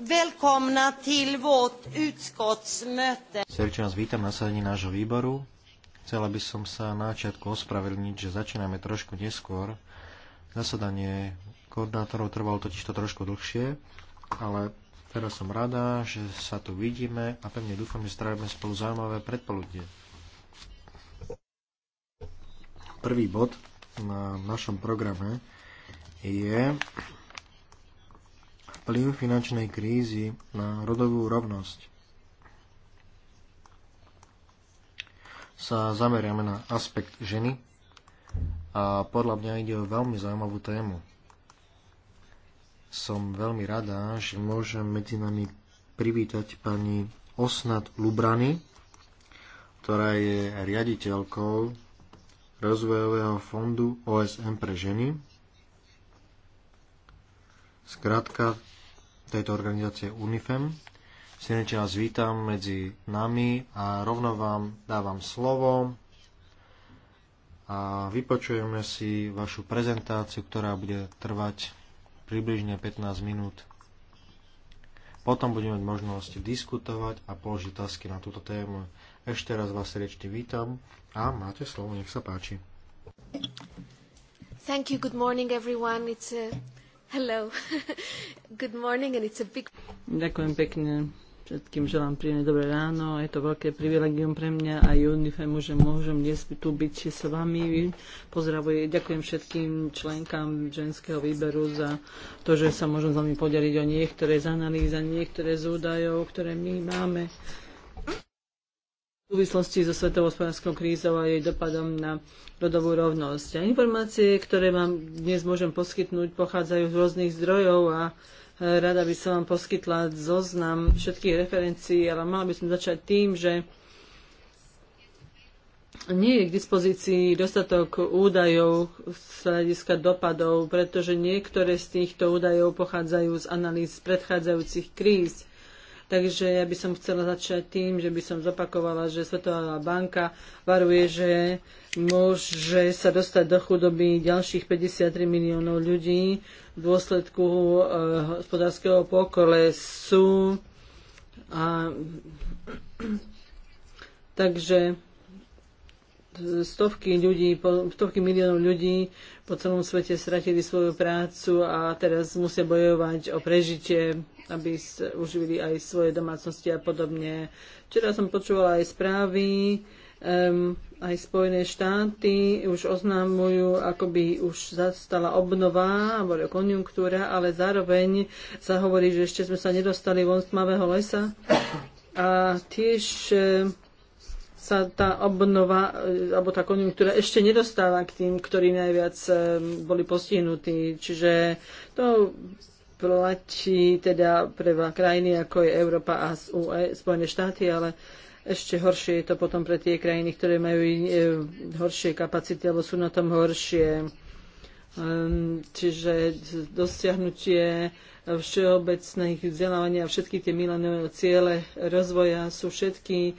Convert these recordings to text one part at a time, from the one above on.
Välkomna till vårt utskottsmöte. Srdečne vás vítam na sedení nášho výboru. Chcela by som sa na začiatku ospravedlniť, že začíname trošku neskôr. Zasadanie koordinátorov trvalo totiž to trošku dlhšie, ale teraz som rada, že sa tu vidíme a pevne dúfam, že strávime spolu zaujímavé predpoludne. Prvý bod na našom programe je vplyv finančnej krízy na rodovú rovnosť. sa zameriame na aspekt ženy a podľa mňa ide o veľmi zaujímavú tému. Som veľmi rada, že môžem medzi nami privítať pani Osnat Lubrany, ktorá je riaditeľkou rozvojového fondu OSM pre ženy. Skrátka tejto organizácie UNIFEM. Srdečne vás vítam medzi nami a rovno vám dávam slovo a vypočujeme si vašu prezentáciu, ktorá bude trvať približne 15 minút. Potom budeme mať možnosť diskutovať a položiť otázky na túto tému. Ešte raz vás srdečne vítam a máte slovo, nech sa páči. Thank you. Good morning, everyone. It's a morning, big... Ďakujem pekne. Všetkým želám príjemne dobré ráno. Je to veľké privilegium pre mňa a UNIFEM, že môžem dnes tu byť s vami. Pozdravujem, ďakujem všetkým členkám ženského výberu za to, že sa môžem s vami podeliť o niektoré z analýz a niektoré z údajov, ktoré my máme v súvislosti so svetovou hospodárskou krízou a jej dopadom na rodovú rovnosť. A informácie, ktoré vám dnes môžem poskytnúť, pochádzajú z rôznych zdrojov a e, rada by som vám poskytla zoznam všetkých referencií, ale mala by som začať tým, že nie je k dispozícii dostatok údajov z hľadiska dopadov, pretože niektoré z týchto údajov pochádzajú z analýz predchádzajúcich kríz Takže ja by som chcela začať tým, že by som zopakovala, že Svetová banka varuje, že môže sa dostať do chudoby ďalších 53 miliónov ľudí v dôsledku eh, hospodárskeho pokolesu. A, takže stovky ľudí, stovky miliónov ľudí po celom svete stratili svoju prácu a teraz musia bojovať o prežitie aby uživili aj svoje domácnosti a podobne. Včera som počúvala aj správy, um, aj Spojené štáty už oznámujú, akoby už zastala obnova, alebo konjunktúra, ale zároveň sa hovorí, že ešte sme sa nedostali von z tmavého lesa. A tiež e, sa tá obnova, e, alebo tá konjunktúra ešte nedostáva k tým, ktorí najviac boli postihnutí. Čiže to platí teda pre krajiny ako je Európa a e, Spojené štáty, ale ešte horšie je to potom pre tie krajiny, ktoré majú e, horšie kapacity alebo sú na tom horšie. Ehm, čiže dosiahnutie všeobecných vzdelávania a všetky tie milenové ciele rozvoja sú všetky e,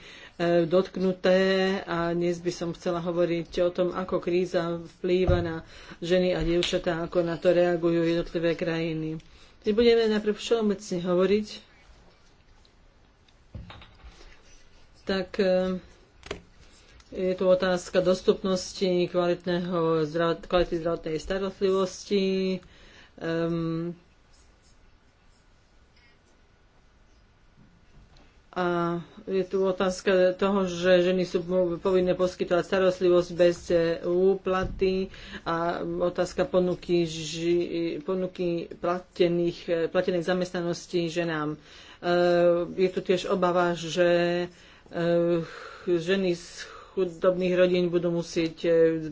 dotknuté a dnes by som chcela hovoriť o tom, ako kríza vplýva na ženy a dievčatá, ako na to reagujú jednotlivé krajiny. Keď budeme najprv všeobecne hovoriť, tak e, je tu otázka dostupnosti kvalitného, kvalitnej zdravotnej starostlivosti, ehm, A je tu otázka toho, že ženy sú povinné poskytovať starostlivosť bez e, úplaty a otázka ponuky, ži, ponuky platených, e, platených zamestnaností ženám. E, je tu tiež obava, že ženy z chudobných rodín budú musieť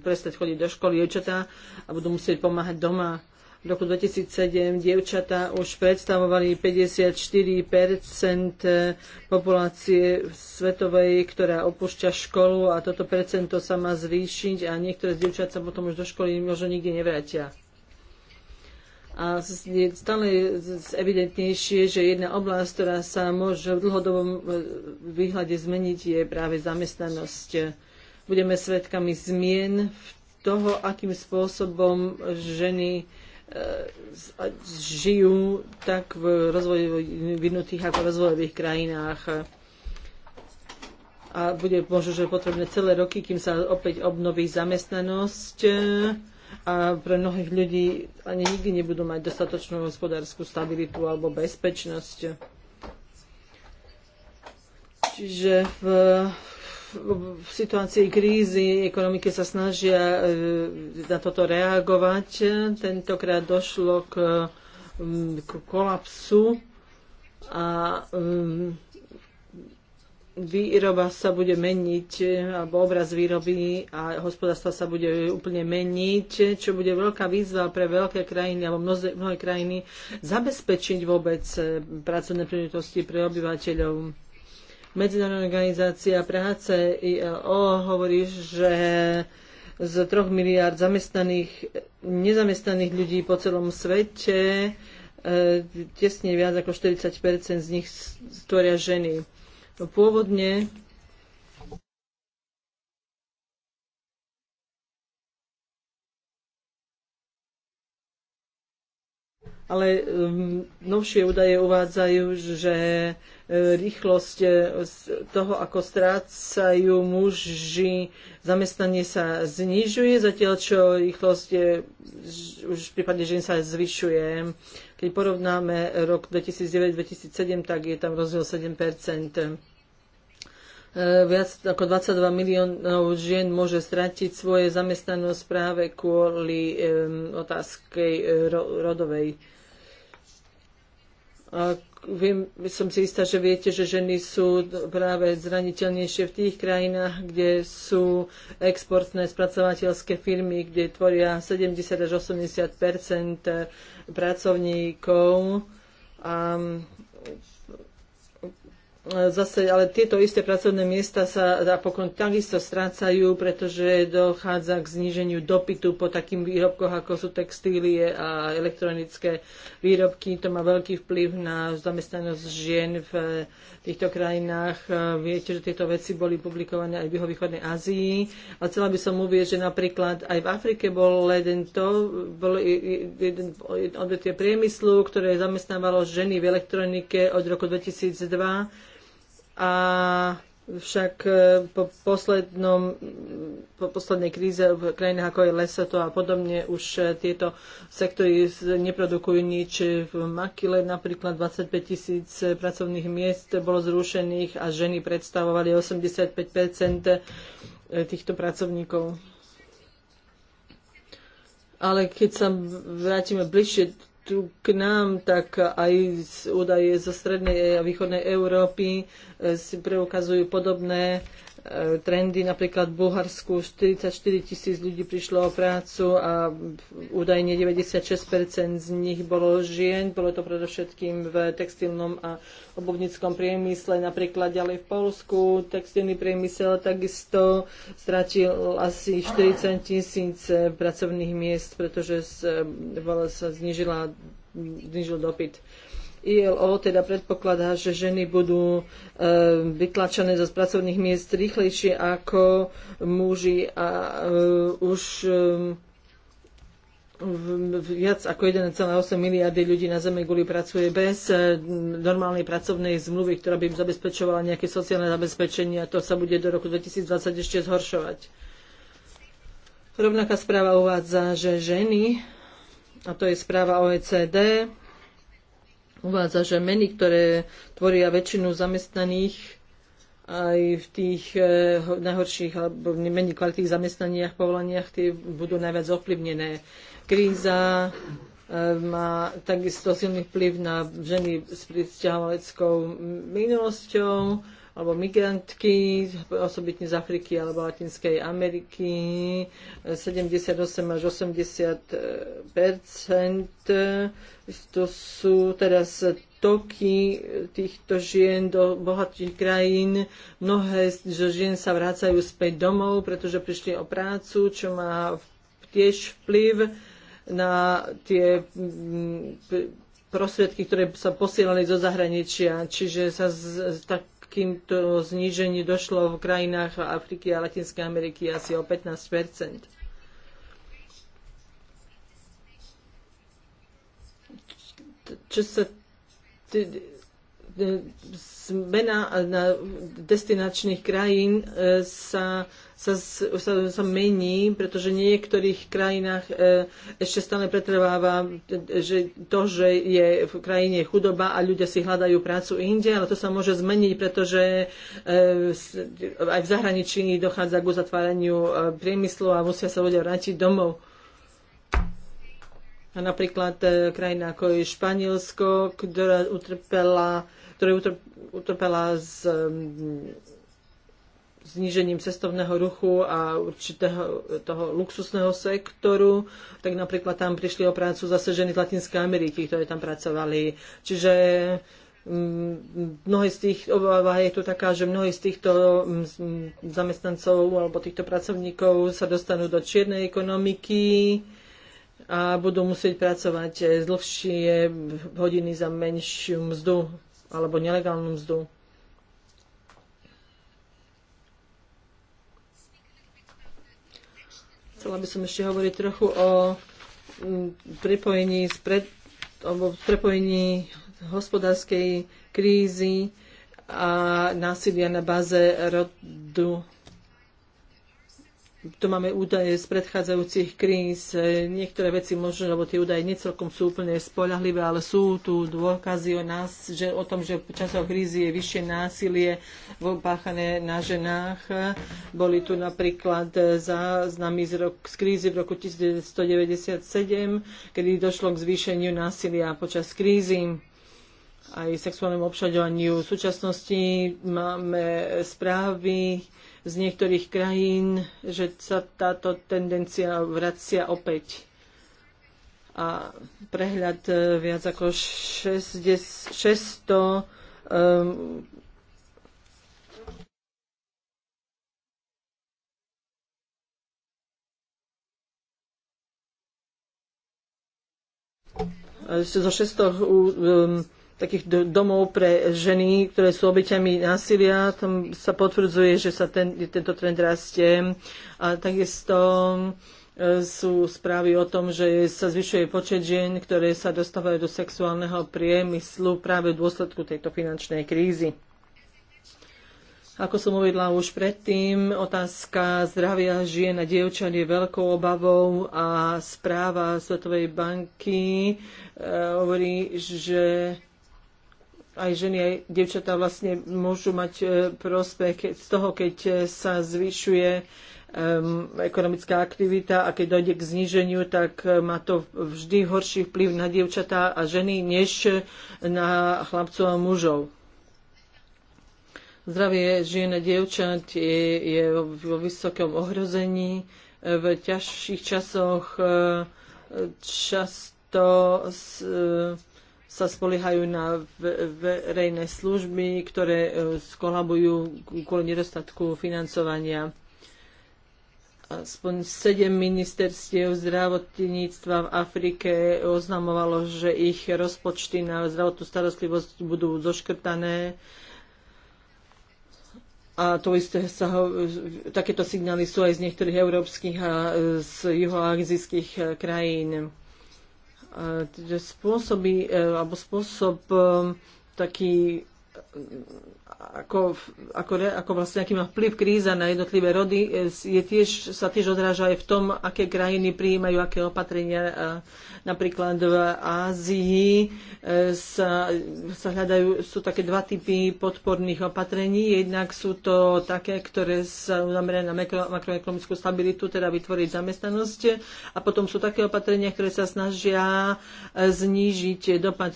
prestať chodiť do školy, dievčatá a budú musieť pomáhať doma v roku 2007 dievčatá už predstavovali 54 eh, populácie svetovej, ktorá opúšťa školu a toto percento sa má zvýšiť a niektoré z dievčat sa potom už do školy možno nikdy nevrátia. A je stále evidentnejšie, že jedna oblasť, ktorá sa môže v dlhodobom eh, výhľade zmeniť, je práve zamestnanosť. Budeme svedkami zmien v toho, akým spôsobom ženy žijú tak v rozvojových ako v rozvojových krajinách a bude možno, že potrebné celé roky, kým sa opäť obnoví zamestnanosť a pre mnohých ľudí ani nikdy nebudú mať dostatočnú hospodárskú stabilitu alebo bezpečnosť. Čiže v v situácii krízy ekonomiky sa snažia e, na toto reagovať. Tentokrát došlo k, mm, k kolapsu a mm, výroba sa bude meniť, alebo obraz výroby a hospodárstva sa bude úplne meniť, čo bude veľká výzva pre veľké krajiny alebo mnohé krajiny zabezpečiť vôbec e, pracovné príležitosti pre obyvateľov. Medzinárodná organizácia práce ILO hovorí, že z troch miliard zamestnaných, nezamestnaných ľudí po celom svete e, tesne viac ako 40 z nich stvoria ženy. Pôvodne ale novšie údaje uvádzajú, že rýchlosť e, toho, ako strácajú muži zamestnanie sa znižuje, zatiaľ čo rýchlosť je, už v prípade žien sa zvyšuje. Keď porovnáme rok 2009-2007, tak je tam rozdiel 7 e, Viac ako 22 miliónov žien môže stratiť svoje zamestnanosť práve kvôli um, otázke e, rodovej viem, som si istá, že viete, že ženy sú práve zraniteľnejšie v tých krajinách, kde sú exportné spracovateľské firmy, kde tvoria 70 až 80 pracovníkov. A E, zase, ale tieto isté pracovné miesta sa napokon takisto strácajú, pretože dochádza k zníženiu dopytu po takým výrobkoch, ako sú textílie a elektronické výrobky. To má veľký vplyv na zamestnanosť žien v týchto krajinách. E, viete, že tieto veci boli publikované aj v juhovýchodnej Ázii. A chcela by som uvieť, že napríklad aj v Afrike bol jeden to, bol jeden odvetvie priemyslu, ktoré zamestnávalo ženy v elektronike od roku 2002 a však e, po, poslednom, po poslednej kríze v krajinách ako je Lesoto a podobne už e, tieto sektory neprodukujú nič. V Makile napríklad 25 tisíc pracovných miest bolo zrušených a ženy predstavovali 85 e, týchto pracovníkov. Ale keď sa vrátime bližšie tu k nám, tak aj z údaje zo strednej a východnej Európy eh, si preukazujú podobné E, trendy. Napríklad v Bulharsku 44 tisíc ľudí prišlo o prácu a údajne 96 z nich bolo žien. Bolo to predovšetkým v textilnom a obovníckom priemysle. Napríklad ďalej v Polsku textilný priemysel takisto stratil asi 40 tisíc pracovných miest, pretože e, sa znižila, znižil dopyt. ILO teda predpokladá, že ženy budú eh, vytlačené zo pracovných miest rýchlejšie ako muži a eh, už eh, viac ako 1,8 miliardy ľudí na Zemi kvôli pracuje bez normálnej pracovnej zmluvy, ktorá by im zabezpečovala nejaké sociálne zabezpečenie a to sa bude do roku 2020 ešte zhoršovať. Rovnaká správa uvádza, že ženy, a to je správa OECD, uvádza, že meny, ktoré tvoria väčšinu zamestnaných aj v tých eh, najhorších alebo menej kvalitných zamestnaniach, povolaniach, tie budú najviac ovplyvnené. Kríza eh, má takisto silný vplyv na ženy s pristahovaleckou minulosťou, alebo migrantky, osobitne z Afriky alebo Latinskej Ameriky, 78 e, až 80 e, To sú teraz toky týchto žien do bohatých krajín. Mnohé z žien sa vrácajú späť domov, pretože prišli o prácu, čo má tiež vplyv na tie mm, prostriedky, ktoré sa posielali zo zahraničia. Čiže sa z, tak kým to zníženie došlo v krajinách Afriky a Latinskej Ameriky asi o 15 Čo sa zmena na destinačných krajín e, sa, sa, sa, sa mení, pretože v niektorých krajinách e, ešte stále pretrváva e, že to, že je v krajine chudoba a ľudia si hľadajú prácu inde, ale to sa môže zmeniť, pretože aj v zahraničí dochádza k uzatváraniu priemyslu a musia sa ľudia vrátiť domov. A napríklad krajina ako je Španielsko, ktorá utrpela ktoré utrpela s um, znížením cestovného ruchu a určitého toho luxusného sektoru, tak napríklad tam prišli o prácu zase ženy z Latinskej Ameriky, ktoré tam pracovali. Čiže um, mnohé z tých, obava je tu taká, že mnohé z týchto um, zamestnancov alebo týchto pracovníkov sa dostanú do čiernej ekonomiky a budú musieť pracovať eh, dlhšie hodiny za menšiu mzdu alebo nelegálnu mzdu. Chcela by som ešte hovoriť trochu o mm, prepojení, spred, o prepojení hospodárskej krízy a násilia na báze rodu tu máme údaje z predchádzajúcich kríz, niektoré veci možno, lebo tie údaje necelkom sú úplne spolahlivé, ale sú tu dôkazy o nás, že o tom, že v časoch krízy je vyššie násilie páchané na ženách. Boli tu napríklad záznamy z, rok, z krízy v roku 1997, kedy došlo k zvýšeniu násilia počas krízy aj sexuálnemu obšaďovaniu. V súčasnosti máme správy z niektorých krajín, že sa táto tendencia vracia opäť. A prehľad e, viac ako 600 um, e, e, zo 600 um, takých domov pre ženy, ktoré sú obeťami násilia. Tam sa potvrdzuje, že sa ten, tento trend rastie. A takisto e, sú správy o tom, že sa zvyšuje počet žien, ktoré sa dostávajú do sexuálneho priemyslu práve v dôsledku tejto finančnej krízy. Ako som uvedla už predtým, otázka zdravia žien a dievčan je veľkou obavou a správa Svetovej banky e, hovorí, že aj ženy, aj devčatá vlastne môžu mať e, prospech z toho, keď e, sa zvyšuje um, ekonomická aktivita a keď dojde k zniženiu, tak e, má to vždy horší vplyv na devčatá a ženy než na chlapcov a mužov. Zdravie žien a dievčat je, je vo vysokom ohrození. V ťažších časoch často s, sa spoliehajú na verejné služby, ktoré e, skolabujú kvôli nedostatku financovania. Aspoň sedem ministerstiev zdravotníctva v Afrike oznamovalo, že ich rozpočty na zdravotnú starostlivosť budú zoškrtané. A to isté sa ho, takéto signály sú aj z niektorých európskych a z juhoazijských krajín. E, spôsoby e, alebo spôsob e, taký ako, ako, ako vlastne aký má vplyv kríza na jednotlivé rody, e, je tiež, sa tiež odráža aj v tom, aké krajiny prijímajú aké opatrenia. Napríklad v Ázii e, sa, sa hľadajú, sú také dva typy podporných opatrení. Jednak sú to také, ktoré sa zameria na makro, makroekonomickú stabilitu, teda vytvoriť zamestnanosť. A potom sú také opatrenia, ktoré sa snažia e, znížiť dopad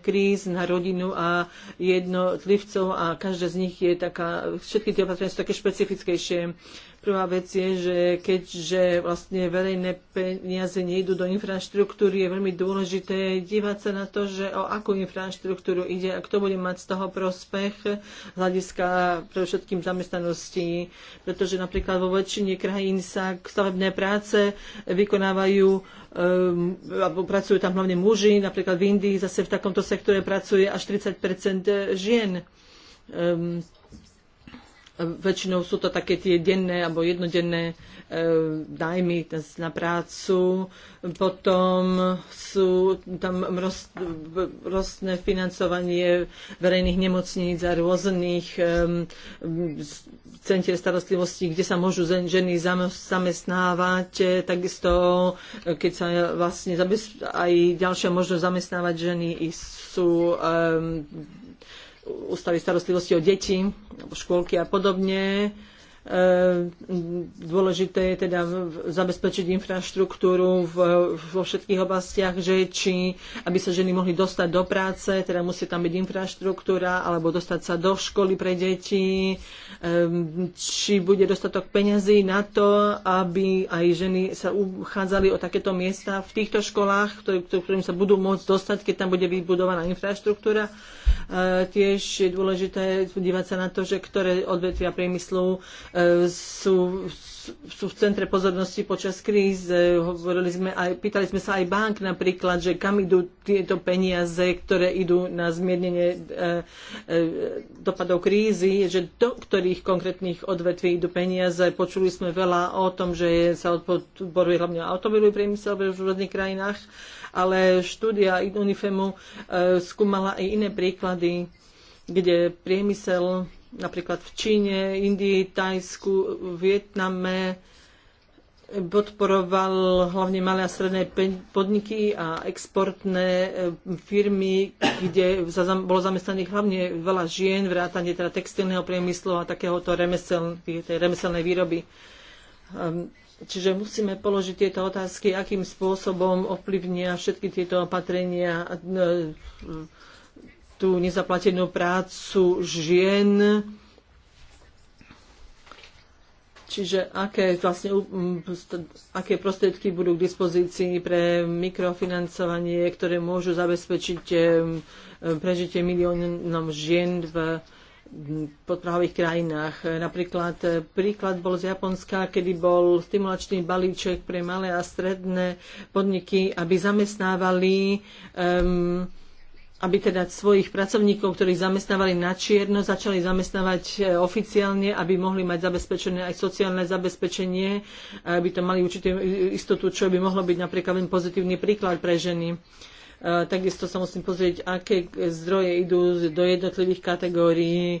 kríz na rodinu a je jednotlivcov a každé z nich je taká, všetky tie opatrenia sú také špecifickejšie. Prvá vec je, že keďže vlastne verejné peniaze nejdú do infraštruktúry, je veľmi dôležité dívať sa na to, že o akú infraštruktúru ide a kto bude mať z toho prospech z hľadiska pre všetkým zamestnanosti. Pretože napríklad vo väčšine krajín sa stavebné práce vykonávajú ehm, alebo pracujú tam hlavne muži, napríklad v Indii zase v takomto sektore pracuje až 30 žien. Um, väčšinou sú to také tie denné alebo jednodenné e, najmy na prácu. Potom sú tam rostné financovanie verejných nemocníc a rôznych e, centier starostlivosti, kde sa môžu ženy zamestnávať. Takisto, e, keď sa vlastne aj ďalšia možnosť zamestnávať ženy sú e, ústavy starostlivosti o deti, škôlky a podobne. E, dôležité je teda zabezpečiť infraštruktúru vo všetkých oblastiach, že či, aby sa ženy mohli dostať do práce, teda musí tam byť infraštruktúra, alebo dostať sa do školy pre deti, či bude dostatok peňazí na to, aby aj ženy sa uchádzali o takéto miesta v týchto školách, ktorým sa budú môcť dostať, keď tam bude vybudovaná infraštruktúra. E, tiež je dôležité dívať sa na to, že ktoré odvetvia priemyslu sú, sú v centre pozornosti počas kríz. Hovorili sme aj, pýtali sme sa aj bank napríklad, že kam idú tieto peniaze, ktoré idú na zmiernenie e, e, dopadov krízy, že do ktorých konkrétnych odvetví idú peniaze. Počuli sme veľa o tom, že sa odporuje hlavne automobilový priemysel v rôznych krajinách, ale štúdia Unifemu e, skúmala aj iné príklady, kde priemysel napríklad v Číne, Indii, Tajsku, Vietname, podporoval hlavne malé a stredné podniky a exportné e, firmy, kde bolo zamestnaných hlavne veľa žien, vrátanie teda textilného priemyslu a takéhoto remesel, remeselnej výroby. Ehm, čiže musíme položiť tieto otázky, akým spôsobom ovplyvnia všetky tieto opatrenia e, tú nezaplatenú prácu žien. Čiže aké, vlastne, aké prostriedky budú k dispozícii pre mikrofinancovanie, ktoré môžu zabezpečiť eh, prežitie miliónom žien v podprahových krajinách. Napríklad eh, príklad bol z Japonska, kedy bol stimulačný balíček pre malé a stredné podniky, aby zamestnávali um, aby teda svojich pracovníkov, ktorých zamestnávali na čierno, začali zamestnávať e, oficiálne, aby mohli mať zabezpečené aj sociálne zabezpečenie, e, aby to mali určitú istotu, čo by mohlo byť napríklad len pozitívny príklad pre ženy. E, takisto sa musím pozrieť, aké zdroje idú do jednotlivých kategórií. E,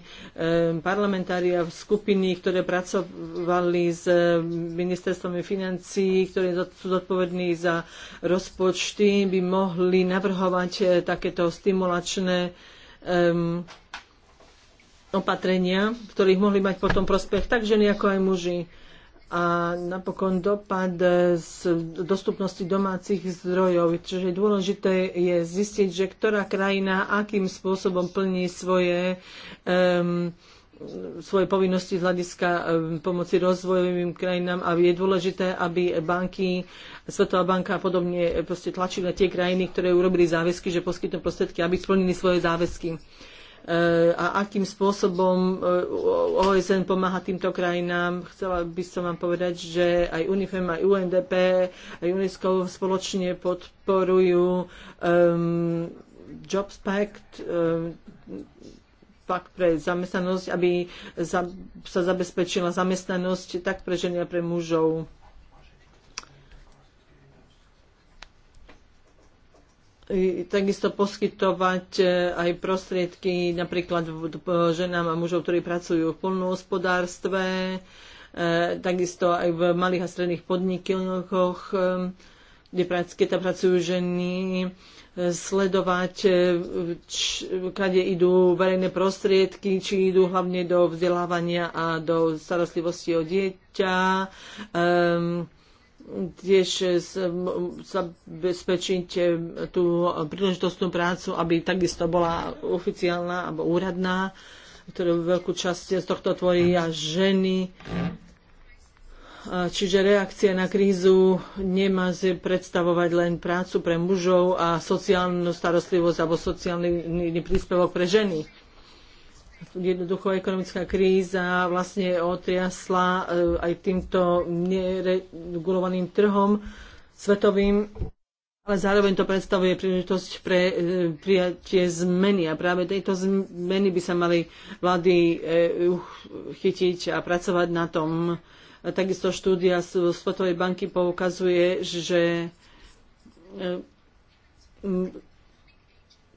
parlamentária skupiny, ktoré pracovali s e, ministerstvami financí, ktoré sú zodpovední za rozpočty, by mohli navrhovať takéto stimulačné um, opatrenia, ktorých mohli mať potom prospech tak ženy ako aj muži a napokon dopad z dostupnosti domácich zdrojov. Čiže dôležité je zistiť, že ktorá krajina akým spôsobom plní svoje um, svoje povinnosti z hľadiska pomoci rozvojovým krajinám a je dôležité, aby banky, Svetová banka a podobne proste tlačili na tie krajiny, ktoré urobili záväzky, že poskytnú prostriedky, aby splnili svoje záväzky a akým spôsobom e, OSN pomáha týmto krajinám. Chcela by som vám povedať, že aj UNIFEM, aj UNDP, aj UNESCO spoločne podporujú um, Jobs Pact, um, pakt pre zamestnanosť, aby za, sa zabezpečila zamestnanosť tak pre ženy a pre mužov takisto poskytovať e, aj prostriedky napríklad ženám a mužov, ktorí pracujú v polnohospodárstve, e, takisto aj v malých a stredných podnikoch, e, kde keď pracujú ženy, sledovať, kade idú verejné prostriedky, či idú hlavne do vzdelávania a do starostlivosti o dieťa, um, tiež zabezpečiť eh, tú príležitostnú prácu, aby takisto bola oficiálna alebo úradná, ktorú veľkú časť z tohto tvoria ženy. Čiže reakcia na krízu nemá predstavovať len prácu pre mužov a sociálnu starostlivosť alebo sociálny príspevok pre ženy jednoducho ekonomická kríza vlastne otriasla eh, aj týmto neregulovaným trhom svetovým, ale zároveň to predstavuje príležitosť pre eh, prijatie zmeny a práve tejto zmeny by sa mali vlády eh, chytiť a pracovať na tom. Takisto štúdia Svetovej banky poukazuje, že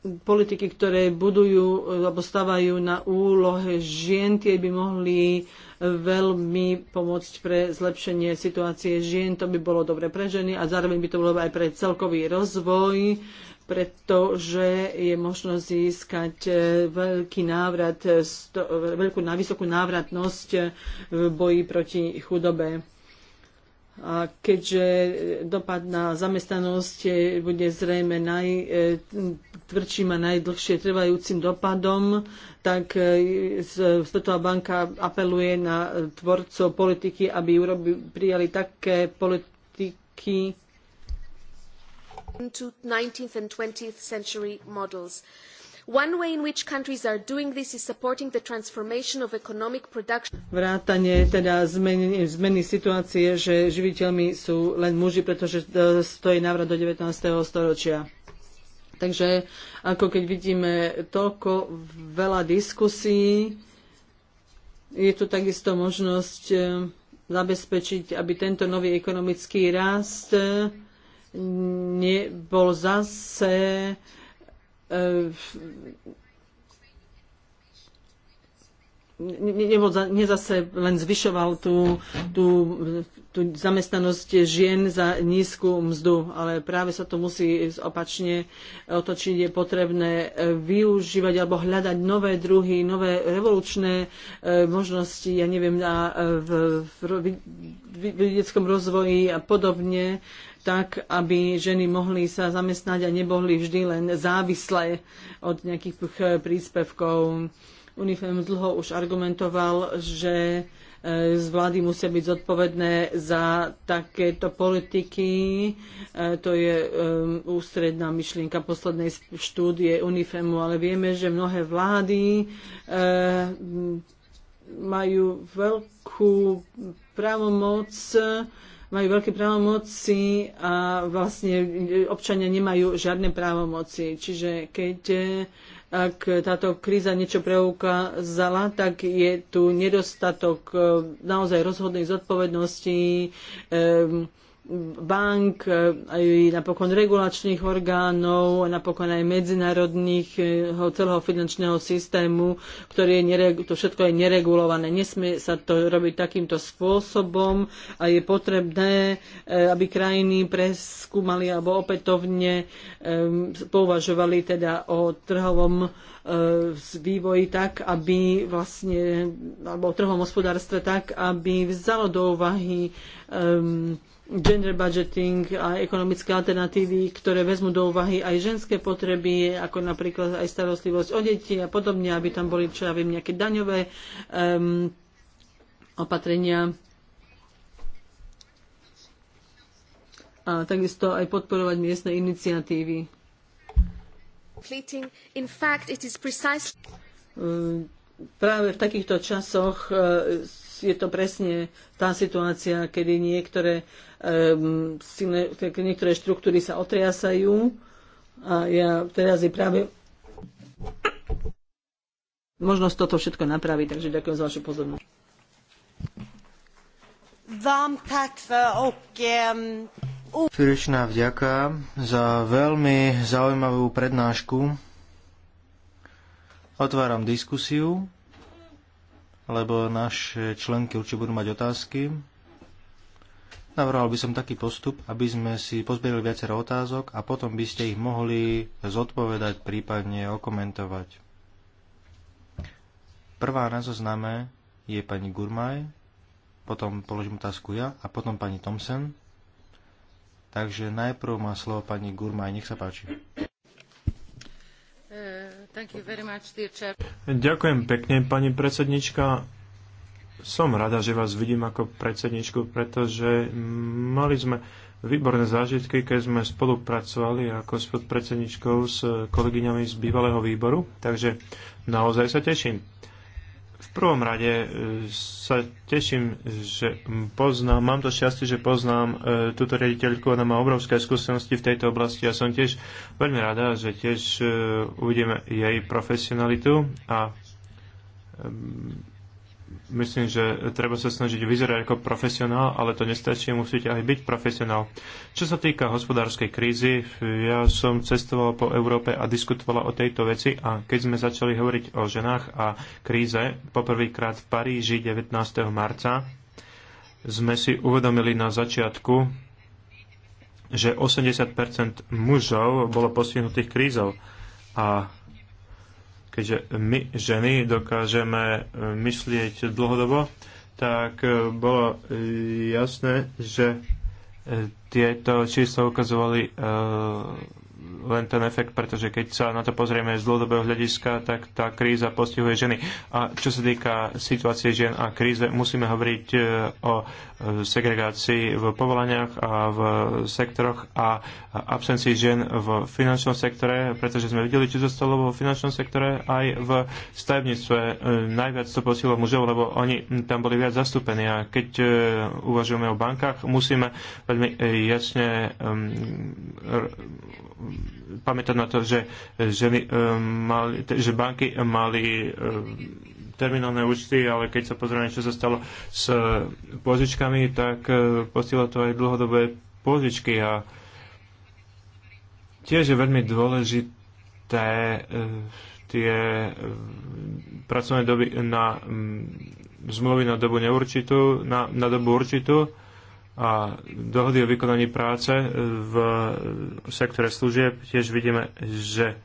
politiky, ktoré budujú e, alebo stavajú na úlohe žien, tie by mohli veľmi pomôcť pre zlepšenie situácie žien. To by bolo dobre pre ženy a zároveň by to bolo aj pre celkový rozvoj, pretože je možno získať e, veľký návrat, e, veľkú, vysokú návratnosť v boji proti chudobe a keďže dopad na zamestnanosť bude zrejme najtvrdším e, a najdlhšie trvajúcim dopadom, tak e, Svetová banka apeluje na tvorcov politiky, aby prijali také politiky, to 19th and 20th century models. One way in which countries are doing this is supporting the transformation of economic production. Vrátanie teda zmeny, zmeny situácie, že živiteľmi sú len muži, pretože e, stojí návrat do 19. storočia. Takže ako keď vidíme toľko veľa diskusí, je tu takisto možnosť e, zabezpečiť, aby tento nový ekonomický rast nebol zase nebol za, len zvyšoval tú, tú, tú zamestnanosť žien za nízku mzdu, ale práve sa to musí opačne otočiť. Je potrebné využívať alebo hľadať nové druhy, nové revolučné možnosti, ja neviem, v, v, v, v, v, v, v, v, v, v rozvoji a podobne tak, aby ženy mohli sa zamestnať a neboli vždy len závislé od nejakých eh, príspevkov. UNIFEM dlho už argumentoval, že eh, z vlády musia byť zodpovedné za takéto politiky. Eh, to je ústredná myšlienka poslednej štúdie UNIFEMu, ale vieme, že mnohé vlády majú veľkú právomoc majú veľké právomoci a vlastne občania nemajú žiadne právomoci. Čiže keď e, ak táto kríza niečo preukázala, tak je tu nedostatok e, naozaj rozhodnej zodpovednosti, um, bank, e, aj napokon regulačných orgánov, napokon aj medzinárodných e, celého finančného systému, ktorý je neregu- to všetko je neregulované. Nesmie sa to robiť takýmto spôsobom a je potrebné, e, aby krajiny preskúmali alebo opätovne pouvažovali teda o trhovom vývoji tak, aby vlastne, alebo o trhovom hospodárstve tak, aby vzalo do úvahy um, gender budgeting a ekonomické alternatívy, ktoré vezmú do úvahy aj ženské potreby, ako napríklad aj starostlivosť o deti a podobne, aby tam boli, čo ja viem, nejaké daňové um, opatrenia. A takisto aj podporovať miestne iniciatívy. In fact, it is precisely... Práve v takýchto časoch uh, je to presne tá situácia, kedy niektoré, um, niektoré štruktúry sa otriasajú a ja teraz je práve možnosť toto všetko napraviť, takže ďakujem za vašu pozornosť. Vám tak ehm, Srdečná vďaka za veľmi zaujímavú prednášku. Otváram diskusiu lebo naše členky určite budú mať otázky. Navrhoval by som taký postup, aby sme si pozbierali viacero otázok a potom by ste ich mohli zodpovedať, prípadne okomentovať. Prvá na zozname je pani Gurmaj, potom položím otázku ja a potom pani Thompson. Takže najprv má slovo pani Gurmaj, nech sa páči. Ďakujem pekne, pani predsednička. Som rada, že vás vidím ako predsedničku, pretože mali sme výborné zážitky, keď sme spolupracovali ako s podpredsedničkou s kolegyňami z bývalého výboru, takže naozaj sa teším. V prvom rade e, sa teším, že poznám, mám to šťastie, že poznám e, túto riaditeľku, ona má obrovské skúsenosti v tejto oblasti a som tiež veľmi rada, že tiež e, uvidíme jej profesionalitu a Myslím, že treba sa snažiť vyzerať ako profesionál, ale to nestačí, musíte aj byť profesionál. Čo sa týka hospodárskej krízy, ja som cestoval po Európe a diskutovala o tejto veci a keď sme začali hovoriť o ženách a kríze, poprvýkrát v Paríži 19. marca, sme si uvedomili na začiatku, že 80% mužov bolo postihnutých krízov. a keďže my ženy dokážeme e, myslieť dlhodobo, tak e, bolo e, jasné, že tieto čísla ukazovali len ten efekt, pretože keď sa na to pozrieme z dlhodobého hľadiska, tak tá kríza postihuje ženy. A čo sa týka situácie žien a kríze, musíme hovoriť e, o e, segregácii v povolaniach a v sektoroch a absencii žien v finančnom sektore, pretože sme videli, čo zostalo vo finančnom sektore aj v stavebníctve. E, najviac to posilo mužov, lebo oni tam boli viac zastúpení. A keď uvažujeme o bankách, musíme veľmi jasne pamätať na to, že, ženy, e, mali, že banky mali e, terminálne účty, ale keď sa pozrieme, čo sa stalo s požičkami, tak e, postihlo to aj dlhodobé požičky a tiež je veľmi dôležité tie pracovné doby na zmluvy na dobu neurčitú, na, na dobu určitú a dohody o vykonaní práce e, e, v sektore služieb tiež vidíme, že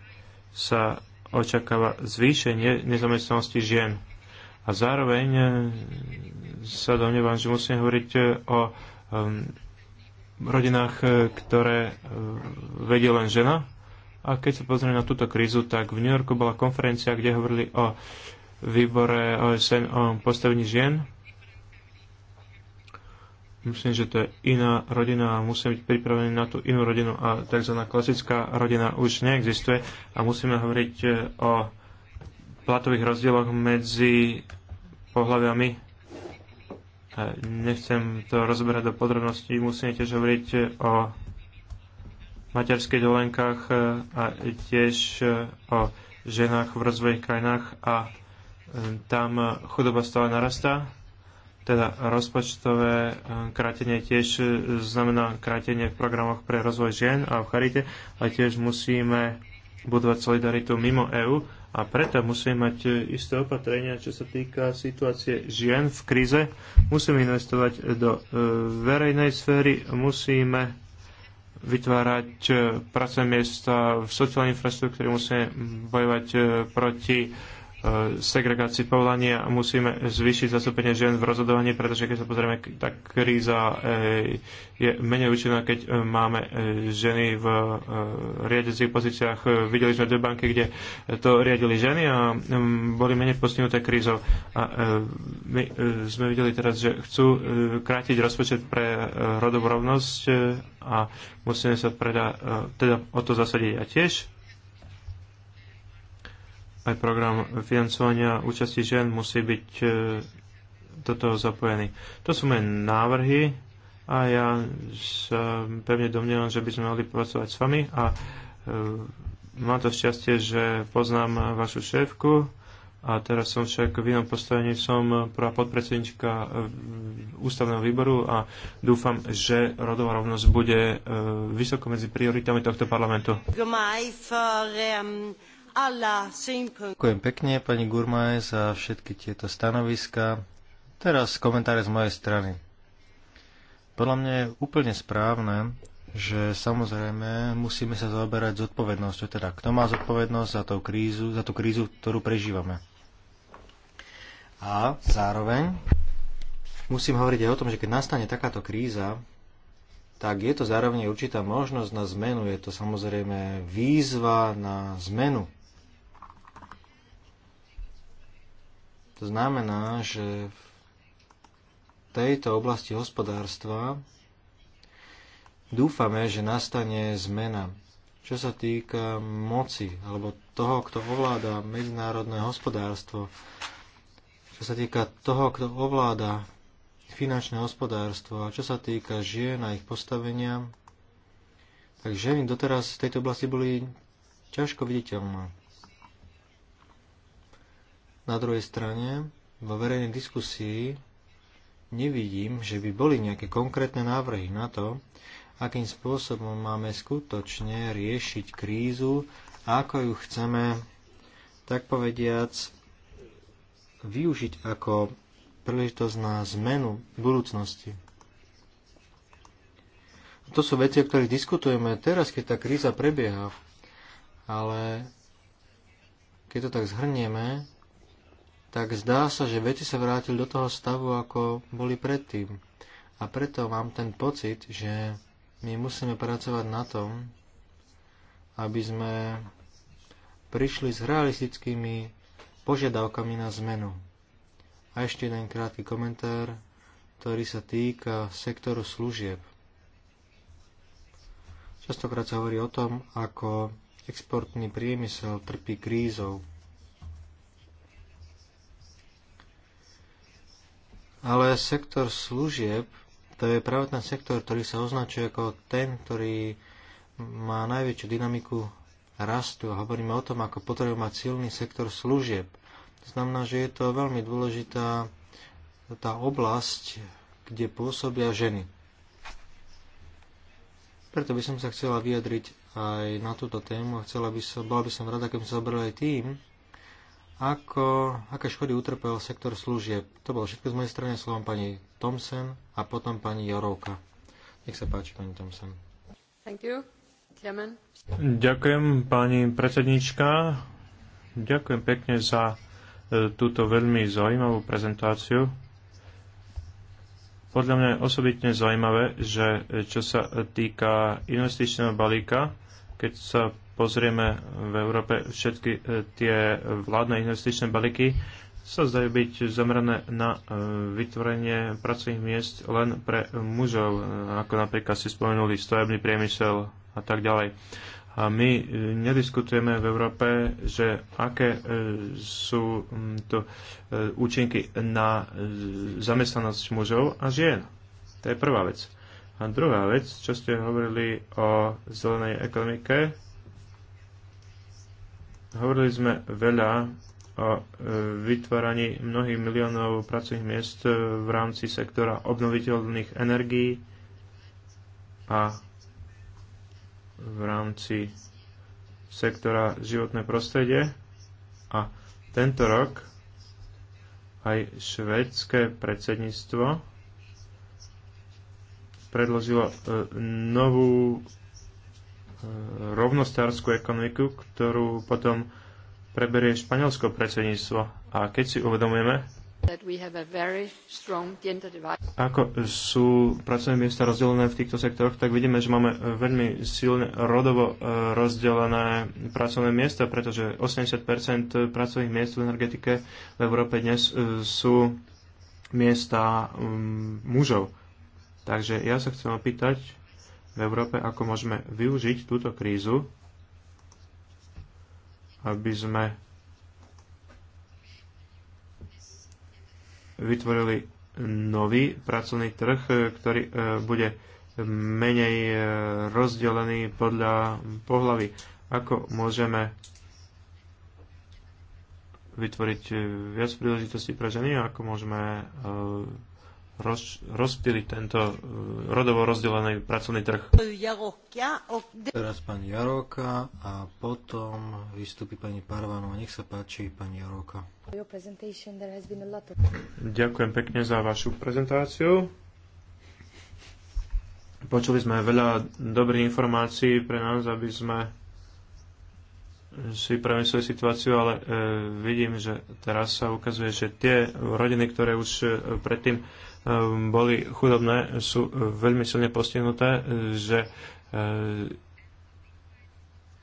sa očakáva zvýšenie nezamestnanosti žien. A zároveň e, sa domnievam, že musím hovoriť o um, rodinách, ktoré vedie len žena. A keď sa pozrieme na túto krízu, tak v New Yorku bola konferencia, kde hovorili o výbore OSN o postavení žien Myslím, že to je iná rodina a musíme byť pripravení na tú inú rodinu a tzv. klasická rodina už neexistuje a musíme hovoriť e, o platových rozdieloch medzi pohľaviami. E, nechcem to rozberať do podrobností, musíme tiež hovoriť e, o materských dovolenkách a tiež o ženách v rozvojových krajinách a tam chudoba stále narastá teda rozpočtové e, krátenie tiež e, znamená krátenie v programoch pre rozvoj žien a v charite a tiež musíme budovať solidaritu mimo EÚ a preto musíme mať e, isté opatrenia, čo sa týka situácie žien v kríze. Musíme investovať do verejnej sféry, musíme vytvárať pracovné miesta v sociálnej infraštruktúre, musíme bojovať proti E, segregácii povolania a musíme zvýšiť zastúpenie žien v rozhodovaní, pretože keď sa pozrieme, tak kríza e, je menej účinná, keď e, máme ženy v riadecích pozíciách. Videli sme dve banky, kde to riadili ženy a boli menej postihnuté krízou. A my sme videli teraz, že chcú krátiť rozpočet pre rodovú rovnosť a musíme sa preda, teda o to zasadiť. A tiež aj program financovania účasti žien musí byť e, do toho zapojený. To sú moje návrhy a ja sa pevne domnievam, že by sme mali pracovať s vami a e, mám to šťastie, že poznám vašu šéfku a teraz som však v inom postavení, som prvá podpredsednička e, ústavného výboru a dúfam, že rodová rovnosť bude vysoko medzi prioritami tohto parlamentu. Ďakujem pekne, pani Gurmaj, za všetky tieto stanoviska. Teraz komentáre z mojej strany. Podľa mňa je úplne správne, že samozrejme musíme sa zaoberať zodpovednosťou, teda kto má zodpovednosť za, tú krízu, za tú krízu, ktorú prežívame. A zároveň musím hovoriť aj o tom, že keď nastane takáto kríza, tak je to zároveň určitá možnosť na zmenu. Je to samozrejme výzva na zmenu. To znamená, že v tejto oblasti hospodárstva dúfame, že nastane zmena. Čo sa týka moci, alebo toho, kto ovláda medzinárodné hospodárstvo, čo sa týka toho, kto ovláda finančné hospodárstvo a čo sa týka žien a ich postavenia, tak ženy doteraz v tejto oblasti boli ťažko viditeľné. Na druhej strane, vo verejnej diskusii nevidím, že by boli nejaké konkrétne návrhy na to, akým spôsobom máme skutočne riešiť krízu a ako ju chceme, tak povediac, využiť ako príležitosť na zmenu budúcnosti. A to sú veci, o ktorých diskutujeme teraz, keď tá kríza prebieha. Ale keď to tak zhrnieme, tak zdá sa, že veci sa vrátili do toho stavu, ako boli predtým. A preto mám ten pocit, že my musíme pracovať na tom, aby sme prišli s realistickými požiadavkami na zmenu. A ešte jeden krátky komentár, ktorý sa týka sektoru služieb. Častokrát sa hovorí o tom, ako exportný priemysel trpí krízou. Ale sektor služieb, to je práve ten sektor, ktorý sa označuje ako ten, ktorý má najväčšiu dynamiku rastu a hovoríme o tom, ako potrebujeme mať silný sektor služieb. To znamená, že je to veľmi dôležitá tá oblasť, kde pôsobia ženy. Preto by som sa chcela vyjadriť aj na túto tému a chcela by som, bola by som rada, keby sa zobrali aj tým, ako, aké škody utrpel sektor služieb? To bolo všetko z mojej strany slovom pani Thompson a potom pani Jorovka. Nech sa páči, pani Thompson. Thank you. Clement. Ďakujem, pani predsednička. Ďakujem pekne za e, túto veľmi zaujímavú prezentáciu. Podľa mňa je osobitne zaujímavé, že e, čo sa e, týka investičného balíka, keď sa pozrieme v Európe, všetky e, tie vládne investičné balíky sa zdajú byť zamerané na e, vytvorenie pracovných miest len pre mužov, e, ako napríklad si spomenuli stavebný priemysel a tak ďalej. A my nediskutujeme v Európe, že aké sú to účinky na zamestnanosť mužov a žien. To je prvá vec. A druhá vec, čo ste hovorili o zelenej ekonomike, Hovorili sme veľa o e, vytváraní mnohých miliónov pracovných miest e, v rámci sektora obnoviteľných energií a v rámci sektora životné prostredie. A tento rok aj švedské predsedníctvo predložilo e, novú rovnostárskú ekonomiku, ktorú potom preberie španielsko predsedníctvo. A keď si uvedomujeme, ako sú pracovné miesta rozdelené v týchto sektoroch, tak vidíme, že máme veľmi silne rodovo e, rozdelené pracovné miesta, pretože 80 pracovných miest v energetike v Európe dnes e, sú miesta mužov. Takže ja sa chcem opýtať, v Európe, ako môžeme využiť túto krízu, aby sme vytvorili nový pracovný trh, ktorý e, bude menej e, rozdelený podľa pohlavy. Ako môžeme vytvoriť e, viac príležitostí pre ženy, ako môžeme roz, rozpili tento e, rodovo rozdelený pracovný trh. Teraz pani Jaroka a potom vystúpi pani Parvanova. Nech sa páči, pani Jaroka. Ďakujem pekne za vašu prezentáciu. Počuli sme veľa dobrých informácií pre nás, aby sme si premysleli situáciu, ale e, vidím, že teraz sa ukazuje, že tie rodiny, ktoré už e, predtým e, Ehm, boli chudobné, sú e, veľmi silne postihnuté, e, že e,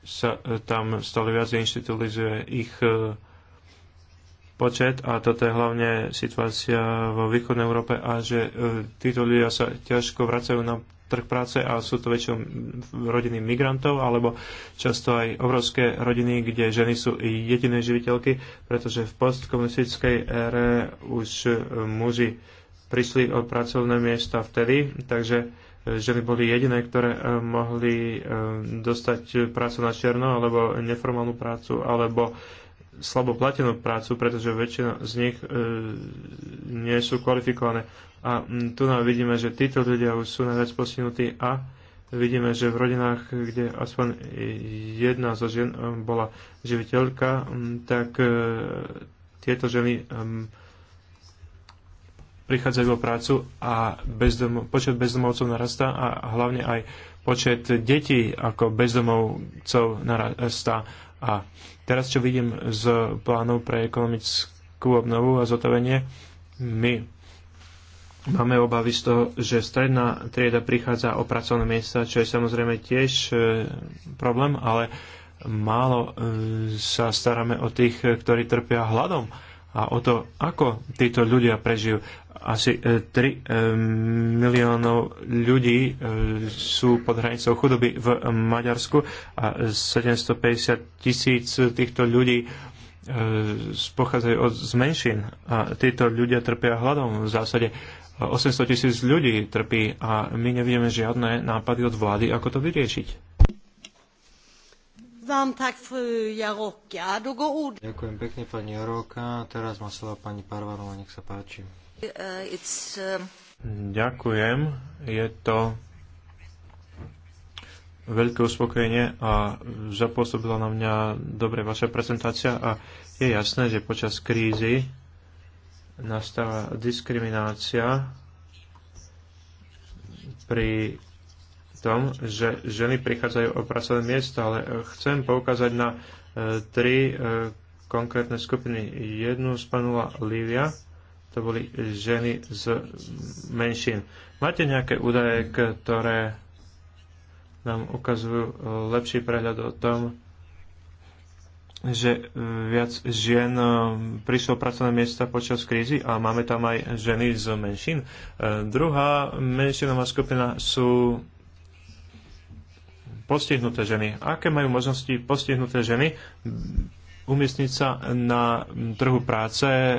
sa tam stále viac inštitulizuje ich počet a toto je hlavne situácia vo východnej Európe a že títo ľudia sa ťažko vracajú na trh práce a sú to väčšinou rodiny migrantov alebo často aj obrovské rodiny, kde ženy sú jediné živiteľky, pretože v postkomunistickej ére už muži prišli o pracovné miesta vtedy, takže e, ženy boli jediné, ktoré e, mohli e, dostať prácu na černo, alebo neformálnu prácu, alebo slabo platenú prácu, pretože väčšina z nich e, nie sú kvalifikované. A tu nám vidíme, že títo ľudia už sú najviac postihnutí a vidíme, že v rodinách, kde aspoň jedna zo žien bola živiteľka, tak e, tieto ženy e, prichádzajú o prácu a bezdom, počet bezdomovcov narastá a hlavne aj počet detí ako bezdomovcov narastá. A teraz, čo vidím z plánov pre ekonomickú obnovu a zotavenie, my máme obavy z toho, že stredná trieda prichádza o pracovné miesta, čo je samozrejme tiež e, problém, ale málo e, sa staráme o tých, ktorí trpia hladom a o to, ako títo ľudia prežijú. Asi 3 e, e, miliónov ľudí e, sú pod hranicou chudoby v Maďarsku a 750 tisíc týchto ľudí pochádzajú od zmenšin a títo ľudia trpia hladom v zásade. 800 tisíc ľudí trpí a my nevidíme žiadne nápady od vlády, ako to vyriešiť. Ďakujem pekne, pani Jaroka. Teraz má slova pani Parvanova, nech sa páči. Uh, uh, Ďakujem. Je to veľké uspokojenie a zapôsobila na mňa dobre vaša prezentácia a je jasné, že počas krízy nastáva diskriminácia pri tom, že ženy prichádzajú o pracovné miesto, ale chcem poukázať na e, tri e, konkrétne skupiny. Jednu spanula Lívia, to boli ženy z menšín. Máte nejaké údaje, ktoré nám ukazujú lepší prehľad o tom, že viac žien e, prišlo pracovné miesta počas krízy a máme tam aj ženy z menšín. Druhá menšinová skupina sú postihnuté ženy. Aké majú možnosti postihnuté ženy umiestniť sa na trhu práce e,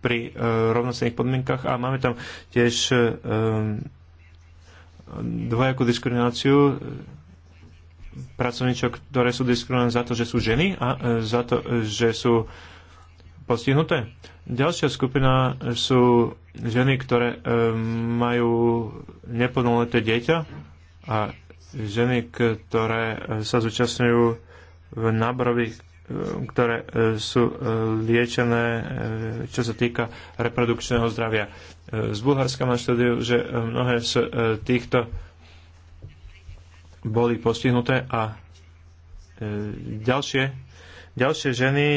pri e, rovnocenných podmienkach a máme tam tiež e, dvojakú diskrimináciu pracovníčok, ktoré sú diskriminované za to, že sú ženy a za to, že sú postihnuté. Ďalšia skupina sú ženy, ktoré majú neplnoleté dieťa a ženy, ktoré e, sa zúčastňujú v náborových e, ktoré e, sú liečené, čo sa týka reprodukčného zdravia. Z Bulharska mám štúdiu, že mnohé z týchto boli postihnuté a ďalšie, ďalšie ženy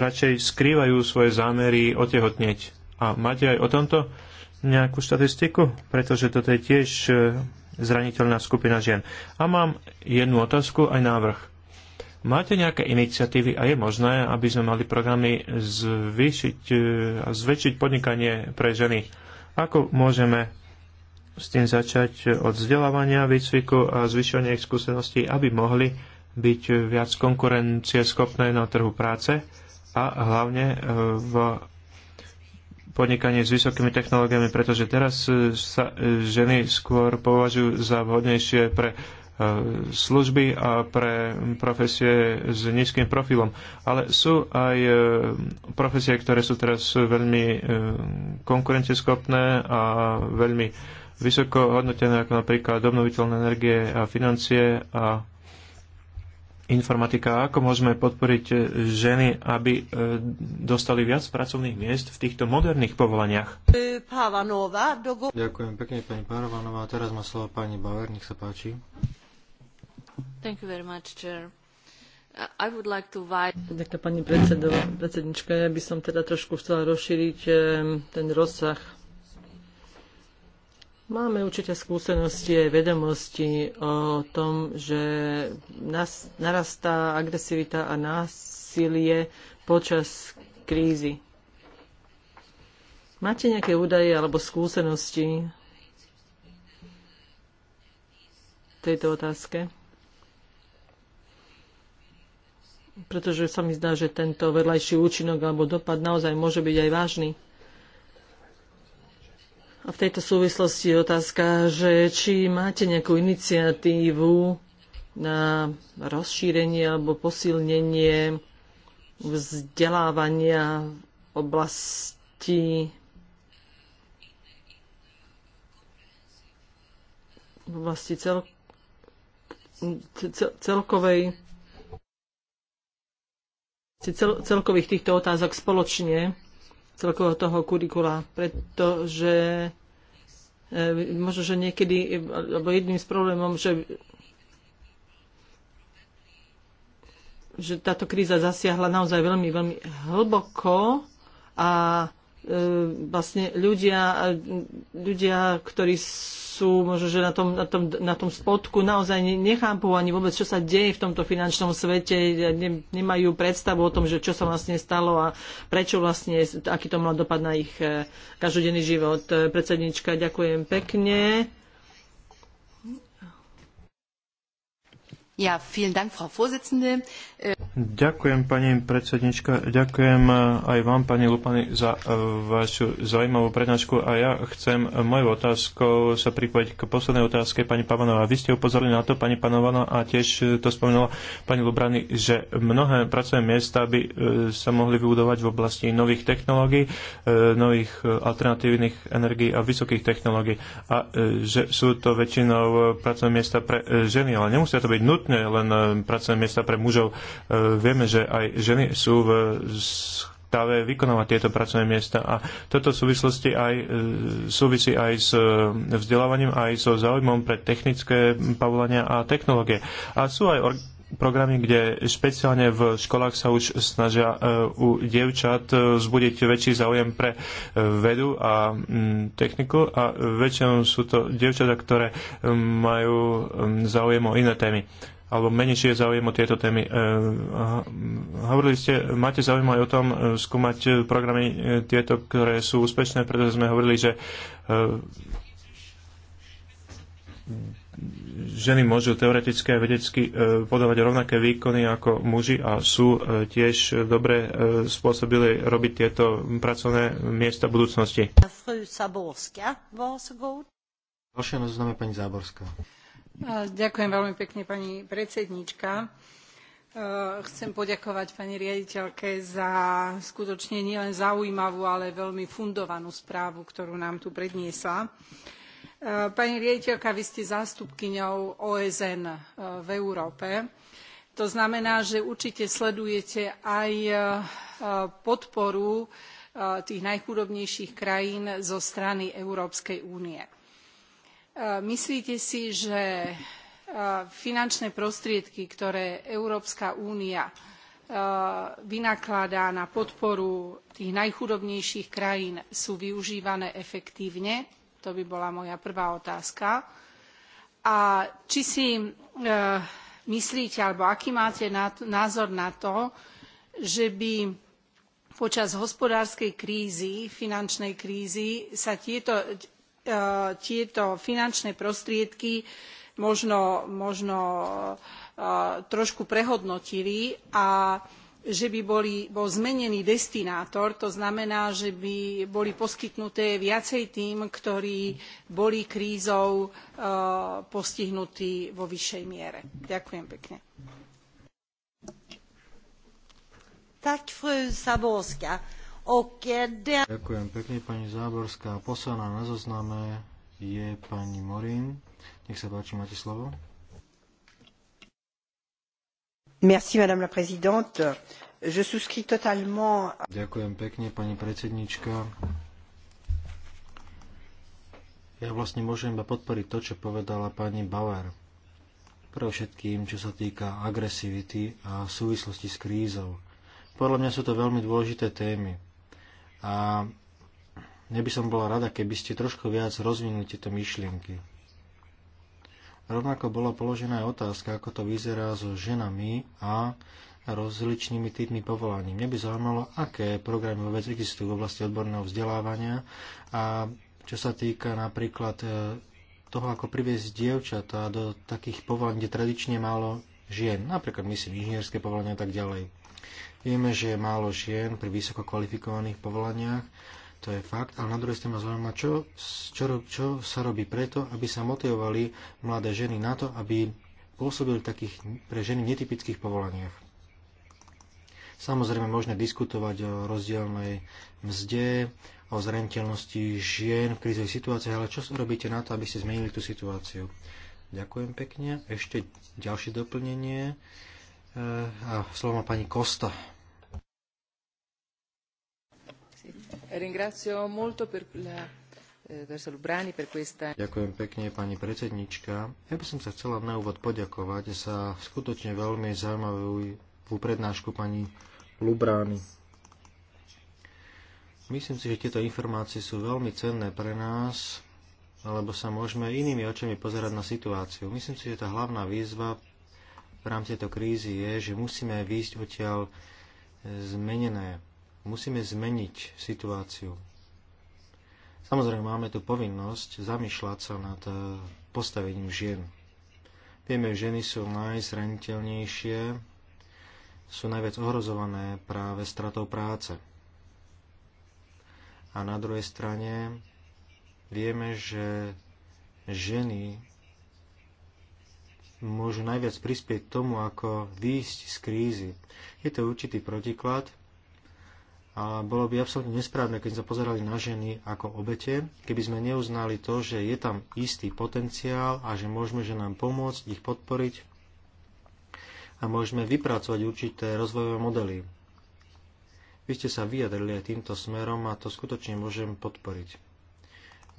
radšej skrývajú svoje zámery otehotnieť. A máte aj o tomto nejakú štatistiku? Pretože toto je tiež zraniteľná skupina žien. A mám jednu otázku aj návrh. Máte nejaké iniciatívy a je možné, aby sme mali programy zvýšiť e, a zväčšiť podnikanie pre ženy? Ako môžeme s tým začať od vzdelávania, výcviku a zvyšovania ich skúseností, aby mohli byť viac konkurencieschopné na trhu práce a hlavne e, v podnikanie s vysokými technológiami, pretože teraz e, sa e, ženy skôr považujú za vhodnejšie pre e, služby a pre profesie s nízkym profilom. Ale sú aj profesie, ktoré sú teraz veľmi konkurenceschopné a veľmi vysoko hodnotené, ako napríklad obnoviteľné energie a financie a informatika. Ako môžeme podporiť eh, ženy, aby eh, dostali viac pracovných miest v týchto moderných povolaniach? Ďakujem pekne, pani Pávanová. Teraz má slovo pani Bauer, nech sa páči. Thank you very much, Chair. Like to... Ďakujem, pani predsednička. Ja by som teda trošku chcela rozšíriť eh, ten rozsah Máme určite skúsenosti a vedomosti o tom, že nás narastá agresivita a násilie počas krízy. Máte nejaké údaje alebo skúsenosti v tejto otázke? Pretože sa mi zdá, že tento vedľajší účinok alebo dopad naozaj môže byť aj vážny. A v tejto súvislosti je otázka, že či máte nejakú iniciatívu na rozšírenie alebo posilnenie vzdelávania v oblasti v oblasti cel, cel, celkovej cel, celkových týchto otázok spoločne celkového toho kurikula, pretože e, možno, že niekedy, alebo jedným z problémov, že že táto kríza zasiahla naozaj veľmi, veľmi hlboko a E, vlastne ľudia, ľudia, ktorí sú možno, že na tom, na tom, na tom spodku naozaj nechápu ani vôbec, čo sa deje v tomto finančnom svete, ne, nemajú predstavu o tom, že čo sa vlastne stalo a prečo vlastne, aký to mal dopad na ich e, každodenný život. E, predsednička, ďakujem pekne. Ja, vielen Dank, Frau Vorsitzende. Äh, Ďakujem, pani predsednička. Ďakujem äh, aj vám, pani Lupany, za äh, vašu zaujímavú prednášku. A ja chcem mojou otázkou sa pripojiť k poslednej otázke pani Pavanova. Vy ste upozorili na to, pani Panovana, a tiež to spomenula pani Lubrany, že mnohé pracovné miesta by sa mohli vybudovať v oblasti nových technológií, nových alternatívnych energií a vysokých technológií. A že sú to väčšinou pracovné miesta pre ženy, ale nemusia to byť nutné nutne len e, pracovné miesta pre mužov. E, vieme, že aj ženy sú v stave vykonávať tieto pracovné miesta. A toto v súvislosti aj, e, súvisí aj s vzdelávaním, aj so záujmom pre technické povolania a technológie. A sú aj programy, kde špeciálne v školách sa už snažia u dievčat vzbudiť väčší záujem pre vedu a techniku a väčšinou sú to dievčatá, ktoré majú záujem o iné témy alebo menejšie záujem o tieto témy. E, hovorili ste, máte záujem aj o tom e, skúmať e, programy tieto, ktoré sú úspešné, pretože sme hovorili, že ženy môžu teoreticky a vedecky podávať rovnaké výkony ako muži a sú tiež dobre spôsobili robiť tieto pracovné miesta budúcnosti. Ďalšia na zozname pani Záborská. Ďakujem veľmi pekne, pani predsedníčka. E, chcem poďakovať pani riaditeľke za skutočne nielen zaujímavú, ale veľmi fundovanú správu, ktorú nám tu predniesla. E, pani riaditeľka, vy ste zástupkyňou OSN e, v Európe. To znamená, že určite sledujete aj podporu tých najchudobnejších krajín zo strany Európskej únie myslíte si že finančné prostriedky ktoré európska únia vynakladá na podporu tých najchudobnejších krajín sú využívané efektívne? to by bola moja prvá otázka. a či si e, myslíte alebo aký máte názor na to že by počas hospodárskej krízy finančnej krízy sa tieto E, tieto finančné prostriedky možno, e, trošku prehodnotili a že by bol zmenený destinátor to znamená že by boli poskytnuté viacej tým ktorí boli krízou e, postihnutí vo vyššej miere. ďakujem pekne. Ďakujem pekne, pani Záborská. Posledná na zozname je pani Morín. Nech sa páči, máte slovo. Merci, madame la présidente. Je souscris totalement... Ďakujem pekne, pani predsednička. Ja vlastne môžem iba podporiť to, čo povedala pani Bauer. Pre všetkým, čo sa týka agresivity a súvislosti s krízou. Podľa mňa sú to veľmi dôležité témy a ja by som bola rada, keby ste trošku viac rozvinuli tieto myšlienky. Rovnako bola položená aj otázka, ako to vyzerá so ženami a rozličnými typmi povolaní. Mne by zaujímalo, aké programy vôbec existujú v oblasti odborného vzdelávania a čo sa týka napríklad e, toho, ako priviesť dievčatá do takých povolaní, kde tradične málo žien, napríklad myslím inžinierské povolania a tak ďalej. Vieme, že je málo žien pri vysoko kvalifikovaných povolaniach, to je fakt, ale na druhej strane ma zaujíma, čo, čo, čo sa robí preto, aby sa motivovali mladé ženy na to, aby pôsobili v takých pre ženy netypických povolaniach. Samozrejme, možné diskutovať o rozdielnej mzde, o zrentelnosti žien v krízových situáciách, ale čo robíte na to, aby ste zmenili tú situáciu? Ďakujem pekne. Ešte ďalšie doplnenie. Eh, a slovo má pani Kosta. Eh, Ďakujem pekne, pani predsednička. Ja by som sa chcela na úvod poďakovať za skutočne veľmi zaujímavú prednášku pani Lubrány. Myslím si, že tieto informácie sú veľmi cenné pre nás, alebo sa môžeme inými očami pozerať na situáciu. Myslím si, že tá hlavná výzva v rámci tejto krízy je, že musíme výjsť odtiaľ zmenené. Musíme zmeniť situáciu. Samozrejme, máme tu povinnosť zamýšľať sa nad eh, postavením žien. Vieme, že ženy sú najzraniteľnejšie, sú najviac ohrozované práve stratou práce. A na druhej strane vieme, že ženy môžu najviac prispieť tomu, ako výjsť z krízy. Je to určitý protiklad a bolo by absolútne nesprávne, keď sme pozerali na ženy ako obete, keby sme neuznali to, že je tam istý potenciál a že môžeme ženám pomôcť, ich podporiť a môžeme vypracovať určité rozvojové modely. Vy ste sa vyjadrili aj týmto smerom a to skutočne môžem podporiť.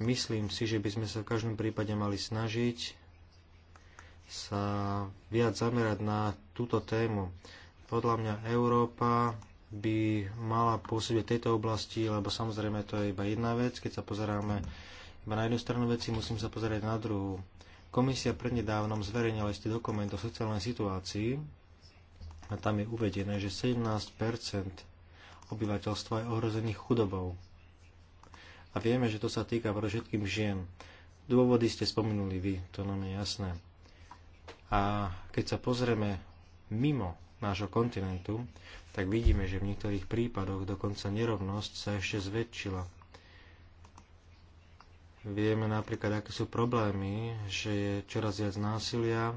Myslím si, že by sme sa v každom prípade mali snažiť sa viac zamerať na túto tému. Podľa mňa Európa by mala pôsobiť v tejto oblasti, lebo samozrejme to je iba jedna vec. Keď sa pozeráme iba na jednu stranu veci, musím sa pozerať na druhú. Komisia prednedávnom zverejnila istý dokument o sociálnej situácii a tam je uvedené, že 17 obyvateľstva je ohrozených chudobou. A vieme, že to sa týka pre všetkým žien. Dôvody ste spomenuli vy, to nám je jasné. A keď sa pozrieme mimo nášho kontinentu, tak vidíme, že v niektorých prípadoch dokonca nerovnosť sa ešte zväčšila. Vieme napríklad, aké sú problémy, že je čoraz viac násilia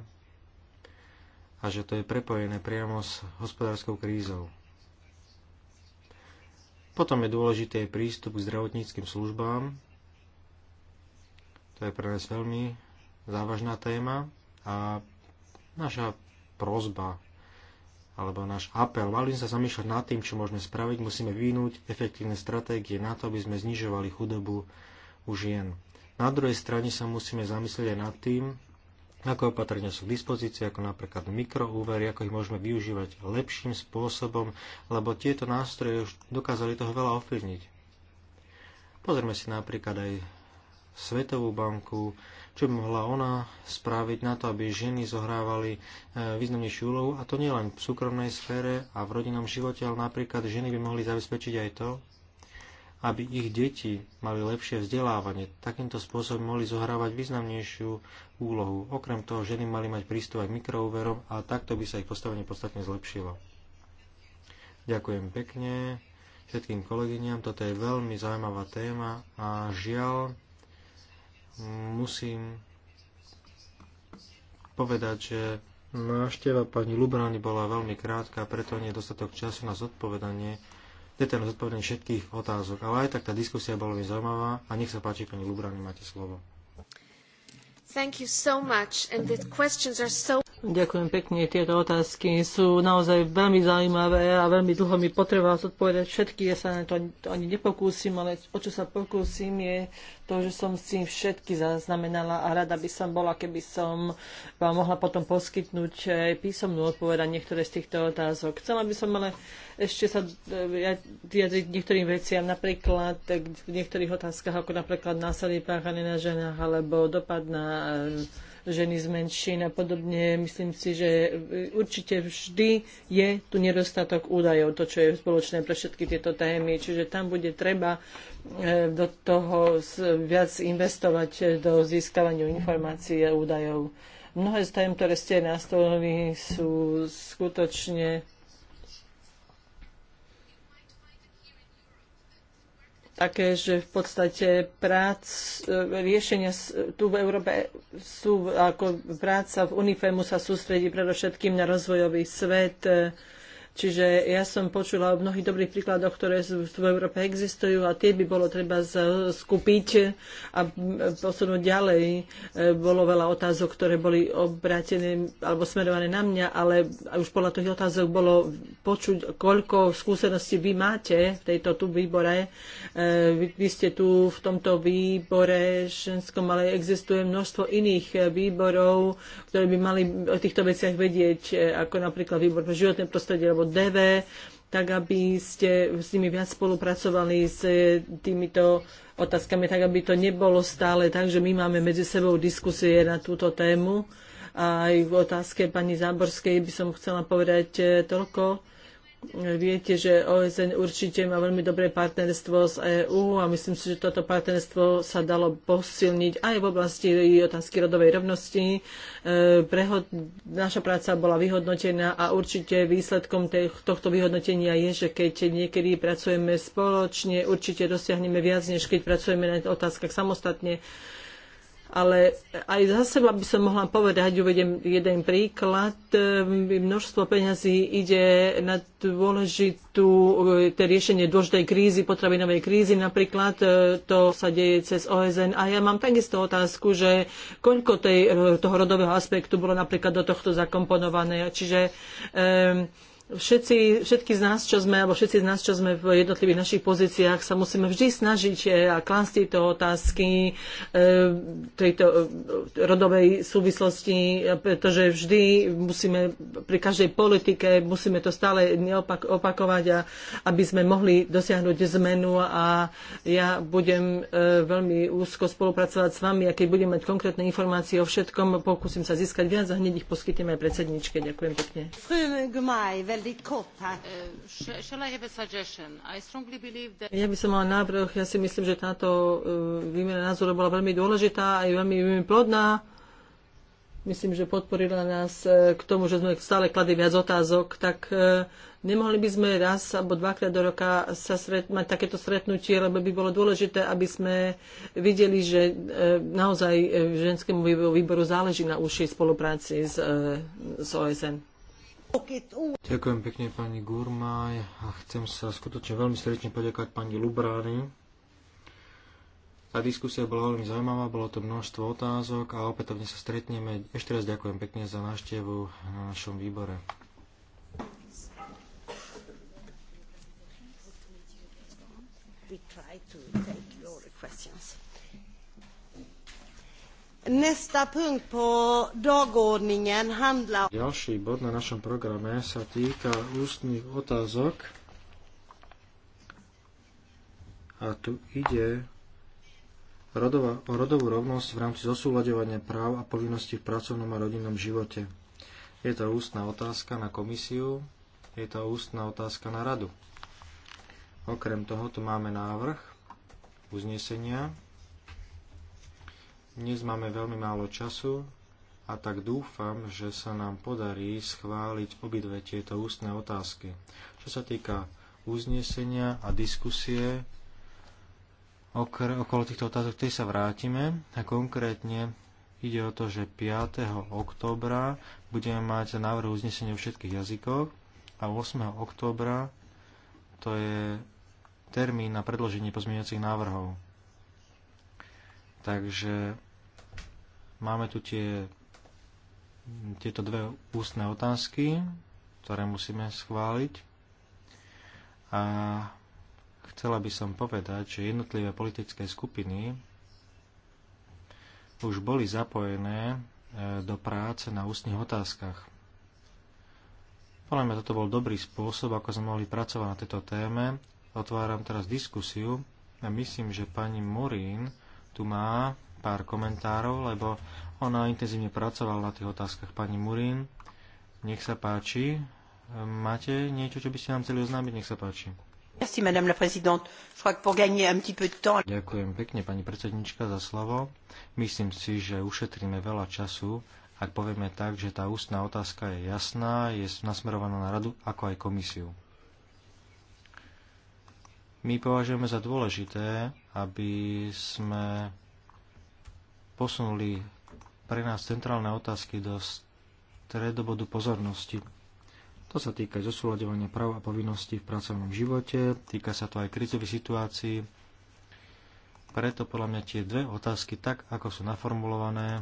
a že to je prepojené priamo s hospodárskou krízou. Potom je dôležitý aj prístup k zdravotníckým službám. To je pre nás veľmi závažná téma a Naša prozba alebo náš apel. Mali sme sa zamýšľať nad tým, čo môžeme spraviť. Musíme vyvinúť efektívne stratégie na to, aby sme znižovali chudobu u žien. Na druhej strane sa musíme zamyslieť aj nad tým, ako opatrenia sú k dispozícii, ako napríklad mikroúvery, ako ich môžeme využívať lepším spôsobom, lebo tieto nástroje už dokázali toho veľa ovplyvniť. Pozrieme si napríklad aj Svetovú banku, čo by mohla ona spraviť na to, aby ženy zohrávali e, významnejšiu úlohu, a to nielen v súkromnej sfére a v rodinnom živote, ale napríklad ženy by mohli zabezpečiť aj to, aby ich deti mali lepšie vzdelávanie. Takýmto spôsobom mohli zohrávať významnejšiu úlohu. Okrem toho, ženy mali mať prístup aj k mikroúverom a takto by sa ich postavenie podstatne zlepšilo. Ďakujem pekne všetkým kolegyňam. Toto je veľmi zaujímavá téma a žiaľ, musím povedať, že návšteva pani Lubrány bola veľmi krátka, preto nie je dostatok času na zodpovedanie, detailné zodpovedanie všetkých otázok. Ale aj tak tá diskusia bola veľmi zaujímavá a nech sa páči, pani Lubrány, máte slovo. Thank you so much and the questions are so Ďakujem pekne. Tieto otázky sú naozaj veľmi zaujímavé a veľmi dlho mi potreba zodpovedať všetky. Ja sa na to ani nepokúsim, ale o čo sa pokúsim je to, že som s tým všetky zaznamenala a rada by som bola, keby som vám mohla potom poskytnúť aj písomnú odpoveď na niektoré z týchto otázok. Chcela by som ale ešte sa e, vyjadriť niektorým veciam, napríklad v niektorých otázkach, ako napríklad násilie páchané na ženách alebo dopad na e, ženy z menšín a podobne. Myslím si, že e, určite vždy je tu nedostatok údajov, to, čo je spoločné pre všetky tieto témy. Čiže tam bude treba e, do toho viac investovať e, do získavania informácií a údajov. Mnohé z tém, ktoré ste nastolili, sú skutočne také, že v podstate prác, e, riešenia tu v Európe sú ako práca v Unifemu sa sústredí predovšetkým na rozvojový svet, e, Čiže ja som počula o mnohých dobrých príkladoch, ktoré v Európe existujú a tie by bolo treba skupiť a posunúť ďalej. E, bolo veľa otázok, ktoré boli obrátené alebo smerované na mňa, ale už podľa tých otázok bolo počuť, koľko skúseností vy máte v tejto tu výbore. E, vy ste tu v tomto výbore ženskom, ale existuje množstvo iných výborov, ktoré by mali o týchto veciach vedieť, e, ako napríklad výbor pre životné prostredie alebo DV, tak aby ste s nimi viac spolupracovali s e, týmito otázkami, tak aby to nebolo stále tak, že my máme medzi sebou diskusie na túto tému. A aj v otázke pani Záborskej by som chcela povedať e, toľko, Viete, že OSN určite má veľmi dobré partnerstvo s EÚ a myslím si, že toto partnerstvo sa dalo posilniť aj v oblasti otázky rodovej rovnosti. E, prehod, naša práca bola vyhodnotená a určite výsledkom tohto vyhodnotenia je, že keď niekedy pracujeme spoločne, určite dosiahneme viac, než keď pracujeme na otázkach samostatne. Ale aj za seba by som mohla povedať, uvedem jeden príklad. Ehm, množstvo peňazí ide na dôležitú, e, to riešenie dôležitej krízy, potravinovej krízy napríklad. E, to sa deje cez OSN. A ja mám takisto otázku, že koľko tej, e, toho rodového aspektu bolo napríklad do tohto zakomponované. Čiže um, všetci, všetky z nás, čo sme, alebo všetci z nás, čo sme v jednotlivých našich pozíciách, sa musíme vždy snažiť eh, a klásť tieto otázky e, tejto eh, rodovej súvislosti, pretože vždy musíme pri každej politike, musíme to stále neopak, opakovať, a, aby sme mohli dosiahnuť zmenu a ja budem e, veľmi úzko spolupracovať s vami a keď budem mať konkrétne informácie o všetkom, pokúsim sa získať viac a hneď ich poskytím aj predsedničke. Ďakujem pekne. Eh, ja by som mala návrh, ja si myslím, že táto eh, výmena názorov bola veľmi dôležitá a veľmi, veľmi plodná. Myslím, že podporila nás eh, k tomu, že sme stále kladli viac otázok, tak nemohli by sme raz alebo dvakrát do roka sa mať takéto stretnutie, lebo by bolo dôležité, aby sme videli, že naozaj ženskému výboru záleží na užšej spolupráci s, s OSN. Ďakujem pekne pani Gurmaj a chcem sa skutočne veľmi srdečne poďakať pani Lubrány. Tá diskusia bola veľmi zaujímavá, bolo to množstvo otázok a opätovne sa stretneme. Ešte raz ďakujem pekne za návštevu na našom výbore. We try to take Ďalší bod na našom programe sa týka ústnych otázok. A tu ide rodová, o rodovú rovnosť v rámci zosúľadovania práv a povinností v pracovnom a rodinnom živote. Je to ústna otázka na komisiu, je to ústna otázka na radu. Okrem toho tu máme návrh uznesenia dnes máme veľmi málo času a tak dúfam, že sa nám podarí schváliť obidve tieto ústne otázky. Čo sa týka uznesenia a diskusie okolo týchto otázok, tej sa vrátime a konkrétne ide o to, že 5. oktobra budeme mať návrh uznesenia v všetkých jazykoch a 8. oktobra to je termín na predloženie pozmeňujúcich návrhov. Takže Máme tu tie, tieto dve ústne otázky, ktoré musíme schváliť. A chcela by som povedať, že jednotlivé politické skupiny už boli zapojené e, do práce na ústnych otázkach. Podľa mňa toto bol dobrý spôsob, ako sme mohli pracovať na tejto téme. Otváram teraz diskusiu a myslím, že pani Morín tu má pár komentárov, lebo ona intenzívne pracovala na tých otázkach. Pani Murín, nech sa páči. Máte niečo, čo by ste nám chceli oznámiť? Nech sa páči. Merci, madame la présidente. Je crois que pour gagner un petit peu de temps... Ďakujem pekne, pani predsednička, za slovo. Myslím si, že ušetríme veľa času, ak povieme tak, že tá ústná otázka je jasná, je nasmerovaná na radu, ako aj komisiu. My považujeme za dôležité, aby sme posunuli pre nás centrálne otázky do stredobodu pozornosti. To sa týka zosúľadovania práv a povinností v pracovnom živote, týka sa to aj krizových situácií. Preto podľa mňa tie dve otázky, tak ako sú naformulované,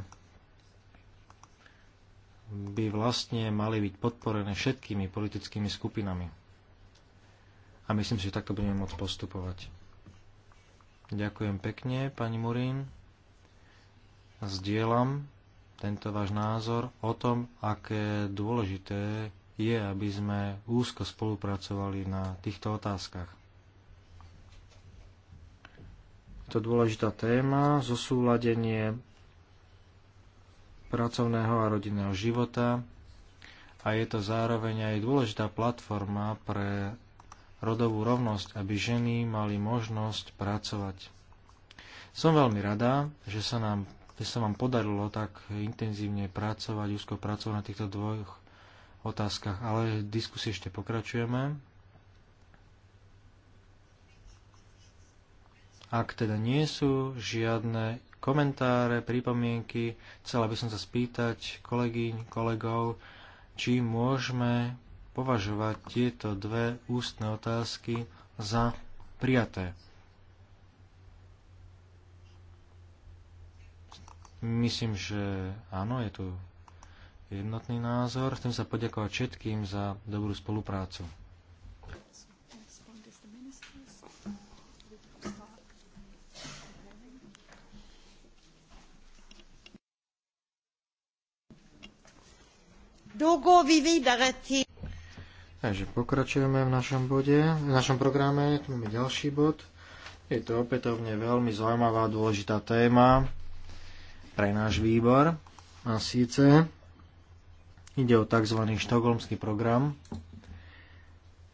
by vlastne mali byť podporené všetkými politickými skupinami. A myslím si, že takto budeme môcť postupovať. Ďakujem pekne, pani Murín zdieľam tento váš názor o tom, aké dôležité je, aby sme úzko spolupracovali na týchto otázkach. To dôležitá téma, zosúladenie pracovného a rodinného života a je to zároveň aj dôležitá platforma pre rodovú rovnosť, aby ženy mali možnosť pracovať. Som veľmi rada, že sa nám že sa vám podarilo tak intenzívne pracovať, úzko pracovať na týchto dvoch otázkach, ale diskusie ešte pokračujeme. Ak teda nie sú žiadne komentáre, pripomienky, chcela by som sa spýtať kolegyň, kolegov, či môžeme považovať tieto dve ústne otázky za prijaté. Myslím, že áno, je tu jednotný názor. Chcem sa poďakovať všetkým za dobrú spoluprácu. Takže pokračujeme v našom bode, v našom programe, tu máme ďalší bod. Je to opätovne veľmi zaujímavá a dôležitá téma pre náš výbor. A síce ide o tzv. štokholmský program.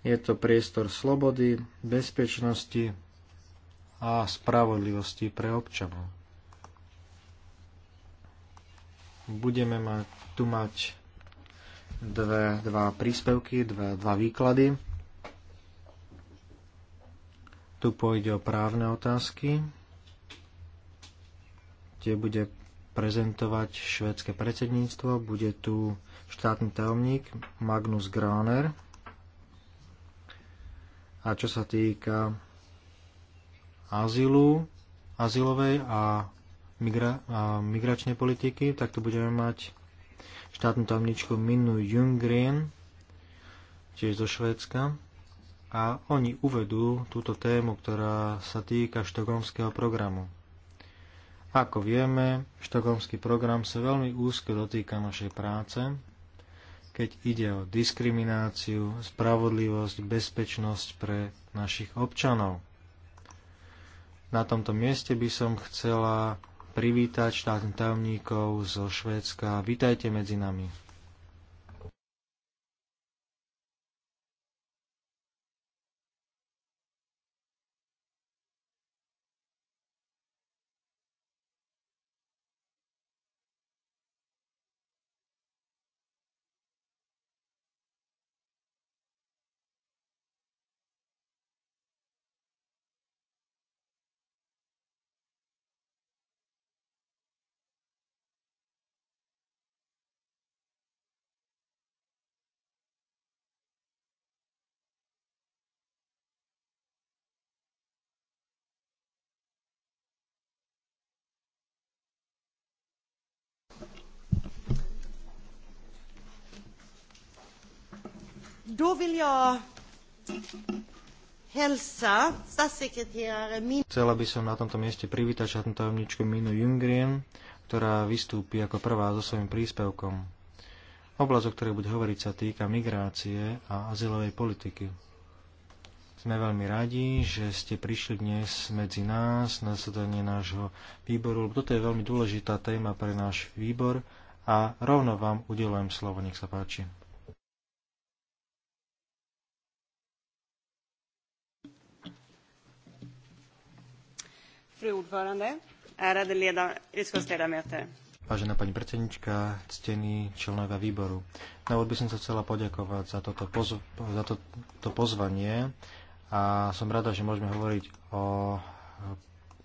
Je to priestor slobody, bezpečnosti a spravodlivosti pre občanov. Budeme mať, tu mať dve, dva príspevky, dve, dva výklady. Tu pôjde o právne otázky, kde bude prezentovať švédske predsedníctvo. Bude tu štátny tajomník Magnus Graner. A čo sa týka azylu, azylovej a, migra- a migračnej politiky, tak tu budeme mať štátnu tajomničku Minu Junggren, tiež zo Švédska. A oni uvedú túto tému, ktorá sa týka štokholmského programu. Ako vieme, štokholmský program sa veľmi úzko dotýka našej práce, keď ide o diskrimináciu, spravodlivosť, bezpečnosť pre našich občanov. Na tomto mieste by som chcela privítať štátnych tajomníkov zo Švédska. Vítajte medzi nami. Då vill jag hälsa statssekreterare Min... Chcela by som na tomto mieste privítať štátnu tajomničku Minu Jungrien, ktorá vystúpi ako prvá so svojím príspevkom. Oblasť, o ktorej bude hovoriť, sa týka migrácie a azylovej politiky. Sme veľmi radi, že ste prišli dnes medzi nás na zadanie nášho výboru, lebo toto je veľmi dôležitá téma pre náš výbor a rovno vám udelujem slovo, nech sa páči. Vážená pani predsednička, ctení členovia výboru. Na úvod by som sa chcela poďakovať za toto, pozv- za pozvanie a som rada, že môžeme hovoriť o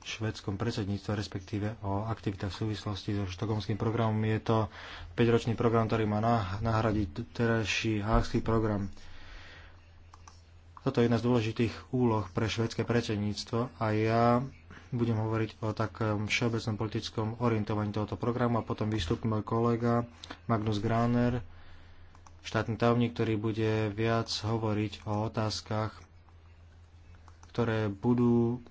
švedskom predsedníctve, respektíve o aktivitách v súvislosti so štokholmským programom. Je to 5-ročný program, ktorý má nahradiť terajší hákský program. Toto je jedna z dôležitých úloh pre švedské predsedníctvo a ja budem hovoriť o takom všeobecnom politickom orientovaní tohoto programu a potom vystúpi môj kolega Magnus Graner, štátny tajomník, ktorý bude viac hovoriť o otázkach, ktoré budú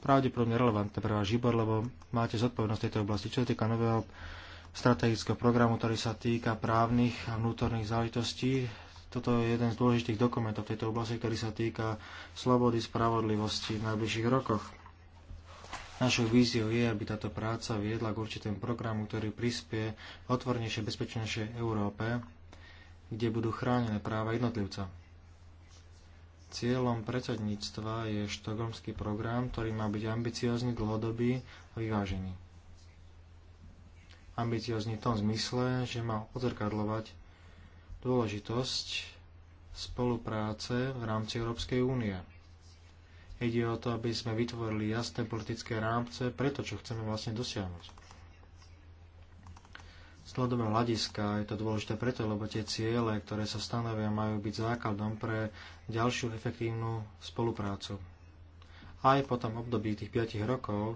pravdepodobne relevantné pre váš výbor, lebo máte zodpovednosť tejto oblasti. Čo sa týka nového strategického programu, ktorý sa týka právnych a vnútorných záležitostí, toto je jeden z dôležitých dokumentov v tejto oblasti, ktorý sa týka slobody, spravodlivosti v najbližších rokoch. Našou víziou je, aby táto práca viedla k určitému programu, ktorý prispie v otvornejšej, bezpečnejšej Európe, kde budú chránené práva jednotlivca. Cieľom predsedníctva je štokholmský program, ktorý má byť ambiciózny, dlhodobý a vyvážený. Ambiciózny v tom zmysle, že má odzrkadlovať dôležitosť spolupráce v rámci Európskej únie – Ide o to, aby sme vytvorili jasné politické rámce pre to, čo chceme vlastne dosiahnuť. Z dlhodobého hľadiska je to dôležité preto, lebo tie ciele, ktoré sa stanovia, majú byť základom pre ďalšiu efektívnu spoluprácu. Aj po tom období tých 5 rokov,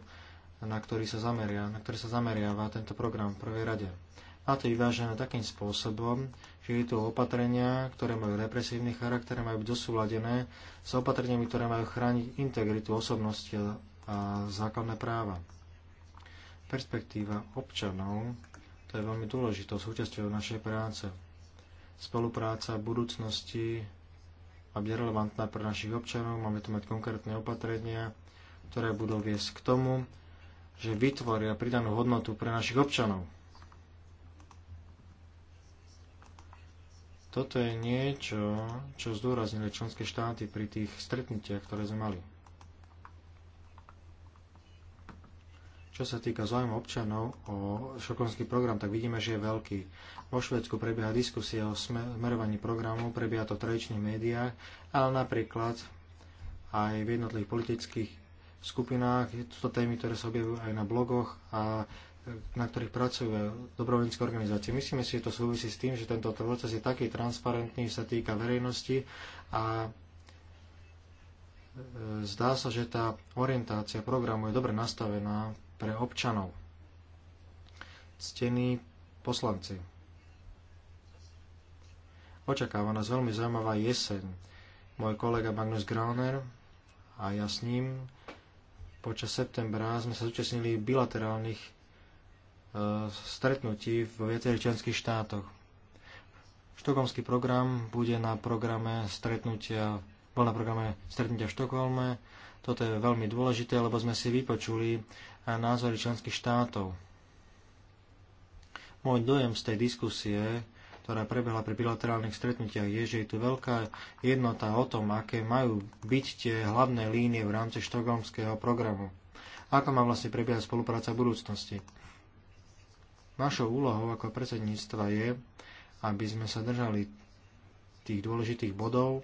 na ktorý sa, zameria, na ktorý sa zameriava tento program v prvej rade. A to vyvážené takým spôsobom, že je tu opatrenia, ktoré majú represívny charakter, majú byť dosúladené s opatreniami, ktoré majú chrániť integritu osobnosti a základné práva. Perspektíva občanov to je veľmi dôležitou súčasťou našej práce. Spolupráca v budúcnosti má byť relevantná pre našich občanov, máme tu mať konkrétne opatrenia, ktoré budú viesť k tomu, že vytvoria pridanú hodnotu pre našich občanov. Toto je niečo, čo zdôraznili členské štáty pri tých stretnutiach, ktoré sme mali. Čo sa týka zájmu občanov o štokholmský program, tak vidíme, že je veľký. Vo Švedsku prebieha diskusia o smerovaní programu, prebieha to v tradičných médiách, ale napríklad aj v jednotlivých politických skupinách. Sú to témy, ktoré sa objavujú aj na blogoch a na ktorých pracujú dobrovoľnícke organizácie. Myslíme si, že to súvisí s tým, že tento proces je taký transparentný, sa týka verejnosti a e, zdá sa, že tá orientácia programu je dobre nastavená pre občanov. Ctení poslanci. Očakáva nás veľmi zaujímavá jeseň. Môj kolega Magnus Grauner a ja s ním počas septembra sme sa zúčastnili bilaterálnych stretnutí v viacerých členských štátoch. Štokholmský program bude na programe stretnutia, bol na programe stretnutia v Štokholme. Toto je veľmi dôležité, lebo sme si vypočuli názory členských štátov. Môj dojem z tej diskusie, ktorá prebehla pri bilaterálnych stretnutiach, je, že je tu veľká jednota o tom, aké majú byť tie hlavné línie v rámci štokholmského programu. Ako má vlastne prebiehať spolupráca v budúcnosti. Našou úlohou ako predsedníctva je, aby sme sa držali tých dôležitých bodov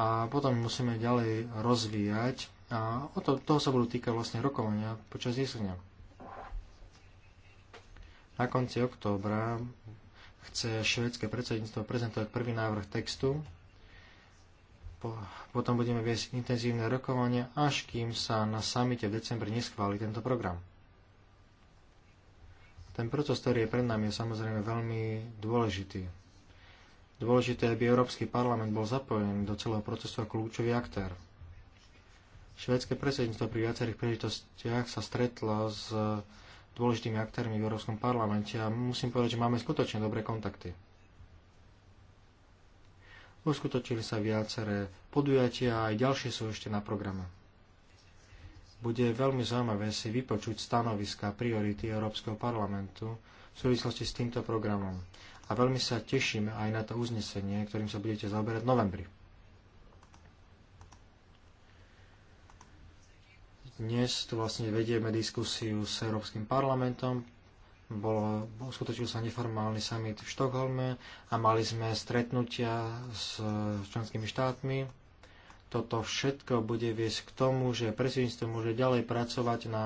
a potom musíme ďalej rozvíjať a o to, toho sa budú týkať vlastne rokovania počas jesenia. Na konci októbra chce švedské predsedníctvo prezentovať prvý návrh textu. Po, potom budeme viesť intenzívne rokovanie, až kým sa na samite v decembri neschváli tento program. Ten proces, ktorý je pred nami, je samozrejme veľmi dôležitý. Dôležité, aby Európsky parlament bol zapojený do celého procesu ako kľúčový aktér. Švédske predsedníctvo pri viacerých príležitostiach sa stretlo s dôležitými aktérmi v Európskom parlamente a musím povedať, že máme skutočne dobré kontakty. Uskutočili sa viaceré podujatia a aj ďalšie sú ešte na programe bude veľmi zaujímavé si vypočuť stanoviska priority Európskeho parlamentu v súvislosti s týmto programom. A veľmi sa tešíme aj na to uznesenie, ktorým sa budete zaoberať v novembri. Dnes tu vlastne vedieme diskusiu s Európskym parlamentom. Bolo, skutočil sa neformálny summit v Štokholme a mali sme stretnutia s členskými štátmi toto všetko bude viesť k tomu, že predsedníctvo môže ďalej pracovať na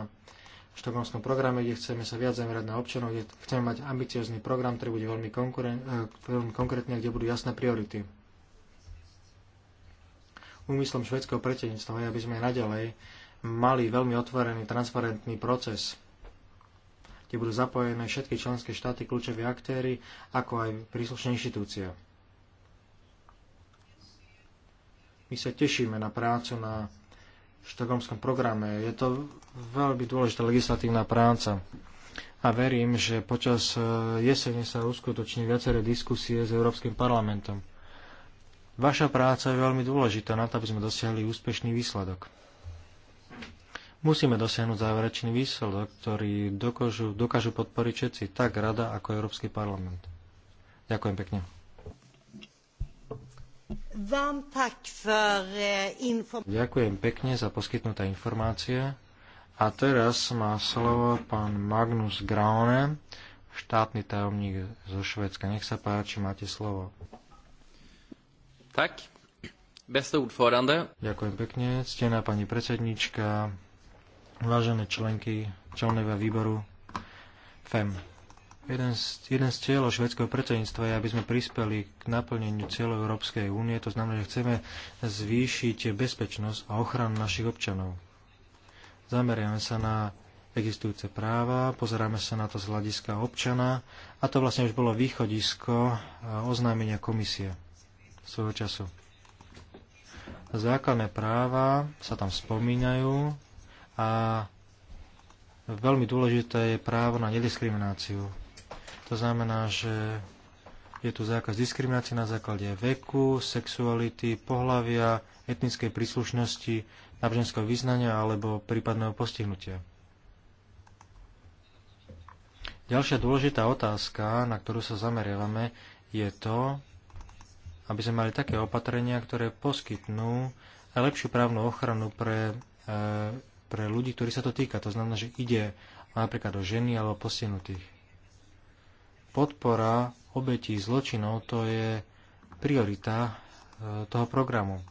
štokholmskom programe, kde chceme sa viac zamerať na občanov, kde chceme mať ambiciózny program, ktorý bude veľmi, e, veľmi konkrétny a kde budú jasné priority. Úmyslom švedského predsedníctva je, aby sme naďalej mali veľmi otvorený, transparentný proces, kde budú zapojené všetky členské štáty, kľúčoví aktéry, ako aj príslušné inštitúcie. My sa tešíme na prácu na štokholmskom programe. Je to veľmi dôležitá legislatívna práca. A verím, že počas e, jesene sa uskutoční viaceré diskusie s Európskym parlamentom. Vaša práca je veľmi dôležitá na to, aby sme dosiahli úspešný výsledok. Musíme dosiahnuť záverečný výsledok, ktorý dokážu, dokážu podporiť všetci, tak Rada ako Európsky parlament. Ďakujem pekne. Eh, Ďakujem pekne za poskytnuté informácie. A teraz má slovo pán Magnus Graune, štátny tajomník zo Švedska. Nech sa páči, máte slovo. Tak. Beste Ďakujem pekne. Ctená pani predsednička, vážené členky, členové výboru FEM. Jeden z, jeden z cieľov švedského predsedníctva je, aby sme prispeli k naplneniu cieľov Európskej únie. To znamená, že chceme zvýšiť bezpečnosť a ochranu našich občanov. Zameriame sa na existujúce práva, pozeráme sa na to z hľadiska občana a to vlastne už bolo východisko e, oznámenia komisie svojho času. Základné práva sa tam spomínajú a veľmi dôležité je právo na nediskrimináciu to znamená, že je tu zákaz diskriminácie na základe veku, sexuality, pohlavia, etnickej príslušnosti, náboženského vyznania alebo prípadného postihnutia. Ďalšia dôležitá otázka, na ktorú sa zameriavame, je to, aby sme mali také opatrenia, ktoré poskytnú lepšiu právnu ochranu pre, eh, pre ľudí, ktorí sa to týka. To znamená, že ide napríklad o ženy alebo postihnutých podpora obetí zločinov to je priorita e, toho programu.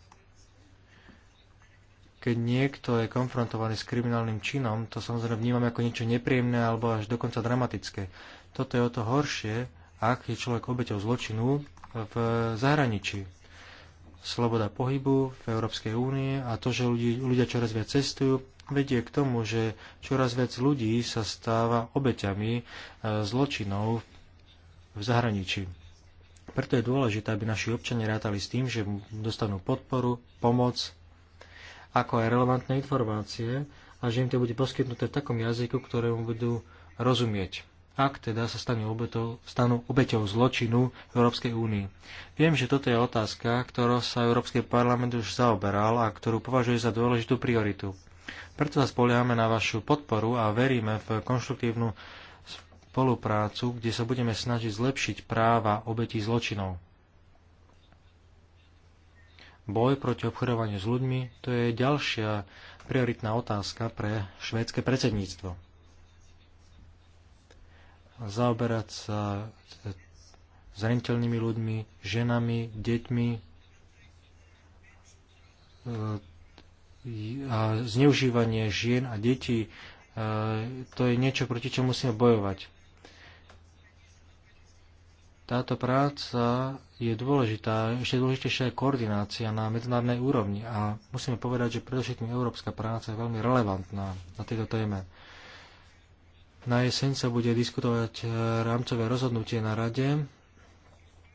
Keď niekto je konfrontovaný s kriminálnym činom, to samozrejme vnímame ako niečo nepríjemné alebo až dokonca dramatické. Toto je o to horšie, ak je človek obeťou zločinu v zahraničí. Sloboda pohybu v Európskej únie a to, že ľudí, ľudia čoraz viac cestujú, vedie k tomu, že čoraz viac ľudí sa stáva obeťami e, zločinov v zahraničí. Preto je dôležité, aby naši občania rátali s tým, že dostanú podporu, pomoc, ako aj relevantné informácie a že im to bude poskytnuté v takom jazyku, ktorému budú rozumieť ak teda sa stanú obetou, stanú obeťou zločinu v Európskej únii. Viem, že toto je otázka, ktorou sa Európsky parlament už zaoberal a ktorú považuje za dôležitú prioritu. Preto sa spoliehame na vašu podporu a veríme v konštruktívnu spoluprácu, kde sa budeme snažiť zlepšiť práva obetí zločinov. Boj proti obchodovaniu s ľuďmi to je ďalšia prioritná otázka pre švédske predsedníctvo. Zaoberať sa zraniteľnými ľuďmi, ženami, deťmi e, a zneužívanie žien a detí e, to je niečo, proti čomu musíme bojovať. Táto práca je dôležitá, ešte dôležitejšia je koordinácia na medzinárodnej úrovni a musíme povedať, že predovšetkým európska práca je veľmi relevantná na tejto téme. Na jeseň sa bude diskutovať eh, rámcové rozhodnutie na rade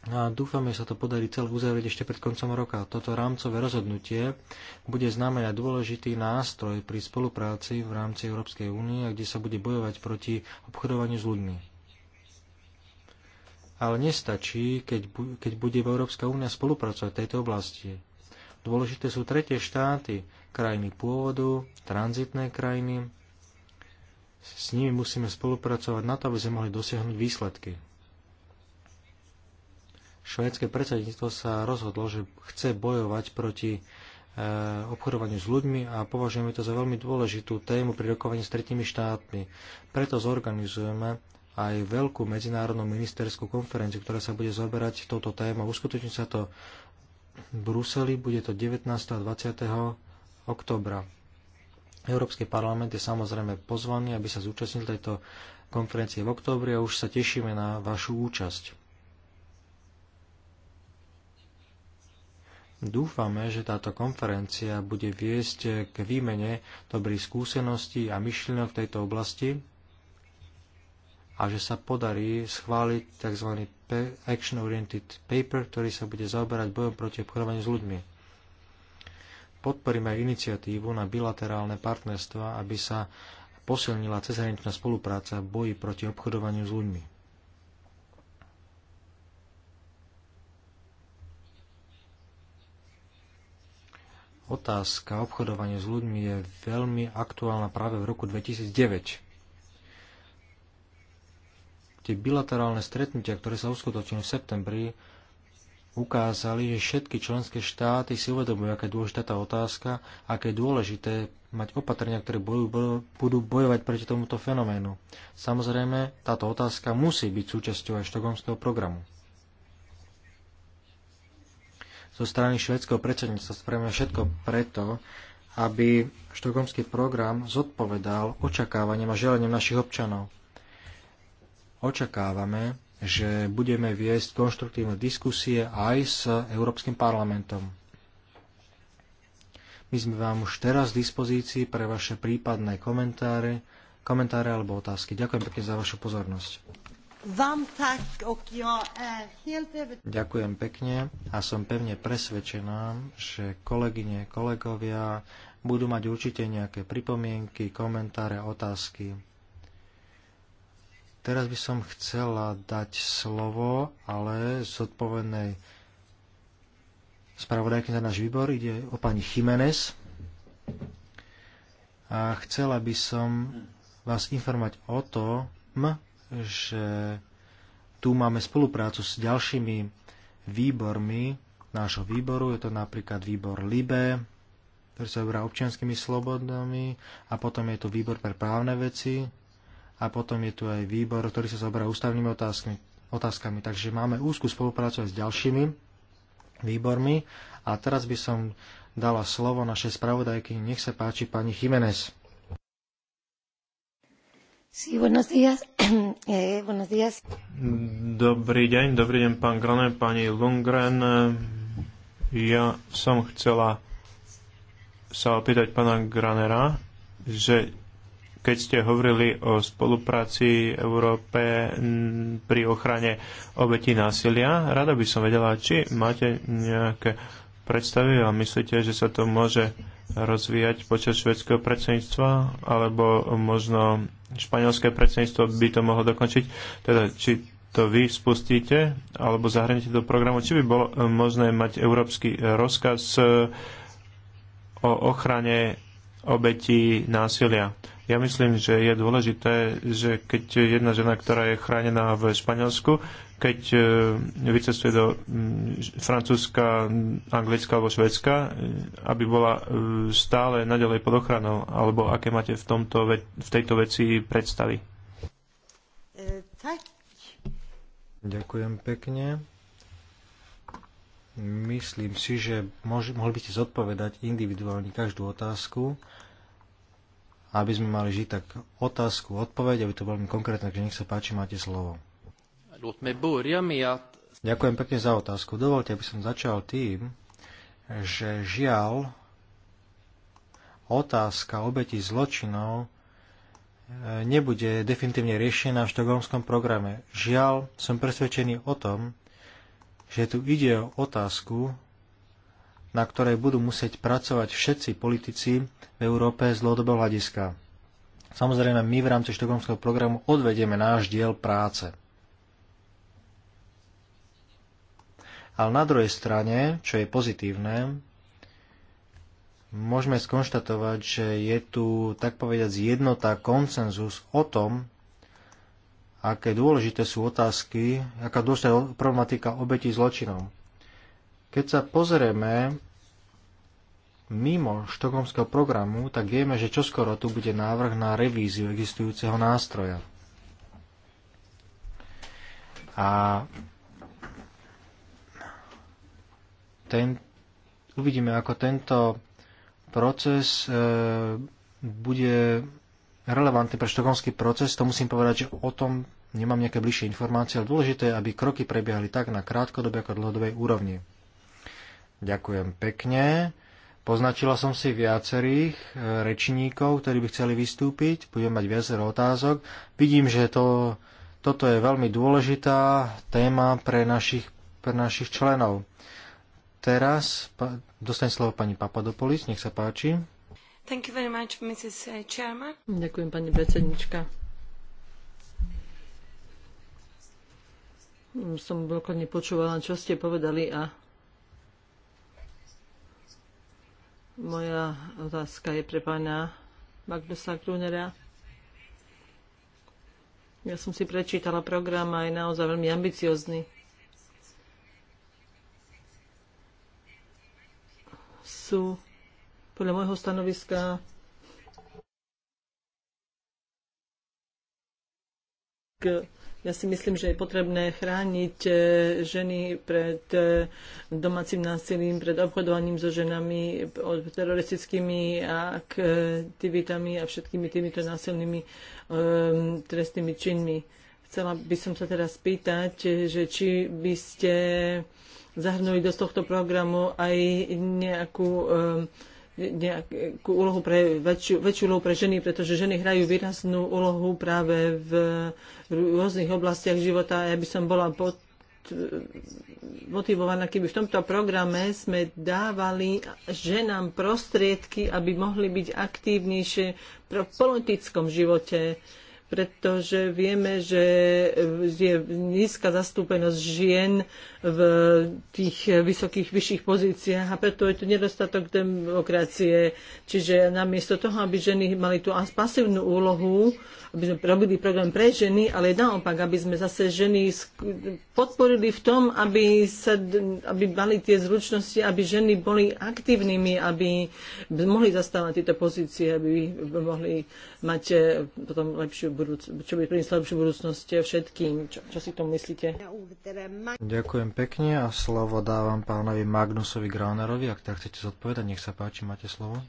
a dúfame, že sa to podarí celé uzavrieť ešte pred koncom roka. Toto rámcové rozhodnutie bude znamenať dôležitý nástroj pri spolupráci v rámci Európskej únie, kde sa bude bojovať proti obchodovaniu s ľuďmi ale nestačí, keď, keď bude Európska únia spolupracovať v tejto oblasti. Dôležité sú tretie štáty, krajiny pôvodu, tranzitné krajiny. S nimi musíme spolupracovať na to, aby sme mohli dosiahnuť výsledky. Švédske predsedníctvo sa rozhodlo, že chce bojovať proti e, obchodovaniu s ľuďmi a považujeme to za veľmi dôležitú tému pri rokovaní s tretími štátmi. Preto zorganizujeme aj veľkú medzinárodnú ministerskú konferenciu, ktorá sa bude zoberať touto témou. Uskutoční sa to v Bruseli, bude to 19. a 20. oktobra. Európsky parlament je samozrejme pozvaný, aby sa zúčastnil tejto konferencie v októbri a už sa tešíme na vašu účasť. Dúfame, že táto konferencia bude viesť k výmene dobrých skúseností a myšlienok v tejto oblasti a že sa podarí schváliť tzv. Action Oriented Paper, ktorý sa bude zaoberať bojom proti obchodovaniu s ľuďmi. Podporíme aj iniciatívu na bilaterálne partnerstva, aby sa posilnila cezhraničná spolupráca v boji proti obchodovaniu s ľuďmi. Otázka obchodovania s ľuďmi je veľmi aktuálna práve v roku 2009 tie bilaterálne stretnutia, ktoré sa uskutočnili v septembri, ukázali, že všetky členské štáty si uvedomujú, aká je dôležitá tá otázka, aké je dôležité mať opatrenia, ktoré budú bojovať proti tomuto fenoménu. Samozrejme, táto otázka musí byť súčasťou aj štokholmského programu. Zo strany švedského predsedníctva spravíme všetko preto, aby štokholmský program zodpovedal očakávaniam a želaniam našich občanov. Očakávame, že budeme viesť konštruktívne diskusie aj s Európskym parlamentom. My sme vám už teraz v dispozícii pre vaše prípadné komentáre, komentáre alebo otázky. Ďakujem pekne za vašu pozornosť. Eh, Ďakujem pekne a som pevne presvedčená, že kolegyne, kolegovia budú mať určite nejaké pripomienky, komentáre, otázky Teraz by som chcela dať slovo, ale zodpovednej spravodajky na náš výbor ide o pani Jiménez. A chcela by som vás informovať o tom, že tu máme spoluprácu s ďalšími výbormi nášho výboru. Je to napríklad výbor LIBE, ktorý sa obrá občianskými slobodami a potom je to výbor pre právne veci, a potom je tu aj výbor, ktorý sa zaoberá ústavnými otázkami, otázkami. Takže máme úzku spoluprácu aj s ďalšími výbormi a teraz by som dala slovo našej spravodajky. Nech sa páči pani Jiménez. Eh, dobrý deň, dobrý deň pán Grané, pani Lundgren. Ja som chcela sa opýtať pána Granera, že keď ste hovorili o spolupráci Európe pri ochrane obetí násilia, rada by som vedela, či máte nejaké predstavy a myslíte, že sa to môže rozvíjať počas švedského predsedníctva, alebo možno španielské predsedníctvo by to mohlo dokončiť. Teda, či to vy spustíte, alebo zahrnete do programu, či by bolo e, možné mať európsky rozkaz e, o ochrane obetí násilia. Ja myslím, že je dôležité, že keď jedna žena, ktorá je chránená v Španielsku, keď e, vycestuje do mm, Francúzska, Anglicka alebo Švedska, e, aby bola e, stále nadalej pod ochranou, alebo aké máte v, tomto, v tejto veci predstavy? Ďakujem pekne. Myslím si, že mohli by ste zodpovedať individuálne každú otázku aby sme mali žiť tak otázku, odpoveď, aby to bolo konkrétne, takže nech sa páči, máte slovo. Ďakujem pekne za otázku. Dovolte, aby som začal tým, že žiaľ otázka obeti zločinov e, nebude definitívne riešená v štokholmskom programe. Žiaľ, som presvedčený o tom, že tu ide o otázku, na ktorej budú musieť pracovať všetci politici v Európe z dlhodobého hľadiska. Samozrejme, my v rámci štokholmského programu odvedieme náš diel práce. Ale na druhej strane, čo je pozitívne, môžeme skonštatovať, že je tu tak povedať jednota, konsenzus o tom, aké dôležité sú otázky, aká dôležitá problematika obetí zločinov. Keď sa pozrieme mimo štokholmského programu, tak vieme, že čoskoro tu bude návrh na revíziu existujúceho nástroja. A ten, uvidíme, ako tento proces e, bude relevantný pre štokholmský proces. To musím povedať, že o tom nemám nejaké bližšie informácie, ale dôležité je, aby kroky prebiehali tak na krátkodobej ako dlhodobej úrovni. Ďakujem pekne. Poznačila som si viacerých e, rečníkov, ktorí by chceli vystúpiť. Budem mať viacero otázok. Vidím, že to, toto je veľmi dôležitá téma pre našich, pre našich členov. Teraz pa, dostane slovo pani Papadopolis, nech sa páči. Thank you very much, Mrs. Uh, Chairman. Ďakujem, pani predsednička. Som veľkoľne počúvala, čo ste povedali a Moja otázka je pre pána Magnusa Grunera. Ja som si prečítala program a je naozaj veľmi ambiciozný. Sú podľa môjho stanoviska k ja si myslím, že je potrebné chrániť e, ženy pred e, domácim násilím, pred obchodovaním so ženami, teroristickými aktivitami a všetkými týmito násilnými e, trestnými činmi. Chcela by som sa teraz spýtať, že či by ste zahrnuli do tohto programu aj nejakú um, nejakú úlohu pre, väčšiu, väčšiu úlohu pre ženy, pretože ženy hrajú výraznú úlohu práve v rôznych oblastiach života. Ja by som bola pod, motivovaná, keby v tomto programe sme dávali ženám prostriedky, aby mohli byť aktívnejšie v politickom živote, pretože vieme, že je nízka zastúpenosť žien v tých vysokých, vyšších pozíciách a preto je tu nedostatok demokracie. Čiže namiesto toho, aby ženy mali tú pasívnu úlohu, aby sme robili program pre ženy, ale naopak, aby sme zase ženy podporili v tom, aby, sa, aby mali tie zručnosti, aby ženy boli aktívnymi, aby mohli zastávať tieto pozície, aby mohli mať eh, potom lepšiu budúcnosť, čo by prinieslo lepšiu budúcnosť všetkým. Čo, čo si to myslíte? Ďakujem pekne a slovo dávam pánovi Magnusovi Graunerovi. Ak tak chcete zodpovedať, nech sa páči, máte slovo.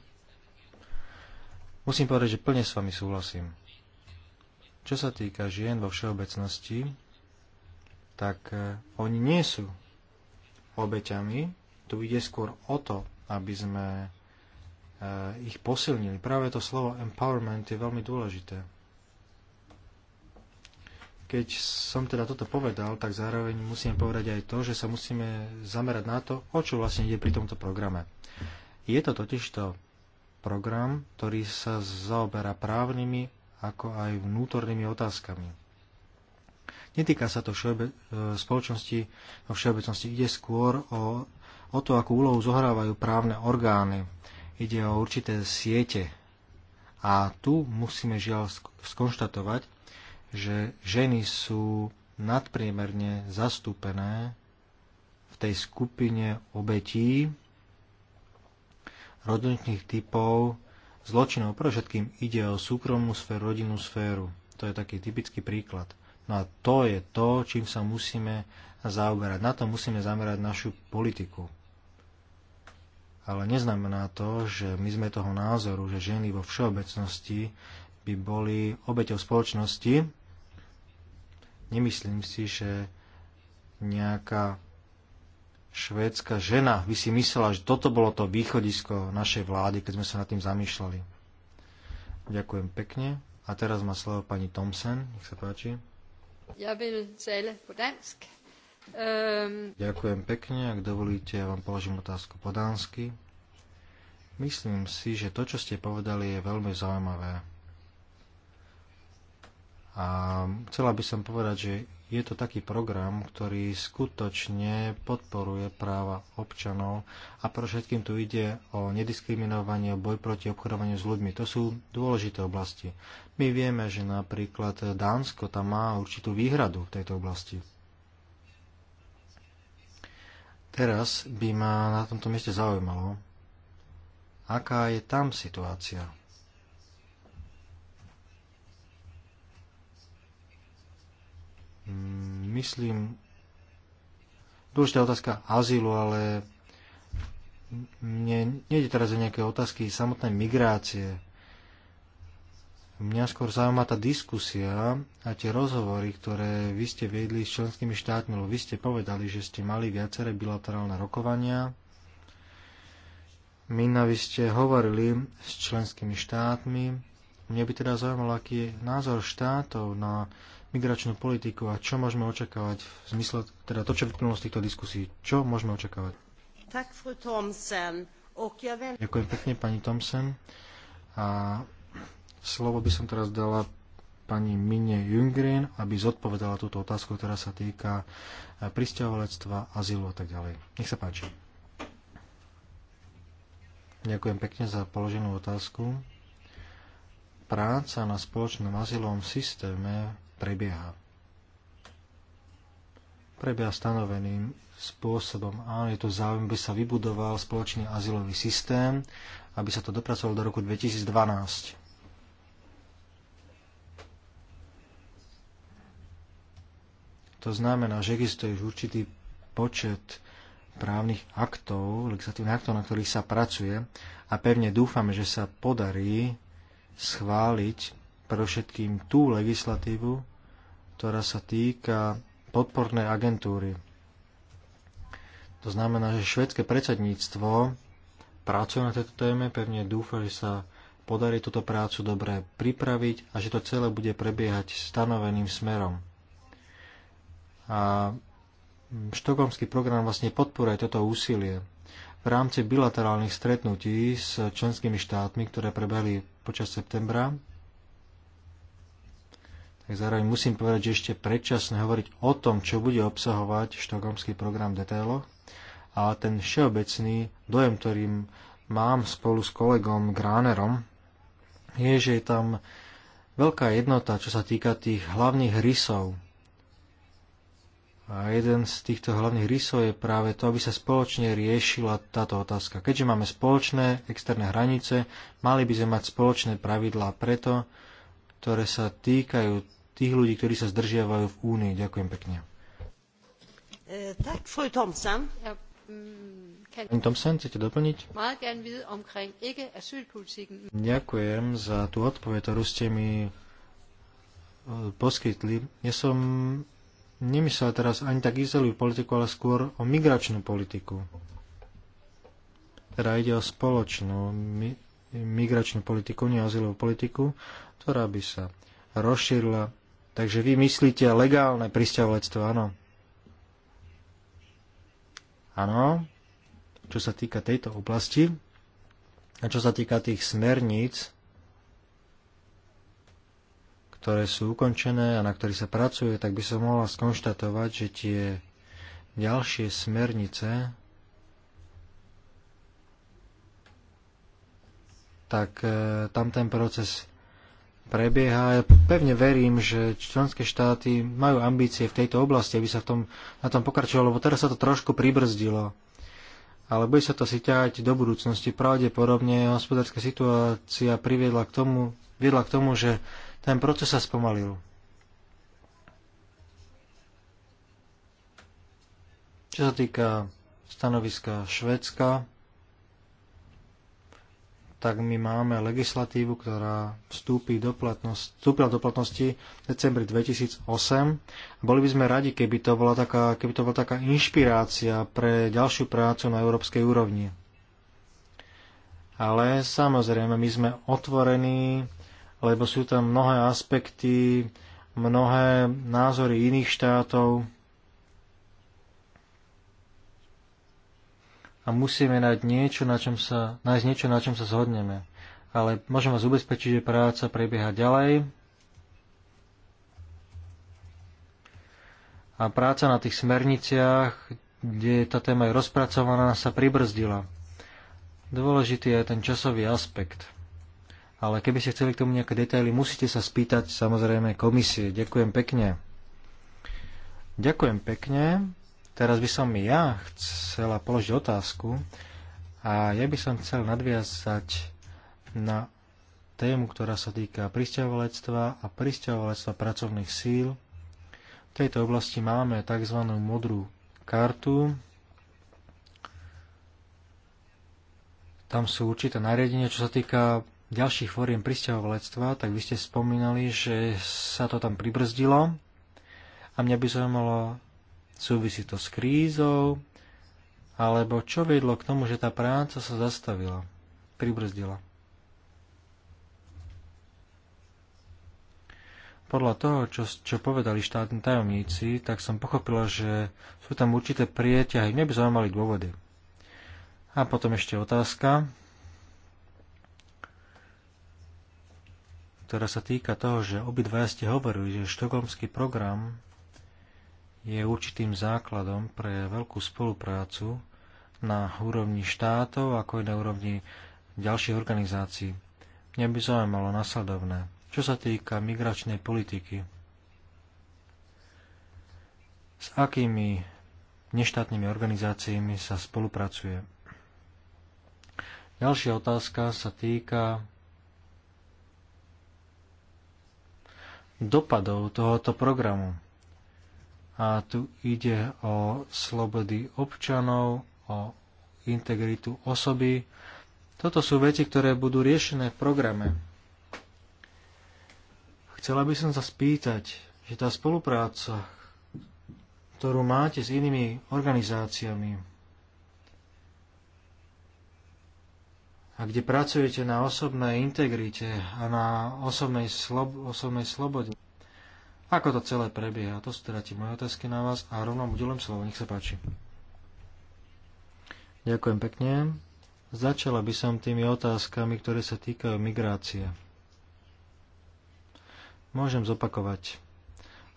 Musím povedať, že plne s vami súhlasím. Čo sa týka žien vo všeobecnosti, tak e, oni nie sú obeťami. Tu ide skôr o to, aby sme e, ich posilnili. Práve to slovo empowerment je veľmi dôležité. Keď som teda toto povedal, tak zároveň musím povedať aj to, že sa musíme zamerať na to, o čo vlastne ide pri tomto programe. Je to totižto program, ktorý sa zaoberá právnymi ako aj vnútornými otázkami. Netýka sa to všeobe- e, spoločnosti vo všeobecnosti, ide skôr o, o to, akú úlohu zohrávajú právne orgány. Ide o určité siete. A tu musíme žiaľ skonštatovať, že ženy sú nadpriemerne zastúpené v tej skupine obetí rodnotných typov zločinov. Pre všetkým ide o súkromnú sféru, rodinnú sféru. To je taký typický príklad. No a to je to, čím sa musíme zaoberať. Na to musíme zamerať našu politiku. Ale neznamená to, že my sme toho názoru, že ženy vo všeobecnosti by boli obeťou spoločnosti. Nemyslím si, že nejaká švédska žena by si myslela, že toto bolo to východisko našej vlády, keď sme sa nad tým zamýšľali. Ďakujem pekne. A teraz má slovo pani Thompson. Nech sa páči. Ja vil tale po dansk. Um... Ďakujem pekne. Ak dovolíte, ja vám položím otázku po dánsky. Myslím si, že to, čo ste povedali, je veľmi zaujímavé. A chcela by som povedať, že je to taký program, ktorý skutočne podporuje práva občanov a pre všetkým tu ide o nediskriminovanie, o boj proti obchodovaniu s ľuďmi. To sú dôležité oblasti. My vieme, že napríklad Dánsko tam má určitú výhradu v tejto oblasti. Teraz by ma na tomto mieste zaujímalo, aká je tam situácia. Mm, myslím, dôležitá otázka azylu, ale mne nejde teraz o nejaké otázky samotnej migrácie. Mňa skôr zaujíma tá diskusia a tie rozhovory, ktoré vy ste viedli s členskými štátmi, lebo vy ste povedali, že ste mali viaceré bilaterálne rokovania. na vy ste hovorili s členskými štátmi. Mne by teda zaujímalo, aký je názor štátov na no migračnú politiku a čo môžeme očakávať v zmysle, teda to, čo vyplnulo z týchto diskusí, čo môžeme očakávať? Tak, fru Thomsen. Ďakujem pekne, pani Thomsen. A slovo by som teraz dala pani Mine Jungren, aby zodpovedala túto otázku, ktorá sa týka e, pristahovalectva, azylu a tak ďalej. Nech sa páči. Ďakujem pekne za položenú otázku. Práca na spoločnom azylovom systéme prebieha. Prebieha stanoveným spôsobom. Áno, je tu záujem, aby sa vybudoval spoločný azylový systém, aby sa to dopracovalo do roku 2012. To znamená, že existuje už určitý počet právnych aktov, legislatívnych aktov, na ktorých sa pracuje a pevne dúfame, že sa podarí schváliť predovšetkým tú legislatívu, ktorá sa týka podpornej agentúry. To znamená, že švedské predsedníctvo pracuje na tejto téme, pevne dúfa, že sa podarí túto prácu dobre pripraviť a že to celé bude prebiehať stanoveným smerom. A štokholmský program vlastne podporuje toto úsilie. V rámci bilaterálnych stretnutí s členskými štátmi, ktoré prebehli počas septembra, tak zároveň musím povedať, že ešte predčasne hovoriť o tom, čo bude obsahovať štokholmský program detailo. A ale ten všeobecný dojem, ktorým mám spolu s kolegom Gránerom, je, že je tam veľká jednota, čo sa týka tých hlavných rysov. A jeden z týchto hlavných rysov je práve to, aby sa spoločne riešila táto otázka. Keďže máme spoločné externé hranice, mali by sme mať spoločné pravidlá preto, ktoré sa týkajú tých ľudí, ktorí sa zdržiavajú v Únii. Ďakujem pekne. E, tak, Thompson. Mm, Pani Thompson, chcete doplniť? Ďakujem za tú odpoveď, ktorú ste mi e, poskytli. Ja som nemyslel teraz ani tak izolujú politiku, ale skôr o migračnú politiku. Teda ide o spoločnú mi, migračnú politiku, nie azylovú politiku, ktorá by sa rozšírila Takže vy myslíte legálne pristahovalectvo, áno. Áno, čo sa týka tejto oblasti a čo sa týka tých smerníc, ktoré sú ukončené a na ktorých sa pracuje, tak by som mohla skonštatovať, že tie ďalšie smernice tak e, tam ten proces prebieha. Ja pevne verím, že členské štáty majú ambície v tejto oblasti, aby sa v tom, na tom pokračovalo, lebo teraz sa to trošku pribrzdilo. Ale bude sa to si ťahať do budúcnosti. Pravdepodobne hospodárska situácia priviedla k tomu, viedla k tomu, že ten proces sa spomalil. Čo sa týka stanoviska Švedska, tak my máme legislatívu, ktorá vstúpi do platnosti, vstúpila do platnosti v decembri 2008. Boli by sme radi, keby to, bola taká, keby to bola taká inšpirácia pre ďalšiu prácu na európskej úrovni. Ale samozrejme, my sme otvorení, lebo sú tam mnohé aspekty, mnohé názory iných štátov, a musíme nájsť niečo, na čom sa, nájsť niečo, na čom sa zhodneme. Ale môžem vás ubezpečiť, že práca prebieha ďalej a práca na tých smerniciach, kde tá téma je rozpracovaná, sa pribrzdila. Dôležitý je ten časový aspekt. Ale keby ste chceli k tomu nejaké detaily, musíte sa spýtať samozrejme komisie. Ďakujem pekne. Ďakujem pekne. Teraz by som ja chcela položiť otázku a ja by som chcel nadviazať na tému, ktorá sa týka pristahovalectva a pristahovalectva pracovných síl. V tejto oblasti máme tzv. modrú kartu. Tam sú určité nariadenia, čo sa týka ďalších fóriem pristahovalectva, tak vy ste spomínali, že sa to tam pribrzdilo. A mňa by zaujímalo, Súvisí to s krízou, alebo čo vedlo k tomu, že tá práca sa zastavila, pribrzdila. Podľa toho, čo, čo povedali štátni tajomníci, tak som pochopila, že sú tam určité prieťahy. Mňa by zaujímali dôvody. A potom ešte otázka, ktorá sa týka toho, že obidva ste hovorili, že štokholmský program je určitým základom pre veľkú spoluprácu na úrovni štátov, ako aj na úrovni ďalších organizácií. Mňa by zaujímalo nasledovné. Čo sa týka migračnej politiky, s akými neštátnymi organizáciami sa spolupracuje? Ďalšia otázka sa týka dopadov tohoto programu a tu ide o slobody občanov, o integritu osoby. Toto sú veci, ktoré budú riešené v programe. Chcela by som sa spýtať, že tá spolupráca, ktorú máte s inými organizáciami a kde pracujete na osobnej integrite a na osobnej, slob- osobnej slobode, ako to celé prebieha? To sú teda tie moje otázky na vás a rovno udelujem slovo. Nech sa páči. Ďakujem pekne. Začala by som tými otázkami, ktoré sa týkajú migrácie. Môžem zopakovať.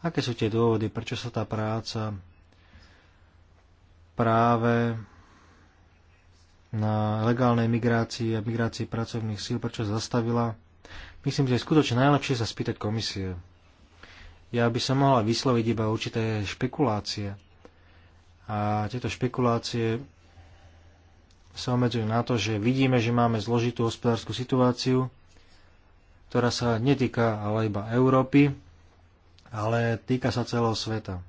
Aké sú tie dôvody, prečo sa tá práca práve na legálnej migrácii a migrácii pracovných síl, prečo zastavila? Myslím, že je skutočne najlepšie sa spýtať komisie ja by som mohla vysloviť iba určité špekulácie. A tieto špekulácie sa obmedzujú na to, že vidíme, že máme zložitú hospodárskú situáciu, ktorá sa netýka ale iba Európy, ale týka sa celého sveta.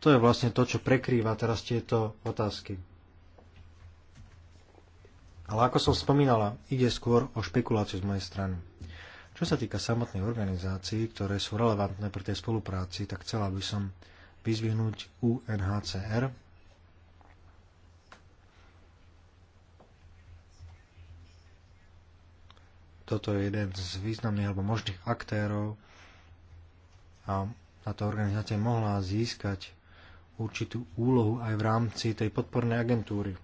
To je vlastne to, čo prekrýva teraz tieto otázky. Ale ako som spomínala, ide skôr o špekuláciu z mojej strany. Čo sa týka samotných organizácií, ktoré sú relevantné pri tej spolupráci, tak chcela by som vyzvihnúť UNHCR. Toto je jeden z významných alebo možných aktérov a táto organizácia mohla získať určitú úlohu aj v rámci tej podpornej agentúry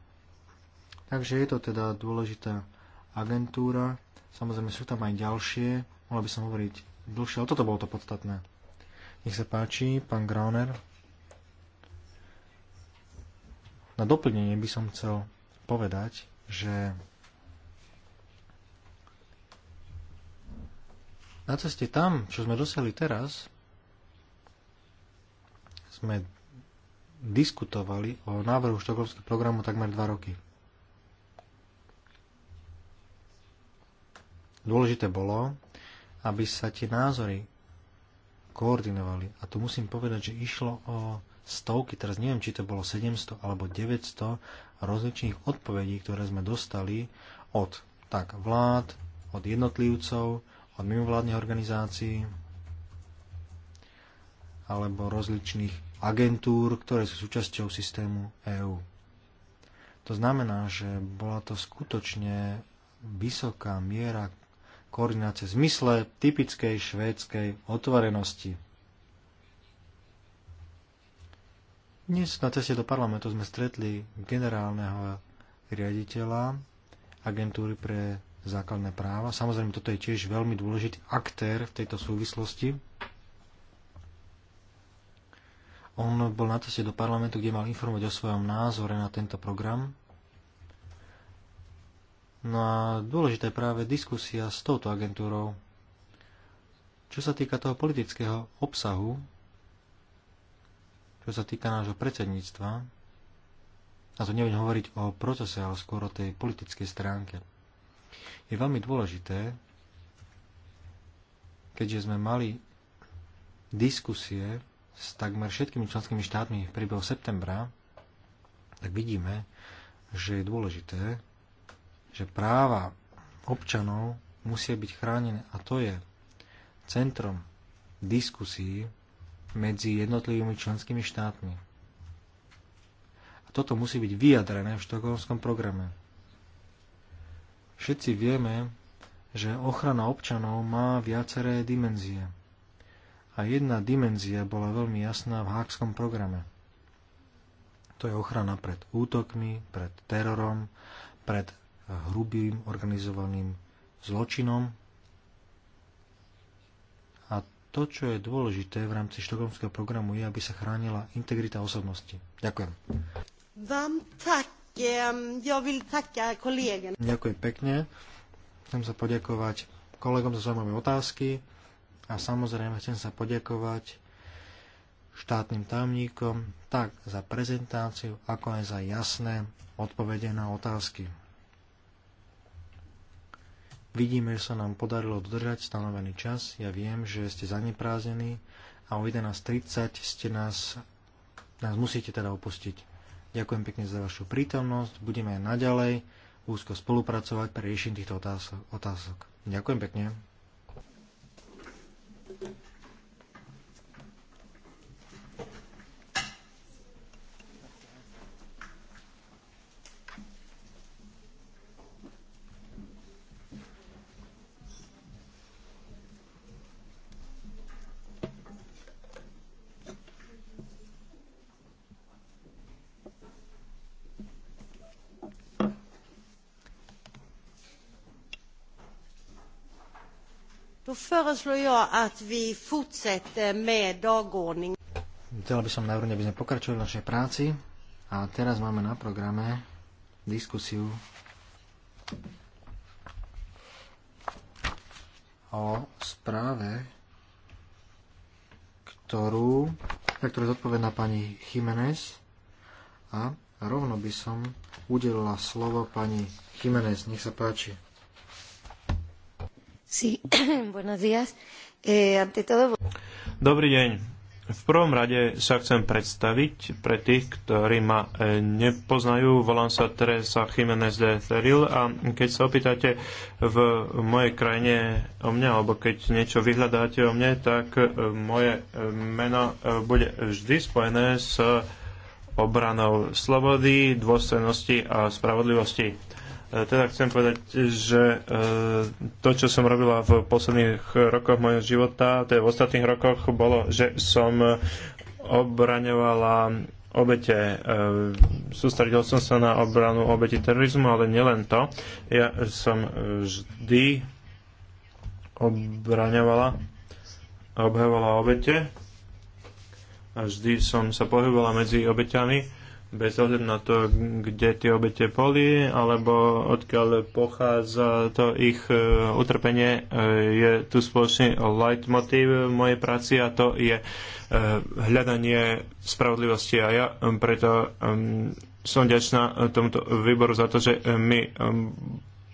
Takže je to teda dôležitá agentúra. Samozrejme sú tam aj ďalšie. Mohla by som hovoriť dlhšie, ale toto bolo to podstatné. Nech sa páči, pán Grauner. Na doplnenie by som chcel povedať, že na ceste tam, čo sme dosiahli teraz, sme diskutovali o návrhu štokholmského programu takmer 2 roky. Dôležité bolo, aby sa tie názory koordinovali. A tu musím povedať, že išlo o stovky, teraz neviem, či to bolo 700 alebo 900 rozličných odpovedí, ktoré sme dostali od tak vlád, od jednotlivcov, od mimovládnych organizácií alebo rozličných agentúr, ktoré sú súčasťou systému EÚ. To znamená, že bola to skutočne vysoká miera koordinácie v zmysle typickej švédskej otvorenosti. Dnes na ceste do parlamentu sme stretli generálneho riaditeľa agentúry pre základné práva. Samozrejme, toto je tiež veľmi dôležitý aktér v tejto súvislosti. On bol na ceste do parlamentu, kde mal informovať o svojom názore na tento program. No a dôležitá je práve diskusia s touto agentúrou. Čo sa týka toho politického obsahu, čo sa týka nášho predsedníctva, a to neviem hovoriť o procese, ale skôr o tej politickej stránke, je veľmi dôležité, keďže sme mali diskusie s takmer všetkými členskými štátmi v priebehu septembra, tak vidíme, že je dôležité, že práva občanov musia byť chránené a to je centrom diskusí medzi jednotlivými členskými štátmi. A toto musí byť vyjadrené v štokholmskom programe. Všetci vieme, že ochrana občanov má viaceré dimenzie. A jedna dimenzia bola veľmi jasná v hákskom programe. To je ochrana pred útokmi, pred terorom, pred hrubým organizovaným zločinom. A to, čo je dôležité v rámci štokholmského programu, je, aby sa chránila integrita osobnosti. Ďakujem. Vám tak. Ja vil takia kolegen. Ďakujem pekne. Chcem sa poďakovať kolegom za zaujímavé otázky a samozrejme chcem sa poďakovať štátnym tajomníkom tak za prezentáciu, ako aj za jasné odpovede na otázky. Vidíme, že sa nám podarilo dodržať stanovený čas. Ja viem, že ste zanepráznení a o 11.30 ste nás, nás musíte teda opustiť. Ďakujem pekne za vašu prítomnosť. Budeme aj naďalej úzko spolupracovať pri riešení týchto otázok. Ďakujem pekne. föreslår jag att vi fortsätter med dagordningen. Chcela by som navrhnúť, aby sme pokračovali v našej práci a teraz máme na programe diskusiu o správe, ktorú, na ktorú zodpovedná pani Jiménez a rovno by som udelila slovo pani Jiménez. Nech sa páči. Eh, Dobrý deň. V prvom rade sa chcem predstaviť pre tých, ktorí ma e, nepoznajú. Volám sa Teresa Jiménez de Feril a keď sa opýtate v mojej krajine o mňa, alebo keď niečo vyhľadáte o mne, tak e, moje e, meno bude vždy spojené s obranou slobody, dôstojnosti a spravodlivosti. E, teda chcem povedať, že e, to, čo som robila v posledných rokoch mojho života, to je v ostatných rokoch, bolo, že som obraňovala obete. E, Sústredil som sa na obranu obeti terorizmu, ale nielen to. Ja som vždy obraňovala a obhajovala obete. A vždy som sa pohybovala medzi obeťami bez ohľadu na to, kde tie obete boli, alebo odkiaľ pochádza to ich e, utrpenie, e, je tu spoločný leitmotiv mojej práci a to je e, hľadanie spravodlivosti a ja preto som ďačná tomuto výboru za to, že mi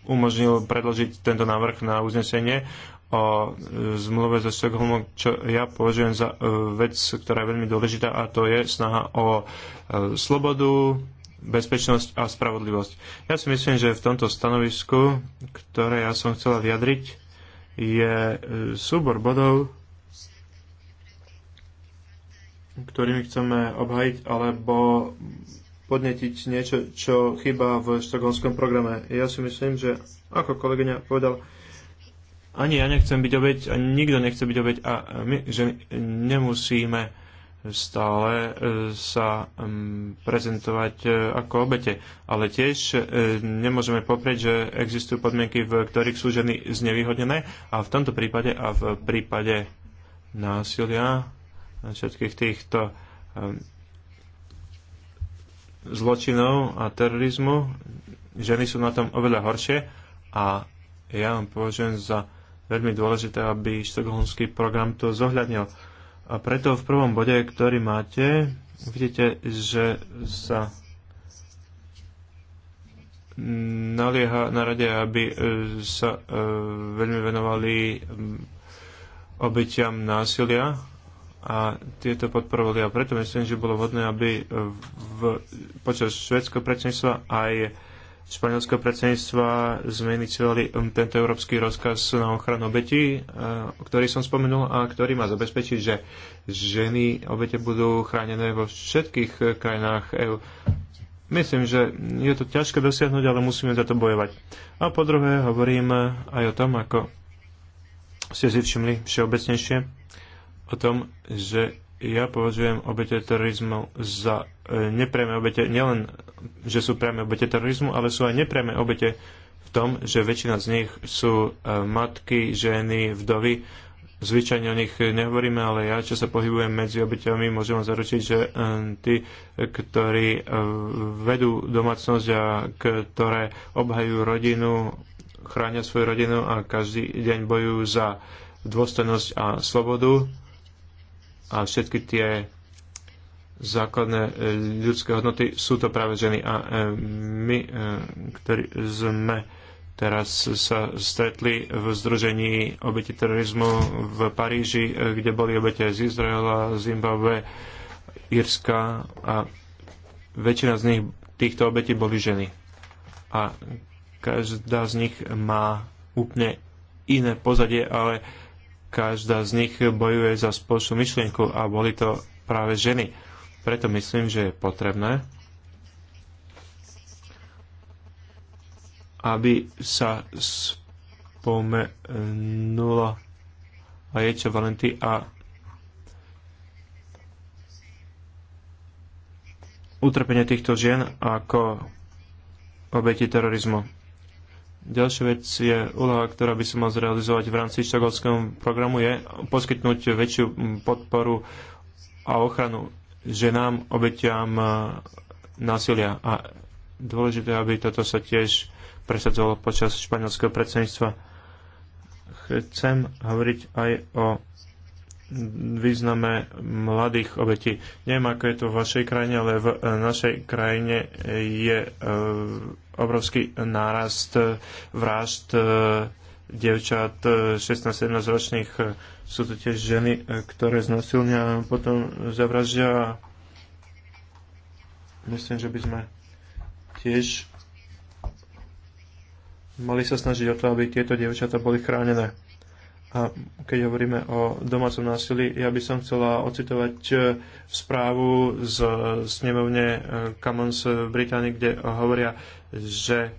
umožnil predložiť tento návrh na uznesenie o e, zmluve so Stockholmom, čo ja považujem za e, vec, ktorá je veľmi dôležitá a to je snaha o e, slobodu, bezpečnosť a spravodlivosť. Ja si myslím, že v tomto stanovisku, ktoré ja som chcela vyjadriť, je súbor bodov, ktorými chceme obhajiť alebo podnetiť niečo, čo chýba v štokholmskom programe. Ja si myslím, že ako kolegyňa povedal, ani ja nechcem byť obeď, ani nikto nechce byť obeď a my, že nemusíme stále e, sa prezentovať e, ako obete. Ale tiež e, nemôžeme poprieť, že existujú podmienky, v ktorých sú ženy znevýhodnené a v tomto prípade a v prípade násilia všetkých týchto zločinov a terorizmu ženy sú na tom oveľa horšie a ja vám považujem za veľmi dôležité, aby štokholmský program to zohľadnil. A preto v prvom bode, ktorý máte, vidíte, že sa nalieha na rade, aby e, sa e, veľmi venovali obetiam násilia a tieto podporovali. A preto myslím, že bolo vhodné, aby v, počas švedského predsedníctva aj španielského predsedníctva sme iniciovali um, tento európsky rozkaz na ochranu obetí, uh, ktorý som spomenul a ktorý má zabezpečiť, že ženy obete budú chránené vo všetkých uh, krajinách EÚ. Myslím, že je to ťažké dosiahnuť, ale musíme za to bojovať. A po druhé hovorím uh, aj o tom, ako ste si všimli všeobecnejšie, o tom, že ja považujem obete terorizmu za e, nepriame obete, nielen, že sú priame obete terorizmu, ale sú aj nepriame obete v tom, že väčšina z nich sú e, matky, ženy, vdovy. Zvyčajne o nich nehovoríme, ale ja, čo sa pohybujem medzi obeťami, môžem vám zaručiť, že e, tí, ktorí vedú domácnosť a ktoré obhajujú rodinu, chránia svoju rodinu a každý deň bojujú za dôstojnosť a slobodu, a všetky tie základné e, ľudské hodnoty sú to práve ženy. A e, my, e, ktorí sme teraz sa stretli v Združení obete terorizmu v Paríži, kde boli obete z Izraela, Zimbabwe, Irska a väčšina z nich, týchto obetí boli ženy. A každá z nich má úplne iné pozadie, ale uh, každá z nich bojuje za spoločnú myšlienku a boli to práve ženy. Preto myslím, že je potrebné, aby sa je čo Valenty a utrpenie týchto žien ako obeti terorizmu. Ďalšia vec je úloha, ktorá by sa mal zrealizovať v rámci štokholmského programu, je poskytnúť väčšiu podporu a ochranu ženám, obetiam e, násilia. A dôležité, aby toto sa tiež presadzovalo počas španielského predsedníctva. Chcem hovoriť aj o význame mladých obetí. Neviem, ako je to v vašej krajine, ale v e, našej krajine je e, obrovský nárast e, vražd devčat 16-17 ročných. Sú to tiež ženy, ktoré znosilňa a potom zavražia. Myslím, že by sme tiež mali sa snažiť o to, aby tieto dievčatá boli chránené. A keď hovoríme o domácom násilí, ja by som chcela ocitovať e, správu z snemovne e, Commons v Británii, kde hovoria, že e,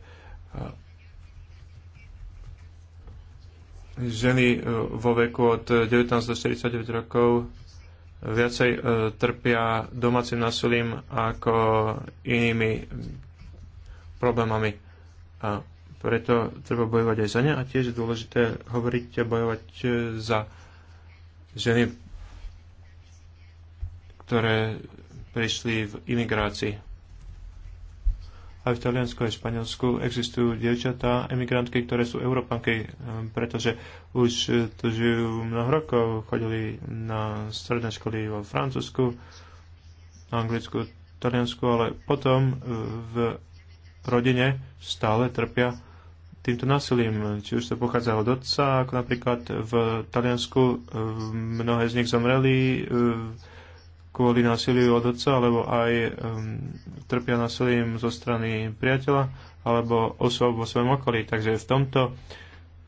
ženy vo veku od 19 do 49 rokov viacej trpia domácim násilím ako inými problémami. Preto treba bojovať aj za ne a tiež je dôležité hovoriť a bojovať e, za ženy, ktoré prišli v imigrácii. Aj v Taliansku a Španielsku existujú dievčatá, emigrantky, ktoré sú Európanky, e, pretože už e, tu žijú mnoho rokov, chodili na stredné školy vo Francúzsku, Anglicku, Taliansku, ale potom v rodine stále trpia týmto násilím, či už to pochádza od otca, ako napríklad v Taliansku e, mnohé z nich zomreli e, kvôli násiliu od otca, alebo aj e, trpia násilím zo strany priateľa alebo osob vo svojom okolí. Takže v tomto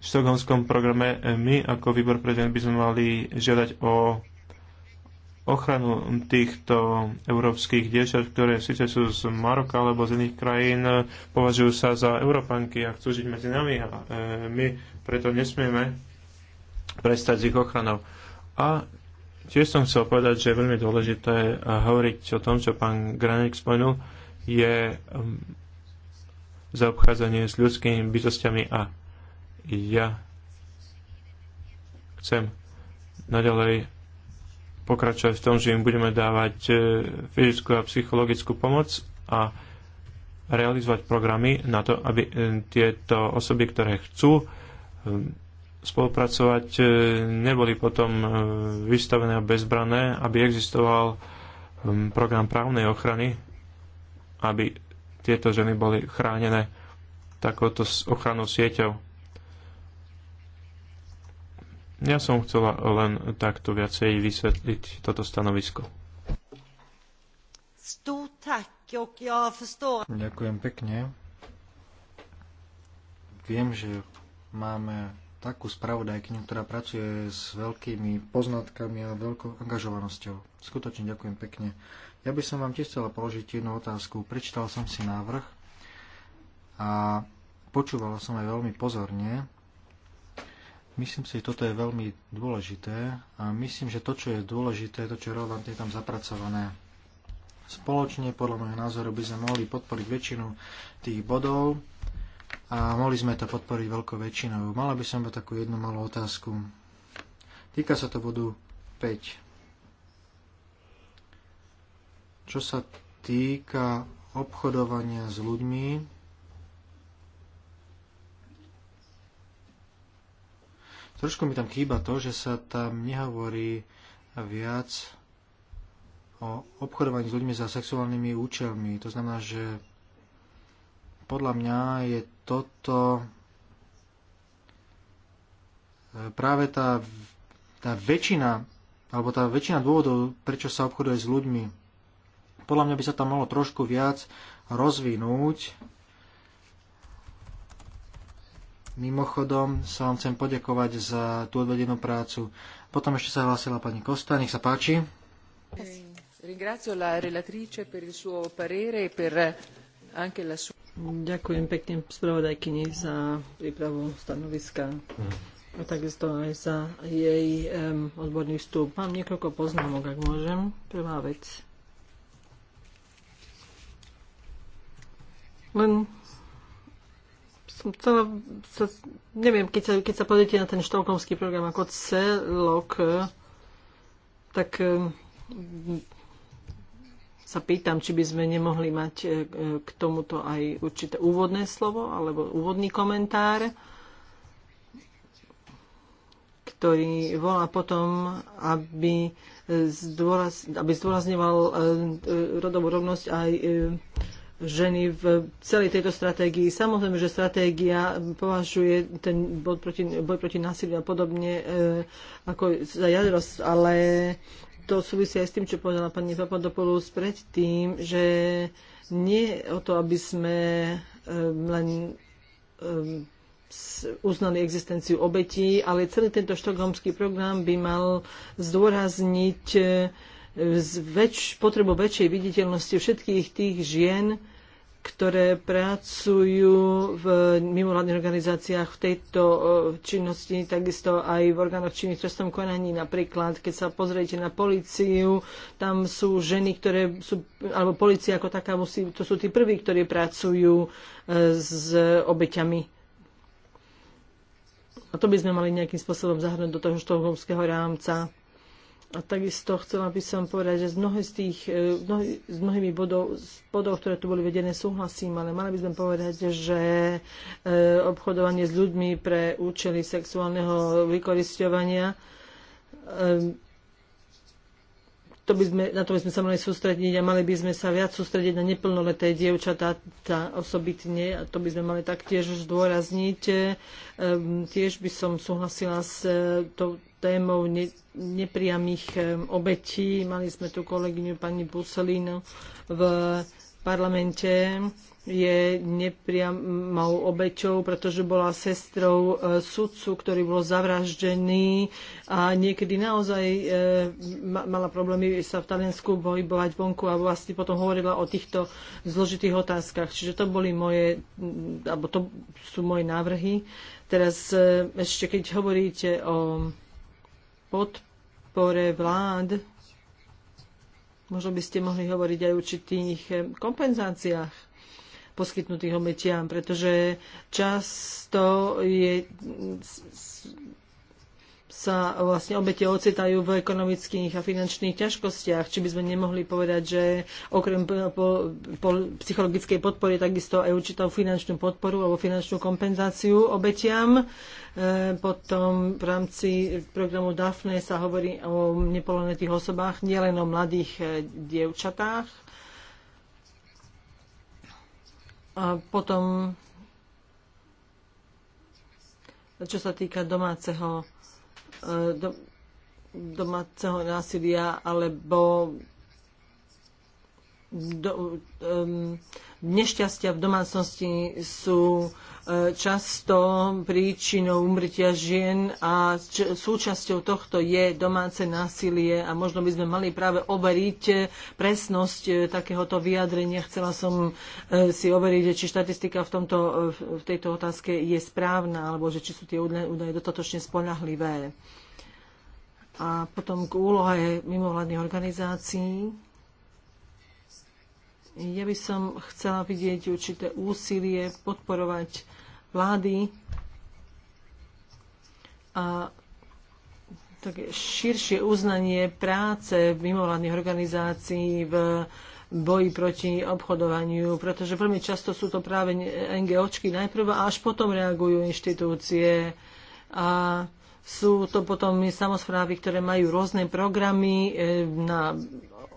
štokholmskom programe my ako výbor pre by sme mali žiadať o ochranu týchto európskych dievčat, ktoré síce sú z Maroka alebo z iných krajín, eh, považujú sa za Európanky a chcú žiť medzi nami a eh, my preto nesmieme prestať s ich ochranou. A tiež som chcel povedať, že je veľmi dôležité eh, hovoriť o tom, čo pán Granek spomenul, je mm, zaobchádzanie s ľudskými bytostiami a ja chcem naďalej pokračovať v tom, že im budeme dávať e, fyzickú a psychologickú pomoc a realizovať programy na to, aby e, tieto osoby, ktoré chcú e, spolupracovať, neboli potom vystavené a bezbrané, aby existoval program právnej ochrany, aby tieto ženy boli chránené takouto ochranou sieťou. Ja som chcela len takto viacej vysvetliť toto stanovisko. Ďakujem pekne. Viem, že máme takú spravodajkyňu, ktorá pracuje s veľkými poznatkami a veľkou angažovanosťou. Skutočne ďakujem pekne. Ja by som vám tiež chcela položiť jednu otázku. Prečítal som si návrh a počúvala som aj veľmi pozorne Myslím si, že toto je veľmi dôležité a myslím, že to, čo je dôležité, to, čo je relevantné, je tam zapracované. Spoločne, podľa môjho názoru, by sme mohli podporiť väčšinu tých bodov a mohli sme to podporiť veľkou väčšinou. Mala by som mať takú jednu malú otázku. Týka sa to bodu 5. Čo sa týka obchodovania s ľuďmi, Trošku mi tam chýba to, že sa tam nehovorí viac o obchodovaní s ľuďmi za sexuálnymi účelmi. To znamená, že podľa mňa je toto e, práve tá, tá väčšina, alebo tá väčšina dôvodov, prečo sa obchoduje s ľuďmi. Podľa mňa by sa tam malo trošku viac rozvinúť Mimochodom sa vám chcem poďakovať za tú odvedenú prácu. Potom ešte sa hlásila pani Kosta, nech sa páči. E Ďakujem pekne spravodajkyni za prípravu stanoviska a takisto aj za jej um, odborný vstup. Mám niekoľko poznámok, ak môžem. Prvá vec. Len chcela sa, neviem, keď sa, keď sa pozrite na ten štolkomský program ako celok, tak e, sa pýtam, či by sme nemohli mať e, k tomuto aj určité úvodné slovo alebo úvodný komentár, ktorý volá potom, aby, zdôraz, aby zdôrazňoval e, rodovú rovnosť aj ženy v celej tejto stratégii. Samozrejme, že stratégia považuje ten boj proti, boj proti násiliu a podobne e, ako za jadrosť, ale to súvisí aj s tým, čo povedala pani Papadopoulos predtým, že nie o to, aby sme e, len e, uznali existenciu obetí, ale celý tento štokholmský program by mal zdôrazniť e, väč, potrebu väčšej viditeľnosti všetkých tých žien, ktoré pracujú v mimovládnych organizáciách v tejto e, činnosti, takisto aj v orgánoch činných trestnom konaní. Napríklad, keď sa pozriete na policiu, tam sú ženy, ktoré sú, alebo policia ako taká musí, to sú tí prví, ktorí pracujú e, s obeťami a to by sme mali nejakým spôsobom zahrnúť do toho štokholmského rámca. A takisto chcela by som povedať, že z mnohé z tých, e, mnohý, s mnohými bodov, z bodov, ktoré tu boli vedené, súhlasím, ale mali by sme povedať, že e, obchodovanie s ľuďmi pre účely sexuálneho vykoristovania e, to by sme, na to by sme sa mali sústrediť a mali by sme sa viac sústrediť na neplnoleté dievčatá tá osobitne a to by sme mali taktiež zdôrazniť. tiež by som súhlasila s e, tou témou ne, nepriamých obetí. Mali sme tu kolegyňu pani Buselinu v parlamente je nepriamou obeťou, pretože bola sestrou e, sudcu, ktorý bol zavraždený a niekedy naozaj e, mala problémy sa v Taliansku pohybovať vonku a vlastne potom hovorila o týchto zložitých otázkach. Čiže to boli moje, alebo to sú moje návrhy. Teraz e, ešte keď hovoríte o pod podpore vlád. Možno by ste mohli hovoriť aj o určitých eh, kompenzáciách poskytnutých obetiam, pretože často je sa vlastne obete ocitajú v ekonomických a finančných ťažkostiach. Či by sme nemohli povedať, že okrem po, po psychologickej podpory takisto aj určitou finančnú podporu alebo finančnú kompenzáciu obetiam. E, potom v rámci programu DAFNE sa hovorí o nepolonetých osobách, nielen o mladých e, dievčatách. A potom čo sa týka domáceho do, domáceho násilia alebo do, um, nešťastia v domácnosti sú e, často príčinou umrtia žien a súčasťou tohto je domáce násilie a možno by sme mali práve overiť e, presnosť e, takéhoto vyjadrenia. Chcela som si overiť, či štatistika v, tomto, v tejto otázke je správna alebo že či sú tie údaje dostatočne spolahlivé. A potom k úlohe mimovládnych organizácií. Ja by som chcela vidieť určité úsilie podporovať vlády a také širšie uznanie práce mimovládnych organizácií v boji proti obchodovaniu, pretože veľmi často sú to práve NGOčky najprv a až potom reagujú inštitúcie a sú to potom samozprávy, ktoré majú rôzne programy e, na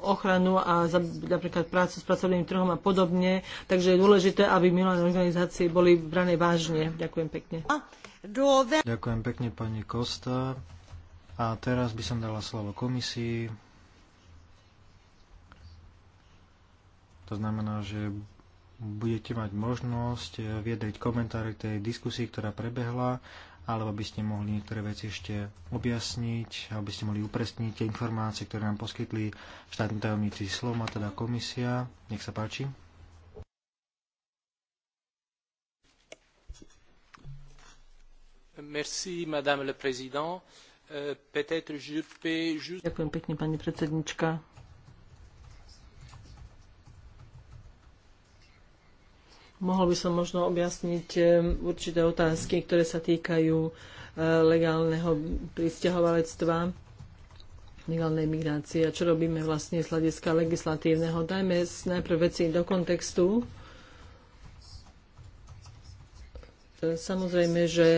ochranu a za, napríklad prácu s pracovným trhom a podobne. Takže je dôležité, aby milé organizácie boli brané vážne. Ďakujem pekne. Ďakujem pekne pani Kosta. A teraz by som dala slovo komisii. To znamená, že budete mať možnosť eh, viedriť komentáre k tej diskusii, ktorá prebehla alebo by ste mohli niektoré veci ešte objasniť, aby ste mohli upresniť tie informácie, ktoré nám poskytli štátni tajomníci Sloma, teda komisia. Nech sa páči. Merci, madame le président. Euh, Ďakujem pekne, pani predsednička. Mohol by som možno objasniť eh, určité otázky, ktoré sa týkajú eh, legálneho pristahovalectva, legálnej migrácie a čo robíme vlastne z hľadiska legislatívneho. Dajme najprv veci do kontextu. Samozrejme, že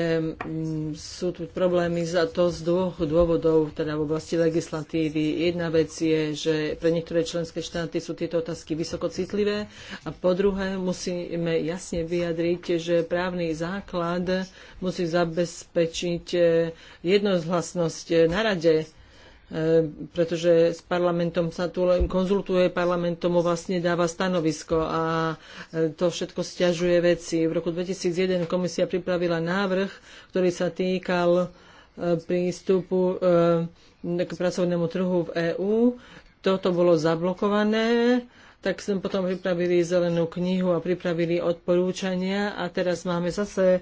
mm, sú tu problémy za to z dvoch dôvodov, teda v oblasti legislatívy. Jedna vec je, že pre niektoré členské štáty sú tieto otázky vysoko citlivé a po druhé musíme jasne vyjadriť, že právny základ musí zabezpečiť eh, jednozhlasnosť eh, na rade E, pretože s parlamentom sa tu len konzultuje, parlament, tomu vlastne dáva stanovisko a e, to všetko stiažuje veci. V roku 2001 komisia pripravila návrh, ktorý sa týkal e, prístupu k pracovnému trhu v EÚ. Toto bolo zablokované tak sme potom pripravili zelenú knihu a pripravili odporúčania a teraz máme zase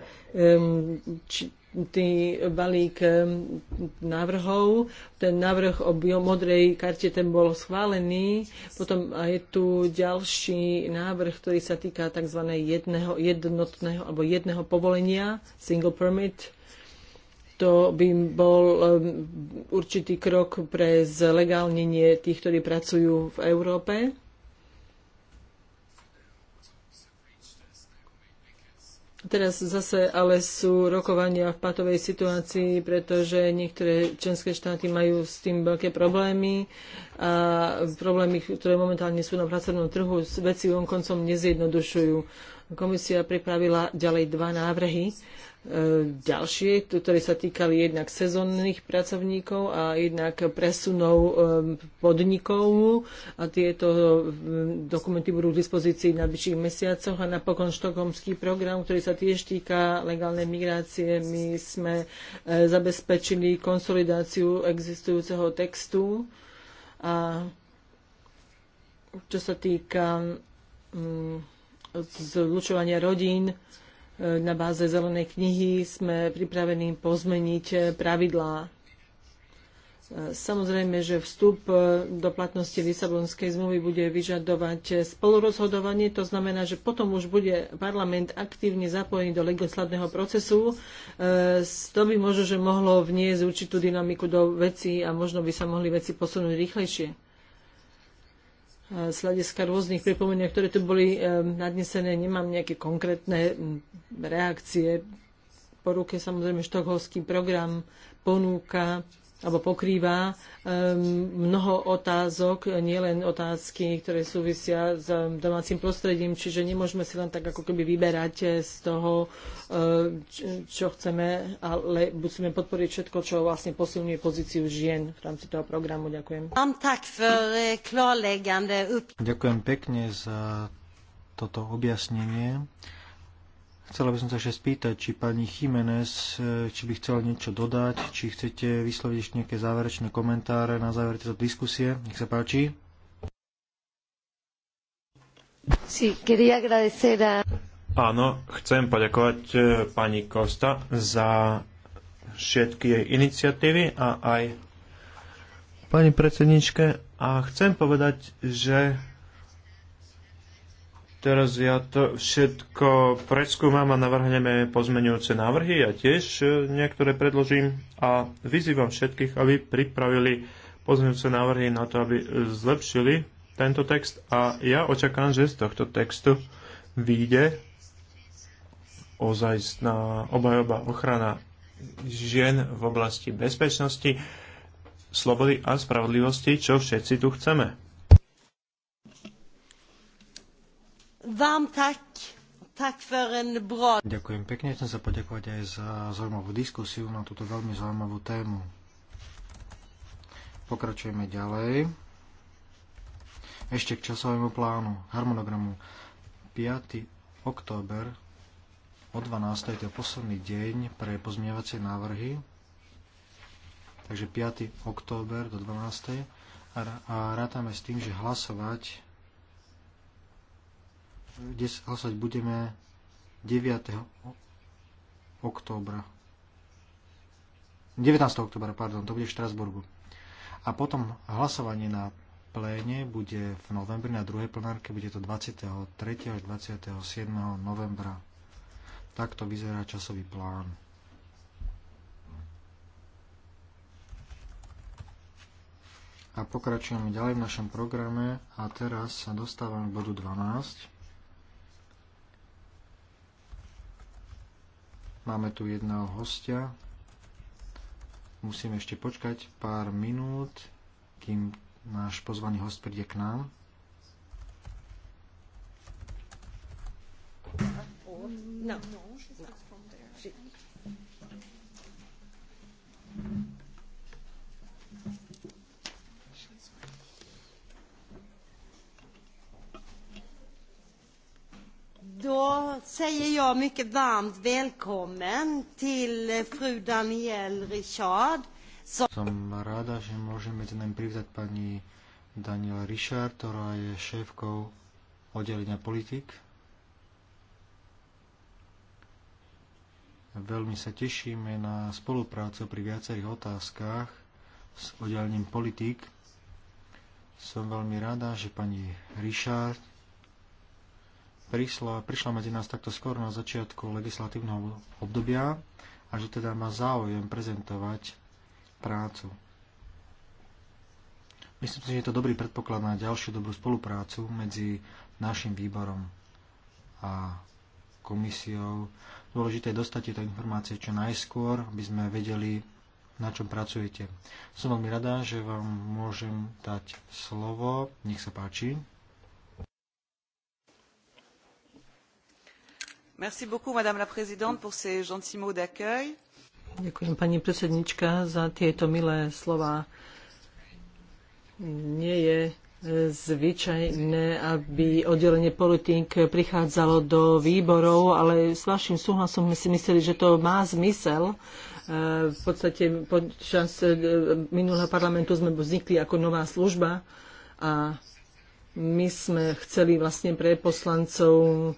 či, tý balík ehm, návrhov. Ten návrh o biomodrej karte ten bol schválený. Potom je tu ďalší návrh, ktorý sa týka tzv. Jedného, jednotného alebo jedného povolenia, single permit. To by bol ehm, určitý krok pre zlegálnenie tých, ktorí pracujú v Európe Teraz zase ale sú rokovania v patovej situácii, pretože niektoré členské štáty majú s tým veľké problémy a problémy, ktoré momentálne sú na pracovnom trhu, veci koncom nezjednodušujú. Komisia pripravila ďalej dva návrhy ďalšie, ktoré sa týkali jednak sezónnych pracovníkov a jednak presunov podnikov a tieto dokumenty budú k dispozícii na bližších mesiacoch a napokon štokholmský program, ktorý sa tiež týka legálnej migrácie. My sme e, zabezpečili konsolidáciu existujúceho textu a čo sa týka mm, zlučovania rodín, na báze zelenej knihy sme pripravení pozmeniť eh, pravidlá. Eh, samozrejme, že vstup eh, do platnosti Lisabonskej zmluvy bude vyžadovať spolurozhodovanie, to znamená, že potom už bude parlament aktívne zapojený do legislatného procesu. To by možno, že mohlo vniesť určitú dynamiku do veci a možno by sa mohli veci posunúť rýchlejšie z hľadiska rôznych pripomeniek, ktoré tu boli eh, nadnesené, nemám nejaké konkrétne mm, reakcie. Po ruke samozrejme štokholský program ponúka alebo pokrýva ehm, mnoho otázok, nielen otázky, ktoré súvisia s ehm, domácim prostredím, čiže nemôžeme si len tak ako keby vyberať eh, z toho, eh, čo chceme, ale musíme podporiť všetko, čo vlastne posilňuje pozíciu žien v rámci toho programu. Ďakujem. Eh, Ďakujem pekne za toto objasnenie. Chcela by som sa ešte spýtať, či pani Jiménez, eh, či by chcela niečo dodať, či chcete vysloviť ešte nejaké záverečné komentáre na záver tejto diskusie. Nech sa páči. Sí, quería agradecer a... Áno, chcem poďakovať eh, pani Kosta za všetky jej iniciatívy a aj pani predsedničke a chcem povedať, že Teraz ja to všetko preskúmam a navrhneme pozmenujúce návrhy. Ja tiež e, niektoré predložím a vyzývam všetkých, aby pripravili pozmenujúce návrhy na to, aby zlepšili tento text a ja očakám, že z tohto textu vyjde ozajstná obajoba ochrana žien v oblasti bezpečnosti, slobody a spravodlivosti, čo všetci tu chceme. Vám tak. Tak bra... Ďakujem pekne, chcem sa poďakovať aj za zaujímavú diskusiu na túto veľmi zaujímavú tému. Pokračujeme ďalej. Ešte k časovému plánu, harmonogramu. 5. október o 12. to je posledný deň pre pozmeňovacie návrhy. Takže 5. október do 12. A, a rátame s tým, že hlasovať dnes hlasovať budeme 9. októbra. 19. oktobra, pardon, to bude v Štrasburgu. A potom hlasovanie na pléne bude v novembri, na druhej plenárke bude to 23. až 27. novembra. Takto vyzerá časový plán. A pokračujeme ďalej v našom programe a teraz sa dostávame k bodu 12. Máme tu jedného hostia. Musíme ešte počkať pár minút, kým náš pozvaný host príde k nám. No. no. Då säger jag mycket varmt välkommen till eh, fru Danielle Richard. Som... Som rada, že môžem medzi nami privítať pani Daniela Richard, ktorá je šéfkou oddelenia politik. Veľmi sa tešíme na spoluprácu pri viacerých otázkach s oddelením politik. Som veľmi rada, že pani Richard prišla, prišla medzi nás takto skoro na začiatku legislatívneho obdobia a že teda má záujem prezentovať prácu. Myslím si, že je to dobrý predpoklad na ďalšiu dobrú spoluprácu medzi našim výborom a komisiou. Dôležité je dostať tieto informácie čo najskôr, aby sme vedeli, na čom pracujete. Som veľmi rada, že vám môžem dať slovo. Nech sa páči. Merci beaucoup, Madame la Présidente, pour ces gentils mots d'accueil. Ďakujem pani predsednička za tieto milé slova. Nie je e, zvyčajné, aby oddelenie politík prichádzalo do výborov, ale s vašim súhlasom sme si mysleli, že to má zmysel. E, v podstate počas e, minulého parlamentu sme vznikli ako nová služba a my sme chceli vlastne pre poslancov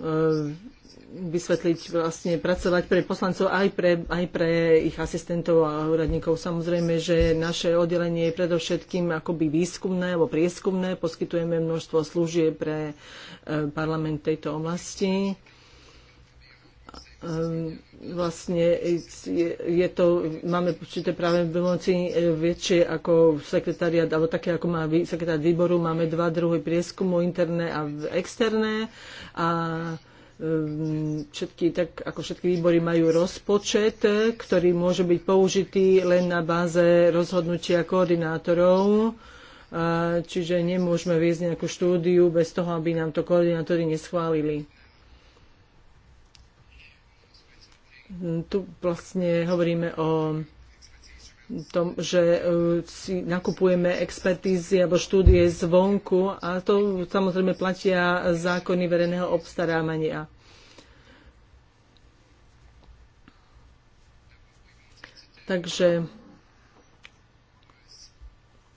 E, vysvetliť, vlastne pracovať pre poslancov aj pre, aj pre ich asistentov a úradníkov. Samozrejme, že naše oddelenie je predovšetkým akoby výskumné alebo prieskumné. Poskytujeme množstvo služieb pre e, parlament tejto oblasti. Ehm, vlastne je to, máme určité práve v moci e, väčšie ako sekretariat, alebo také ako má sekretariat výboru, máme dva druhy prieskumu, interné a externé a ehm, všetky, tak ako všetky výbory majú rozpočet, ktorý môže byť použitý len na báze rozhodnutia koordinátorov čiže nemôžeme viesť nejakú štúdiu bez toho, aby nám to koordinátori neschválili. tu vlastne hovoríme o tom, že e, si nakupujeme expertízy alebo štúdie zvonku a to samozrejme platia zákony verejného obstarávania. Takže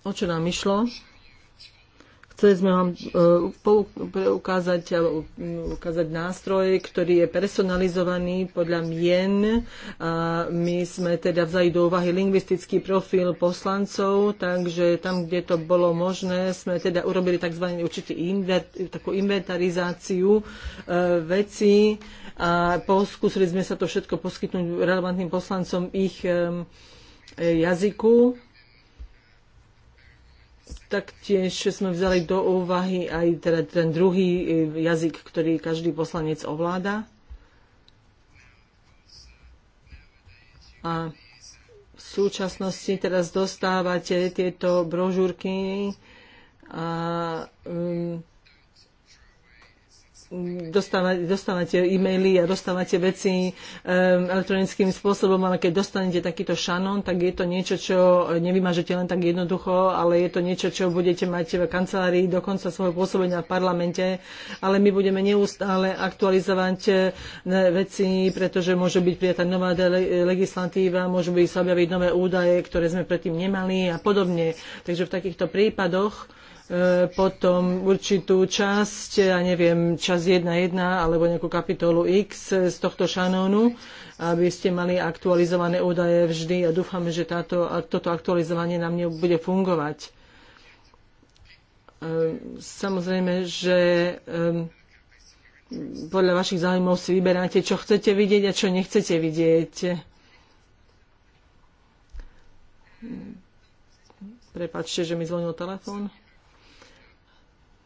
o čo nám išlo? Chceli sme vám e, ukázať, e, ukázať nástroj, ktorý je personalizovaný podľa mien. my sme teda vzali do úvahy lingvistický profil poslancov, takže tam, kde to bolo možné, sme teda urobili tzv. určitý inver, takú inventarizáciu e, vecí a poskúsili sme sa to všetko poskytnúť relevantným poslancom ich jazyku Taktiež sme vzali do úvahy aj teda ten druhý e, jazyk, ktorý každý poslanec ovláda. A v súčasnosti teraz dostávate tieto brožúrky a um, dostávate, dostávate e-maily a dostávate veci um, elektronickým spôsobom, ale keď dostanete takýto šanón, tak je to niečo, čo nevymažete len tak jednoducho, ale je to niečo, čo budete mať v kancelárii do konca svojho pôsobenia v parlamente, ale my budeme neustále aktualizovať eh, veci, pretože môže byť prijatá nová legislatíva, môžu byť sa objaviť nové údaje, ktoré sme predtým nemali a podobne. Takže v takýchto prípadoch E, potom určitú časť, ja neviem, čas 1.1 alebo nejakú kapitolu X z tohto šanónu, aby ste mali aktualizované údaje vždy a dúfame, že táto, toto aktualizovanie nám bude fungovať. E, samozrejme, že e, podľa vašich záujmov si vyberáte, čo chcete vidieť a čo nechcete vidieť. Prepačte, že mi zvonil telefón.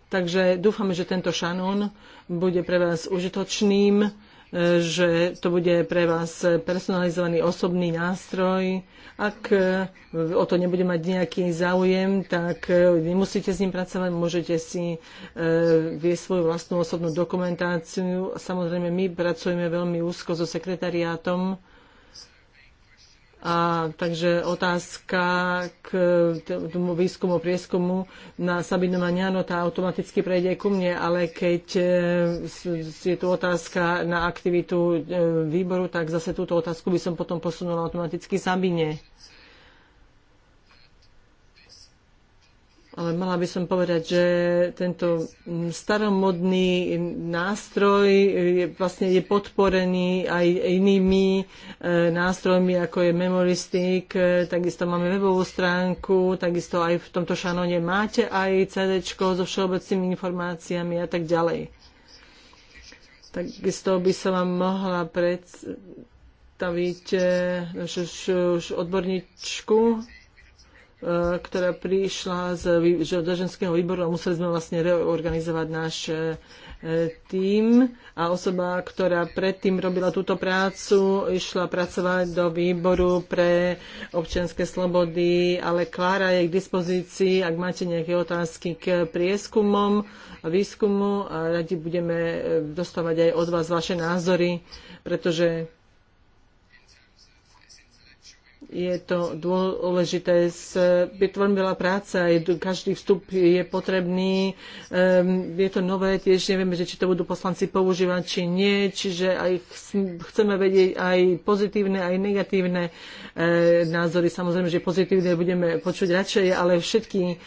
Takže dúfame, že tento šanón bude pre vás užitočným, e, že to bude pre vás personalizovaný osobný nástroj. Ak e, o to nebude mať nejaký záujem, tak e, nemusíte s ním pracovať, môžete si viesť svoju vlastnú osobnú dokumentáciu. Samozrejme, my pracujeme veľmi úzko so sekretariátom a takže otázka k tomu výskumu, prieskumu na Sabinu Maniano, tá automaticky prejde ku mne, ale keď e, je tu otázka na aktivitu e, výboru, tak zase túto otázku by som potom posunula automaticky Sabine. ale mala by som povedať, že tento mm, staromodný nástroj je, vlastne je podporený aj inými e, nástrojmi, ako je memoristik, e, takisto máme webovú stránku, takisto aj v tomto šanone máte aj CD so všeobecnými informáciami a tak ďalej. Takisto by som vám mohla predstaviť e, našu odborníčku, E, ktorá prišla z, z ženského výboru a museli sme vlastne reorganizovať náš e, tým a osoba, ktorá predtým robila túto prácu, išla pracovať do výboru pre občianske slobody, ale Klára je k dispozícii, ak máte nejaké otázky k prieskumom a výskumu a radi budeme e, dostávať aj od vás vaše názory, pretože je to dôležité. Je to veľmi veľa práca, je, každý vstup je potrebný, ehm, je to nové, tiež nevieme, že či to budú poslanci používať, či nie, čiže aj chceme vedieť aj pozitívne, aj negatívne eh, názory. Samozrejme, že pozitívne budeme počuť radšej, ale všetky eh,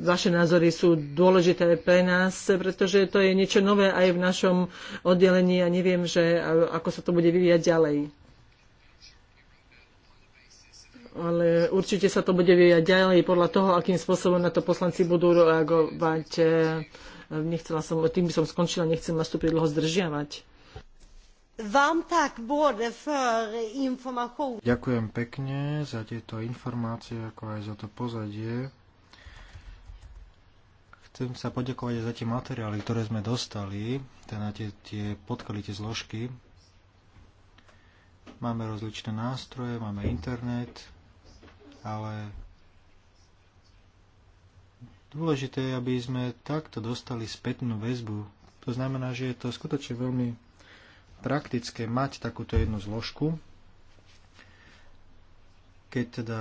vaše názory sú dôležité pre nás, pretože to je niečo nové aj v našom oddelení a neviem, že ako sa to bude vyvíjať ďalej ale určite sa to bude vyvíjať ďalej podľa toho, akým spôsobom na to poslanci budú reagovať. E, nechcela som, tým by som skončila, nechcem vás tu dlho zdržiavať. Ďakujem pekne za tieto informácie, ako aj za to pozadie. Chcem sa poďakovať aj za tie materiály, ktoré sme dostali, teda tie, tie podklady, tie zložky. Máme rozličné nástroje, máme internet, ale dôležité je, aby sme takto dostali spätnú väzbu. To znamená, že je to skutočne veľmi praktické mať takúto jednu zložku, keď teda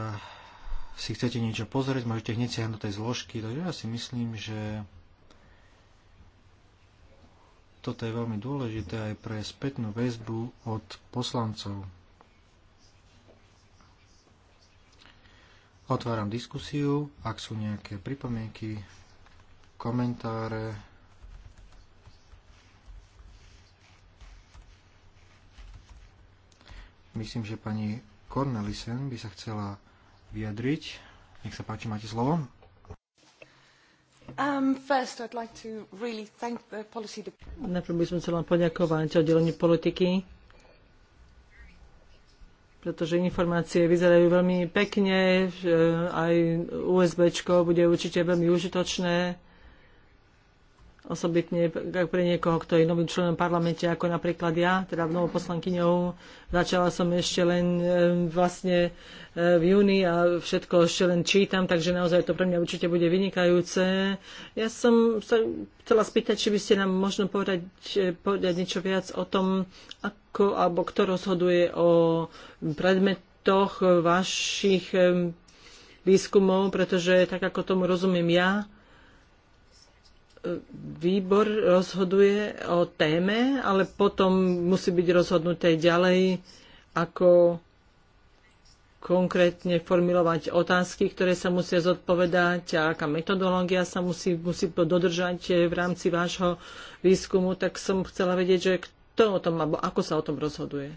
si chcete niečo pozrieť, môžete hneď siahnuť tej zložky, takže ja si myslím, že toto je veľmi dôležité aj pre spätnú väzbu od poslancov. Otváram diskusiu. Ak sú nejaké pripomienky, komentáre, Myslím, že pani Cornelisen by sa chcela vyjadriť. Nech sa páči, máte slovo. Um, first, I'd like to really thank the policy... Najprv by som chcela poďakovať oddeleniu politiky pretože informácie vyzerajú veľmi pekne, aj USB bude určite veľmi užitočné osobitne pre niekoho, kto je novým členom parlamente, ako napríklad ja, teda novou poslankyňou. Začala som ešte len e, vlastne e, v júni a všetko ešte len čítam, takže naozaj to pre mňa určite bude vynikajúce. Ja som sa chcela spýtať, či by ste nám možno povedať, e, povedať niečo viac o tom, ako alebo kto rozhoduje o predmetoch vašich výskumov, pretože tak ako tomu rozumiem ja, výbor rozhoduje o téme, ale potom musí byť rozhodnuté ďalej, ako konkrétne formulovať otázky, ktoré sa musia zodpovedať a aká metodológia sa musí, musí dodržať v rámci vášho výskumu, tak som chcela vedieť, že kto o tom, alebo ako sa o tom rozhoduje.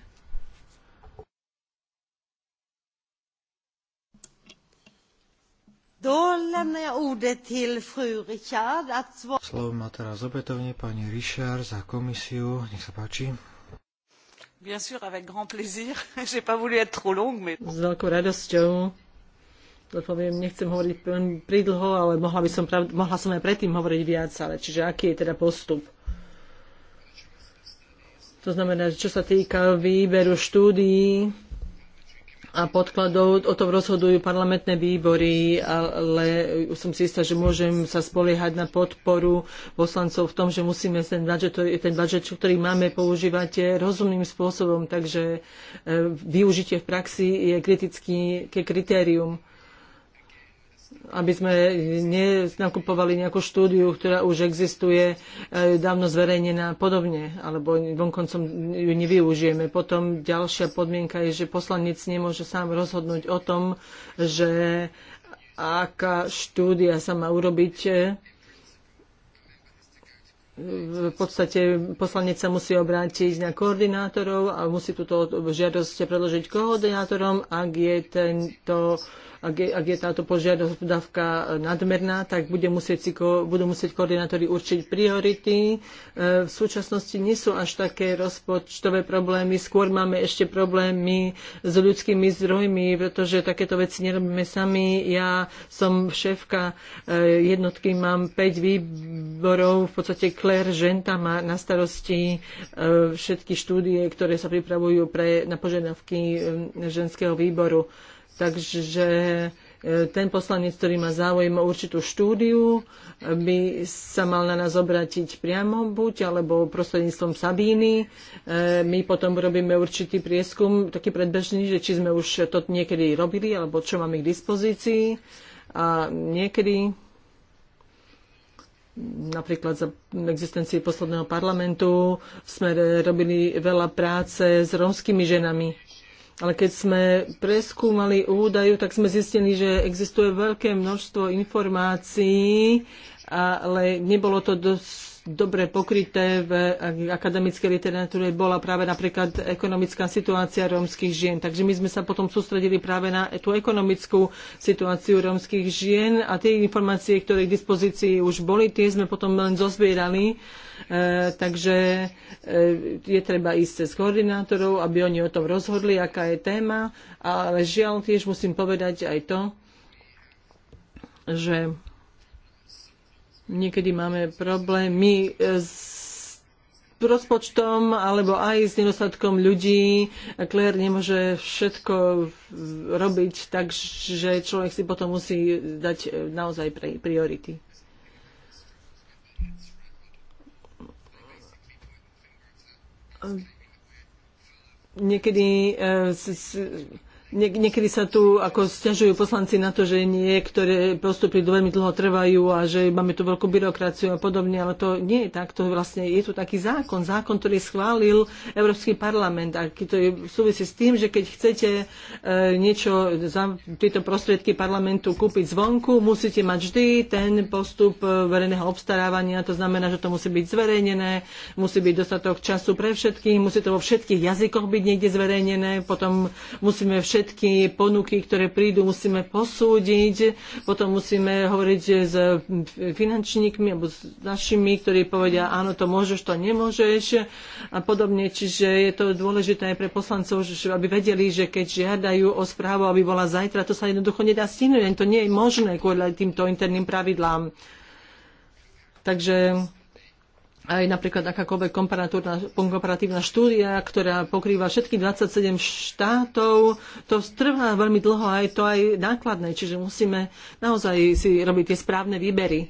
Slovo má teraz opätovne pani Richard za komisiu. Nech sa páči. Bien sûr, avec grand plaisir. J'ai pas voulu être trop longue, mais... S veľkou radosťou. Lebo viem, nechcem hovoriť pridlho, ale mohla, by som, prav... mohla som aj predtým hovoriť viac, ale čiže aký je teda postup? To znamená, že čo sa týka výberu štúdií, a podkladov, o tom rozhodujú parlamentné výbory, ale som si istá, že môžem sa spoliehať na podporu poslancov v tom, že musíme ten budžet, ten budžet ktorý máme, používať rozumným spôsobom, takže e, využitie v praxi je kritický kritérium aby sme nenakupovali nejakú štúdiu, ktorá už existuje, e, dávno zverejnená a podobne, alebo vonkoncom ju nevyužijeme. Potom ďalšia podmienka je, že poslanec nemôže sám rozhodnúť o tom, že aká štúdia sa má urobiť e, v podstate poslanec sa musí obrátiť na koordinátorov a musí túto žiadosť predložiť koordinátorom, ak je tento ak je, ak je táto požiadavka nadmerná, tak bude musieť si, budú musieť koordinátori určiť priority. E, v súčasnosti nie sú až také rozpočtové problémy, skôr máme ešte problémy s ľudskými zdrojmi, pretože takéto veci nerobíme sami. Ja som šéfka e, jednotky, mám 5 výborov, v podstate Claire Ženta má na starosti e, všetky štúdie, ktoré sa pripravujú pre, na požiadavky ženského výboru. Takže e, ten poslanec, ktorý má záujem o určitú štúdiu, by sa mal na nás obrátiť priamo buď, alebo prostredníctvom Sabíny. E, my potom robíme určitý prieskum, taký predbežný, že či sme už to niekedy robili, alebo čo máme k dispozícii. A niekedy napríklad za existencie posledného parlamentu sme robili veľa práce s romskými ženami ale keď sme preskúmali údaju, tak sme zistili, že existuje veľké množstvo informácií, ale nebolo to dosť dobre pokryté v akademickej literatúre bola práve napríklad ekonomická situácia rómskych žien. Takže my sme sa potom sústredili práve na tú ekonomickú situáciu rómskych žien a tie informácie, ktoré k dispozícii už boli, tie sme potom len zozbierali. E, takže e, je treba ísť cez koordinátorov, aby oni o tom rozhodli, aká je téma. Ale žiaľ, tiež musím povedať aj to, že Niekedy máme problémy e, s rozpočtom alebo aj s nedostatkom ľudí. Claire nemôže všetko robiť, takže človek si potom musí dať e, naozaj priority. Niekedy e, Niek- niekedy sa tu ako stiažujú poslanci na to, že niektoré postupy veľmi dlho trvajú a že máme tu veľkú byrokraciu a podobne, ale to nie je tak. To vlastne je tu taký zákon, zákon, ktorý schválil Európsky parlament a to je v súvisí s tým, že keď chcete e, niečo za tieto prostriedky parlamentu kúpiť zvonku, musíte mať vždy ten postup e, verejného obstarávania, to znamená, že to musí byť zverejnené, musí byť dostatok času pre všetkých, musí to vo všetkých jazykoch byť niekde zverejnené, potom musíme všetkých všetky ponuky, ktoré prídu, musíme posúdiť, potom musíme hovoriť s finančníkmi alebo s našimi, ktorí povedia, áno, to môžeš, to nemôžeš a podobne. Čiže je to dôležité aj pre poslancov, aby vedeli, že keď žiadajú o správu, aby bola zajtra, to sa jednoducho nedá stihnúť, to nie je možné kvôli týmto interným pravidlám. Takže aj napríklad akákoľvek komparatívna štúdia, ktorá pokrýva všetky 27 štátov, to trvá veľmi dlho a je to aj nákladné, čiže musíme naozaj si robiť tie správne výbery.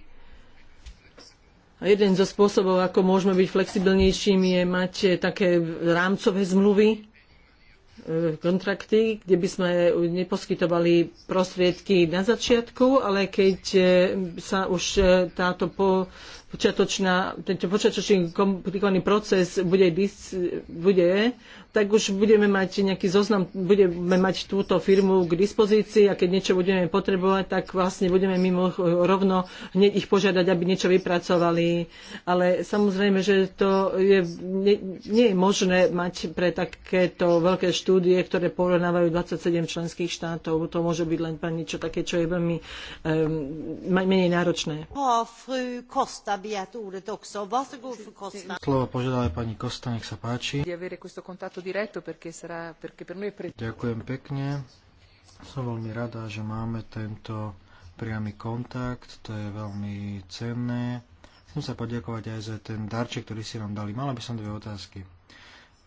A jeden zo spôsobov, ako môžeme byť flexibilnejším, je mať také rámcové zmluvy, e, kontrakty, kde by sme neposkytovali prostriedky na začiatku, ale keď e, sa už e, táto po, počiatočná, tento počiatočný komplikovaný proces bude, bude tak už budeme mať nejaký zoznam, budeme mať túto firmu k dispozícii a keď niečo budeme potrebovať, tak vlastne budeme mimo eh, rovno hneď ich požiadať, aby niečo vypracovali. Ale samozrejme, že to je, nie, nie je možné mať pre takéto veľké štúdie, ktoré porovnávajú 27 členských štátov. To môže byť len pre niečo také, čo je veľmi um, menej náročné. No, Slovo požiadala pani Kosta, nech sa páči diretto perché sarà, perché per noi Ďakujem pekne. Som veľmi rada, že máme tento priamy kontakt, to je veľmi cenné. Chcem sa poďakovať aj za ten darček, ktorý si nám dali. Mala by som dve otázky.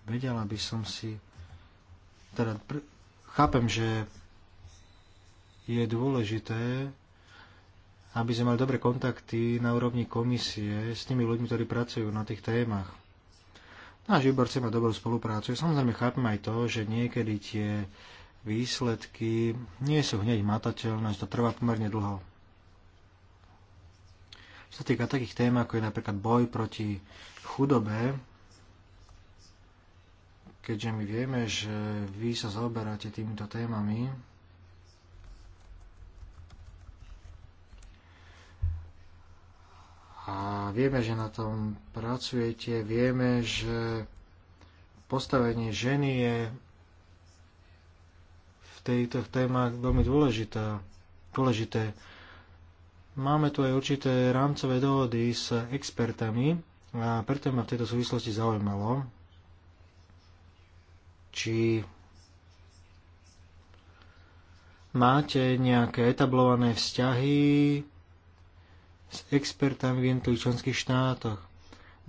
Vedela by som si... Teda pr- chápem, že je dôležité, aby sme mali dobré kontakty na úrovni komisie s tými ľuďmi, ktorí pracujú na tých témach. Náš výbor chce mať dobrú spoluprácu. Ja samozrejme chápem aj to, že niekedy tie výsledky nie sú hneď matateľné, že to trvá pomerne dlho. Čo sa týka takých tém, ako je napríklad boj proti chudobe, keďže my vieme, že vy sa zaoberáte týmito témami, a vieme, že na tom pracujete, vieme, že postavenie ženy je v tejto témach veľmi dôležitá, dôležité. Máme tu aj určité rámcové dohody s expertami a preto ma v tejto súvislosti zaujímalo, či máte nejaké etablované vzťahy s expertami v jednotlivých členských štátoch.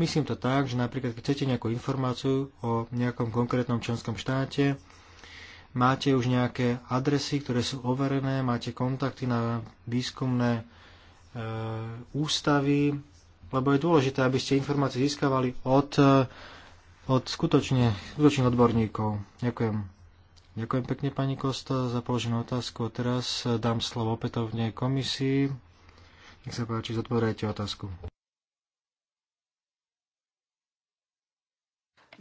Myslím to tak, že napríklad keď chcete nejakú informáciu o nejakom konkrétnom členskom štáte, máte už nejaké adresy, ktoré sú overené, máte kontakty na výskumné e, ústavy, lebo je dôležité, aby ste informácie získavali od, od skutočne, skutočných odborníkov. Ďakujem. Ďakujem pekne, pani Kosta, za položenú otázku. Teraz dám slovo opätovne komisii. Nech sa páči, zodpovedajte otázku.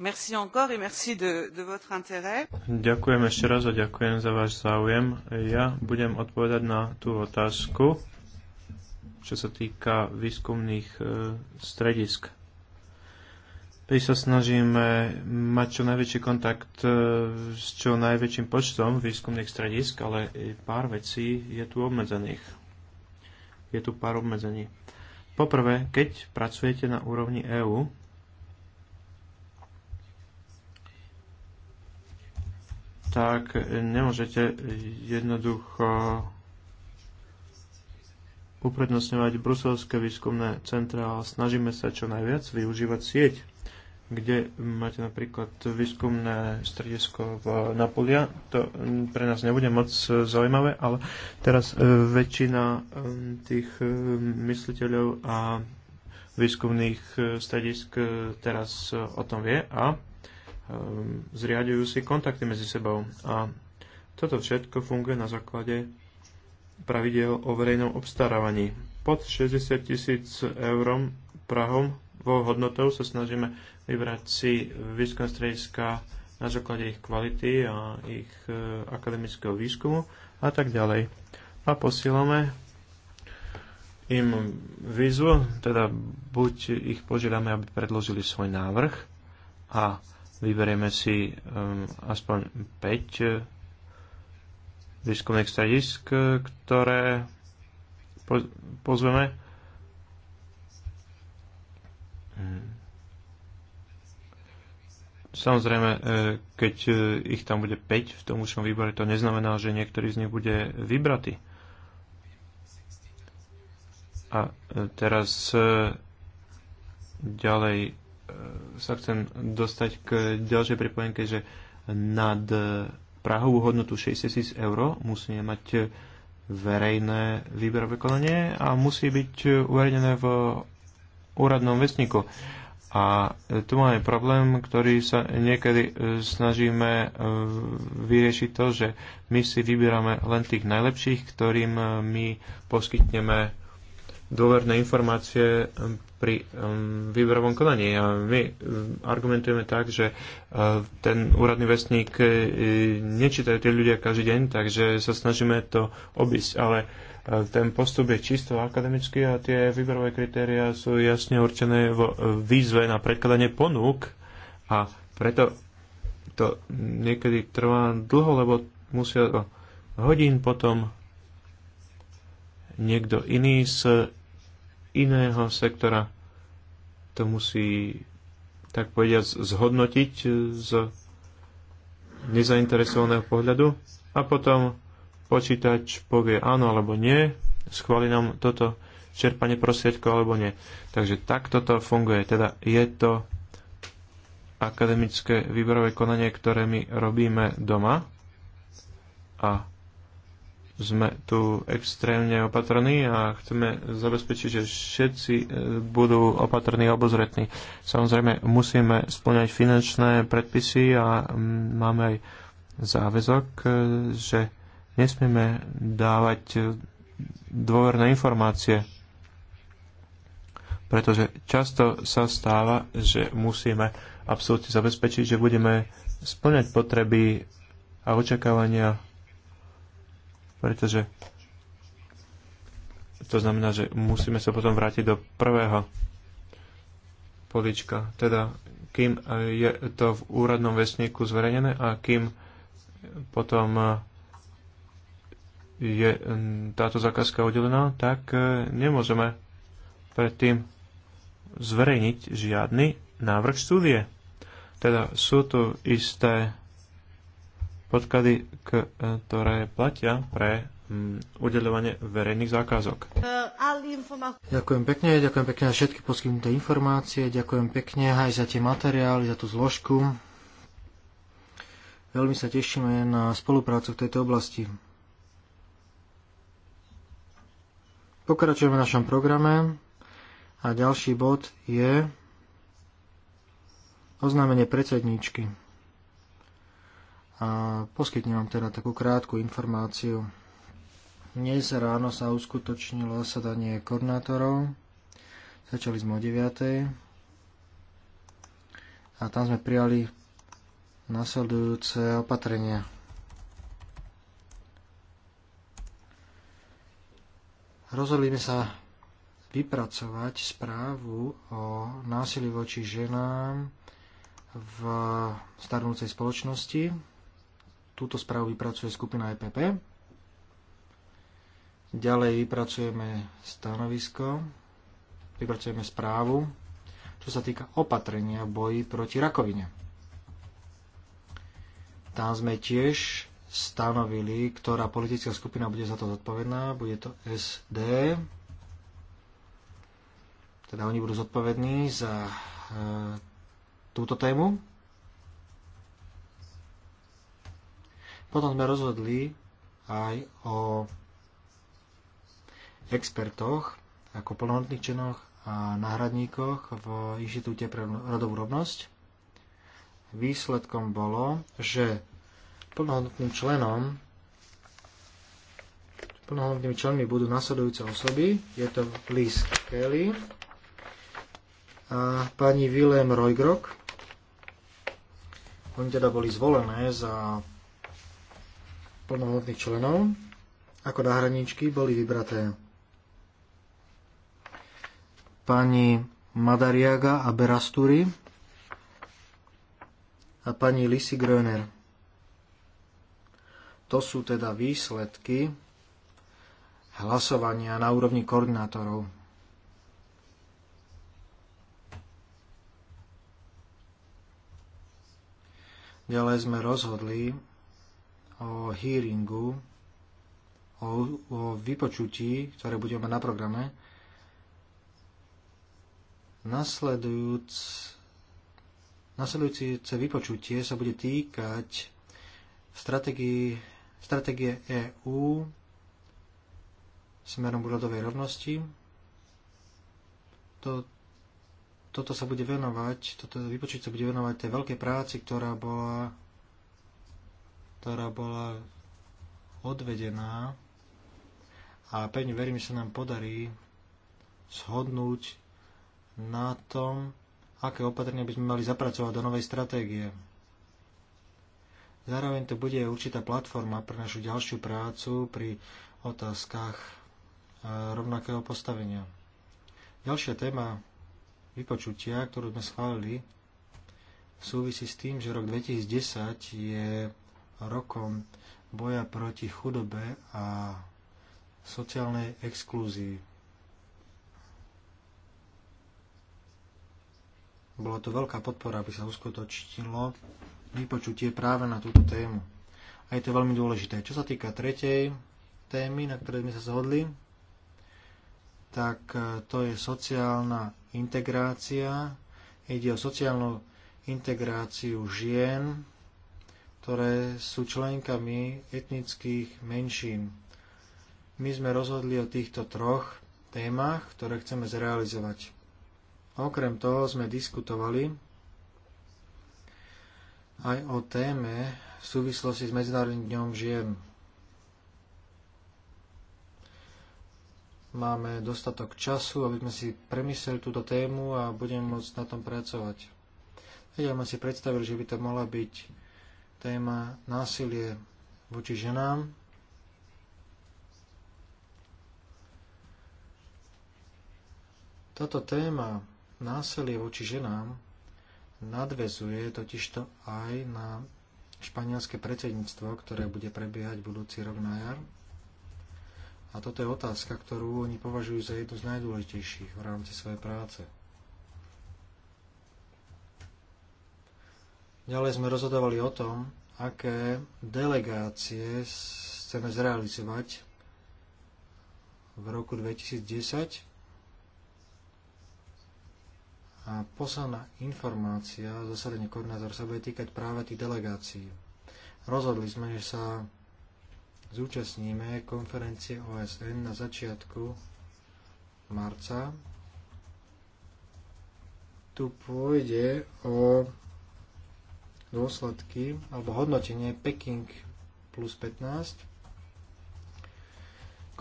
Merci encore et merci de, de votre intérêt. Ďakujem ešte raz a ďakujem za váš záujem. Ja budem odpovedať na tú otázku, čo sa týka výskumných e, stredisk. My sa snažíme mať čo najväčší kontakt e, s čo najväčším počtom výskumných stredisk, ale pár vecí je tu obmedzených je tu pár obmedzení. Poprvé, keď pracujete na úrovni EÚ, tak nemôžete jednoducho uprednostňovať bruselské výskumné centra a snažíme sa čo najviac využívať sieť kde máte napríklad výskumné stredisko v Napolia. To mm, pre nás nebude moc e, zaujímavé, ale teraz e, väčšina e, tých mysliteľov a výskumných stredisk teraz o tom vie a zriadujú si kontakty medzi sebou. A toto všetko funguje na základe pravidel o verejnom obstarávaní. Pod 60 tisíc eurom Prahom vo hodnotou sa snažíme vybrať si výskumné strediska na základe ich kvality a ich e, akademického výskumu a tak ďalej. A posílame im výzvu, teda buď ich požiadame, aby predložili svoj návrh a vyberieme si um, aspoň 5 e, výskumných stredisk, e, ktoré pozveme Samozrejme, e, keď e, ich tam bude 5 v tom užšom výbore, to neznamená, že niektorý z nich bude vybratý. A e, teraz ďalej sa chcem dostať k ďalšej pripojenke, že nad Prahovú hodnotu 60 tisíc eur musíme mať verejné výberové konanie a musí byť uverejnené v úradnom vestníku. A tu máme problém, ktorý sa niekedy e, snažíme e, vyriešiť to, že my si vyberáme len tých najlepších, ktorým e, my poskytneme dôverné informácie pri výberovom konaní. A my argumentujeme tak, že ten úradný vestník nečítajú tí ľudia každý deň, takže sa snažíme to obísť. Ale ten postup je čisto akademický a tie výberové kritéria sú jasne určené v výzve na predkladanie ponúk a preto to niekedy trvá dlho, lebo musia hodín potom niekto iný z iného sektora to musí tak povediať zhodnotiť z nezainteresovaného pohľadu a potom počítač povie áno alebo nie, schváli nám toto čerpanie prostriedkov alebo nie. Takže tak toto funguje. Teda je to akademické výberové konanie, ktoré my robíme doma a sme tu extrémne opatrní a chceme zabezpečiť, že všetci e, budú opatrní a obozretní. Samozrejme, musíme splňať finančné predpisy a máme aj záväzok, e, že nesmieme dávať dôverné informácie, pretože často sa stáva, že musíme absolútne zabezpečiť, že budeme splňať potreby a očakávania, pretože to znamená, že musíme sa potom vrátiť do prvého polička, teda kým je to v úradnom vesníku zverejnené a kým potom je táto zákazka udelená, tak eh, nemôžeme predtým zverejniť žiadny návrh štúdie. Teda sú tu isté podklady, eh, ktoré platia pre udeľovanie mm, verejných zákazok. Ďakujem pekne, ďakujem pekne za všetky poskytnuté informácie, ďakujem pekne aj za tie materiály, za tú zložku. Veľmi sa tešíme na spoluprácu v tejto oblasti. Pokračujeme v našom programe a ďalší bod je oznámenie predsedničky. A poskytnem vám teda takú krátku informáciu. Dnes ráno sa uskutočnilo zasadanie koordinátorov. Začali sme o 9. A tam sme prijali nasledujúce opatrenia. Rozhodli sme sa vypracovať správu o násilí voči ženám v starnúcej spoločnosti. Túto správu vypracuje skupina EPP. Ďalej vypracujeme stanovisko, vypracujeme správu, čo sa týka opatrenia v boji proti rakovine. Tam sme tiež stanovili, ktorá politická skupina bude za to zodpovedná. Bude to SD. Teda oni budú zodpovední za e, túto tému. Potom sme rozhodli aj o expertoch, ako plnohodnotných činoch a náhradníkoch v Inštitúte pre rodovú rovnosť. Výsledkom bolo, že plnohodnotným členom plnohodnotnými členmi budú nasledujúce osoby. Je to Liz Kelly a pani Willem Rojgrok. Oni teda boli zvolené za plnohodnotných členov. Ako náhradníčky boli vybraté pani Madariaga a Berasturi a pani Lisi Gröner. To sú teda výsledky hlasovania na úrovni koordinátorov. Ďalej sme rozhodli o hearingu, o, o vypočutí, ktoré budeme na programe. Nasledujúc, nasledujúce vypočutie sa bude týkať strategii stratégie EÚ smerom k rodovej rovnosti. To, toto sa bude venovať, toto vypočuť sa bude venovať tej veľkej práci, ktorá bola, ktorá bola odvedená a pevne verím, že sa nám podarí shodnúť na tom, aké opatrenia by sme mali zapracovať do novej stratégie. Zároveň to bude určitá platforma pre našu ďalšiu prácu pri otázkach e, rovnakého postavenia. Ďalšia téma vypočutia, ktorú sme schválili, súvisí s tým, že rok 2010 je rokom boja proti chudobe a sociálnej exklúzii. Bola to veľká podpora, aby sa uskutočnilo vypočutie práve na túto tému. A je to veľmi dôležité. Čo sa týka tretej témy, na ktorej sme sa zhodli, tak e, to je sociálna integrácia. Ide o sociálnu integráciu žien, ktoré sú členkami etnických menšín. My sme rozhodli o týchto troch témach, ktoré chceme zrealizovať. Okrem toho sme diskutovali aj o téme v súvislosti s Medzinárodným dňom žien. Máme dostatok času, aby sme si premysleli túto tému a budeme môcť na tom pracovať. Teď ja si predstavili, že by to mohla byť téma násilie voči ženám. Táto téma násilie voči ženám nadvezuje totižto aj na španielské predsedníctvo, ktoré bude prebiehať budúci rok na jar. A toto je otázka, ktorú oni považujú za jednu z najdôležitejších v rámci svojej práce. Ďalej sme rozhodovali o tom, aké delegácie chceme zrealizovať v roku 2010 a posledná informácia o zasadení koordinátor sa bude týkať práve tých delegácií. Rozhodli sme, že sa zúčastníme konferencie OSN na začiatku marca. Tu pôjde o dôsledky alebo hodnotenie Peking plus 15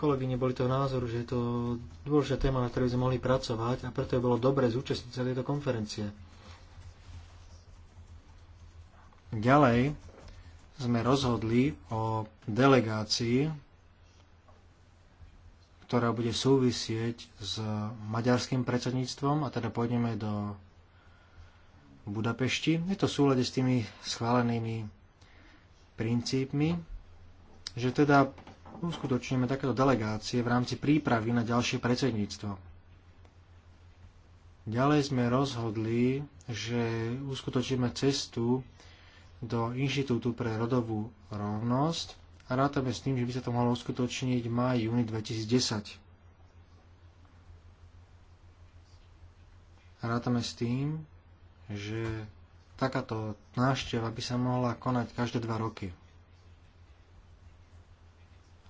Kolegyne boli toho názoru, že je to dôležitá téma, na ktorej sme mohli pracovať a preto je bolo dobre zúčastniť sa tejto konferencie. Ďalej sme rozhodli o delegácii, ktorá bude súvisieť s maďarským predsedníctvom a teda pôjdeme do Budapešti. Je to v súlade s tými schválenými princípmi, že teda uskutočníme takéto delegácie v rámci prípravy na ďalšie predsedníctvo. Ďalej sme rozhodli, že uskutočíme cestu do Inštitútu pre rodovú rovnosť a rátame s tým, že by sa to mohlo uskutočniť v máji, júni 2010. Rátame s tým, že takáto návšteva by sa mohla konať každé dva roky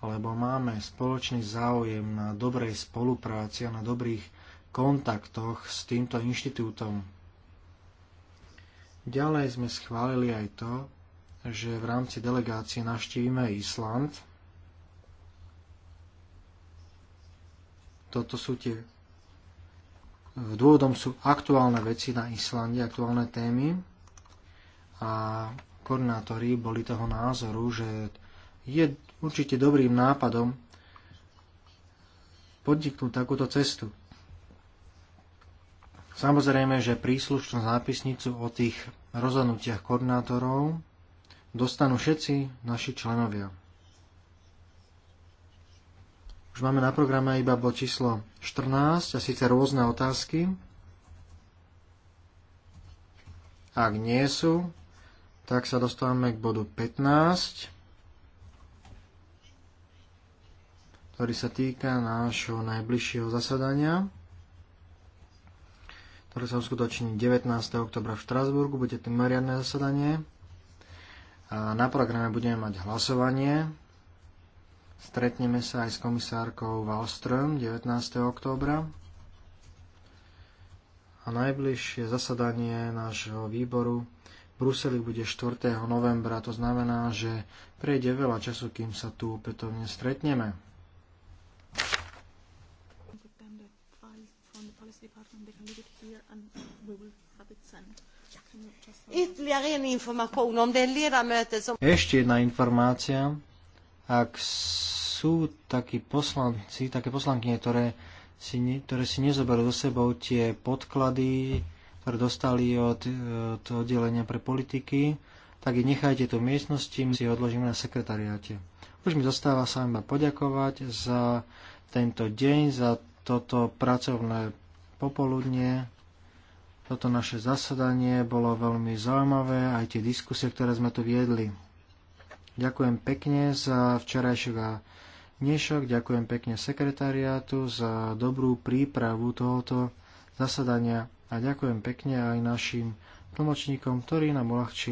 lebo máme spoločný záujem na dobrej spolupráci a na dobrých kontaktoch s týmto inštitútom. Ďalej sme schválili aj to, že v rámci delegácie navštívime Island. Toto sú tie dôvodom sú aktuálne veci na Islande, aktuálne témy a koordinátori boli toho názoru, že je určite dobrým nápadom podniknúť takúto cestu. Samozrejme, že príslušnú zápisnicu o tých rozhodnutiach koordinátorov dostanú všetci naši členovia. Už máme na programe iba bod číslo 14 a síce rôzne otázky. Ak nie sú, tak sa dostávame k bodu 15. ktorý sa týka nášho najbližšieho zasadania, ktoré sa uskutoční 19. oktobra v Štrasburgu. Bude to mimoriadne zasadanie. A na programe budeme mať hlasovanie. Stretneme sa aj s komisárkou Wallström 19. oktobra A najbližšie zasadanie nášho výboru v Bruseli bude 4. novembra, to znamená, že prejde veľa času, kým sa tu opätovne stretneme. Ešte jedna informácia. Ak sú takí poslanci, také poslankyne, ktoré si, ktoré si nezoberú do sebou tie podklady, ktoré dostali od, od oddelenia pre politiky, tak ich nechajte tu v miestnosti, my si odložíme na sekretariáte. Už mi zostáva sa iba poďakovať za tento deň, za toto pracovné popoludne. Toto naše zasadanie bolo veľmi zaujímavé, aj tie diskusie, ktoré sme tu viedli. Ďakujem pekne za včerajšok a dnešok, ďakujem pekne sekretariátu za dobrú prípravu tohoto zasadania a ďakujem pekne aj našim tlmočníkom, ktorí nám uľahčili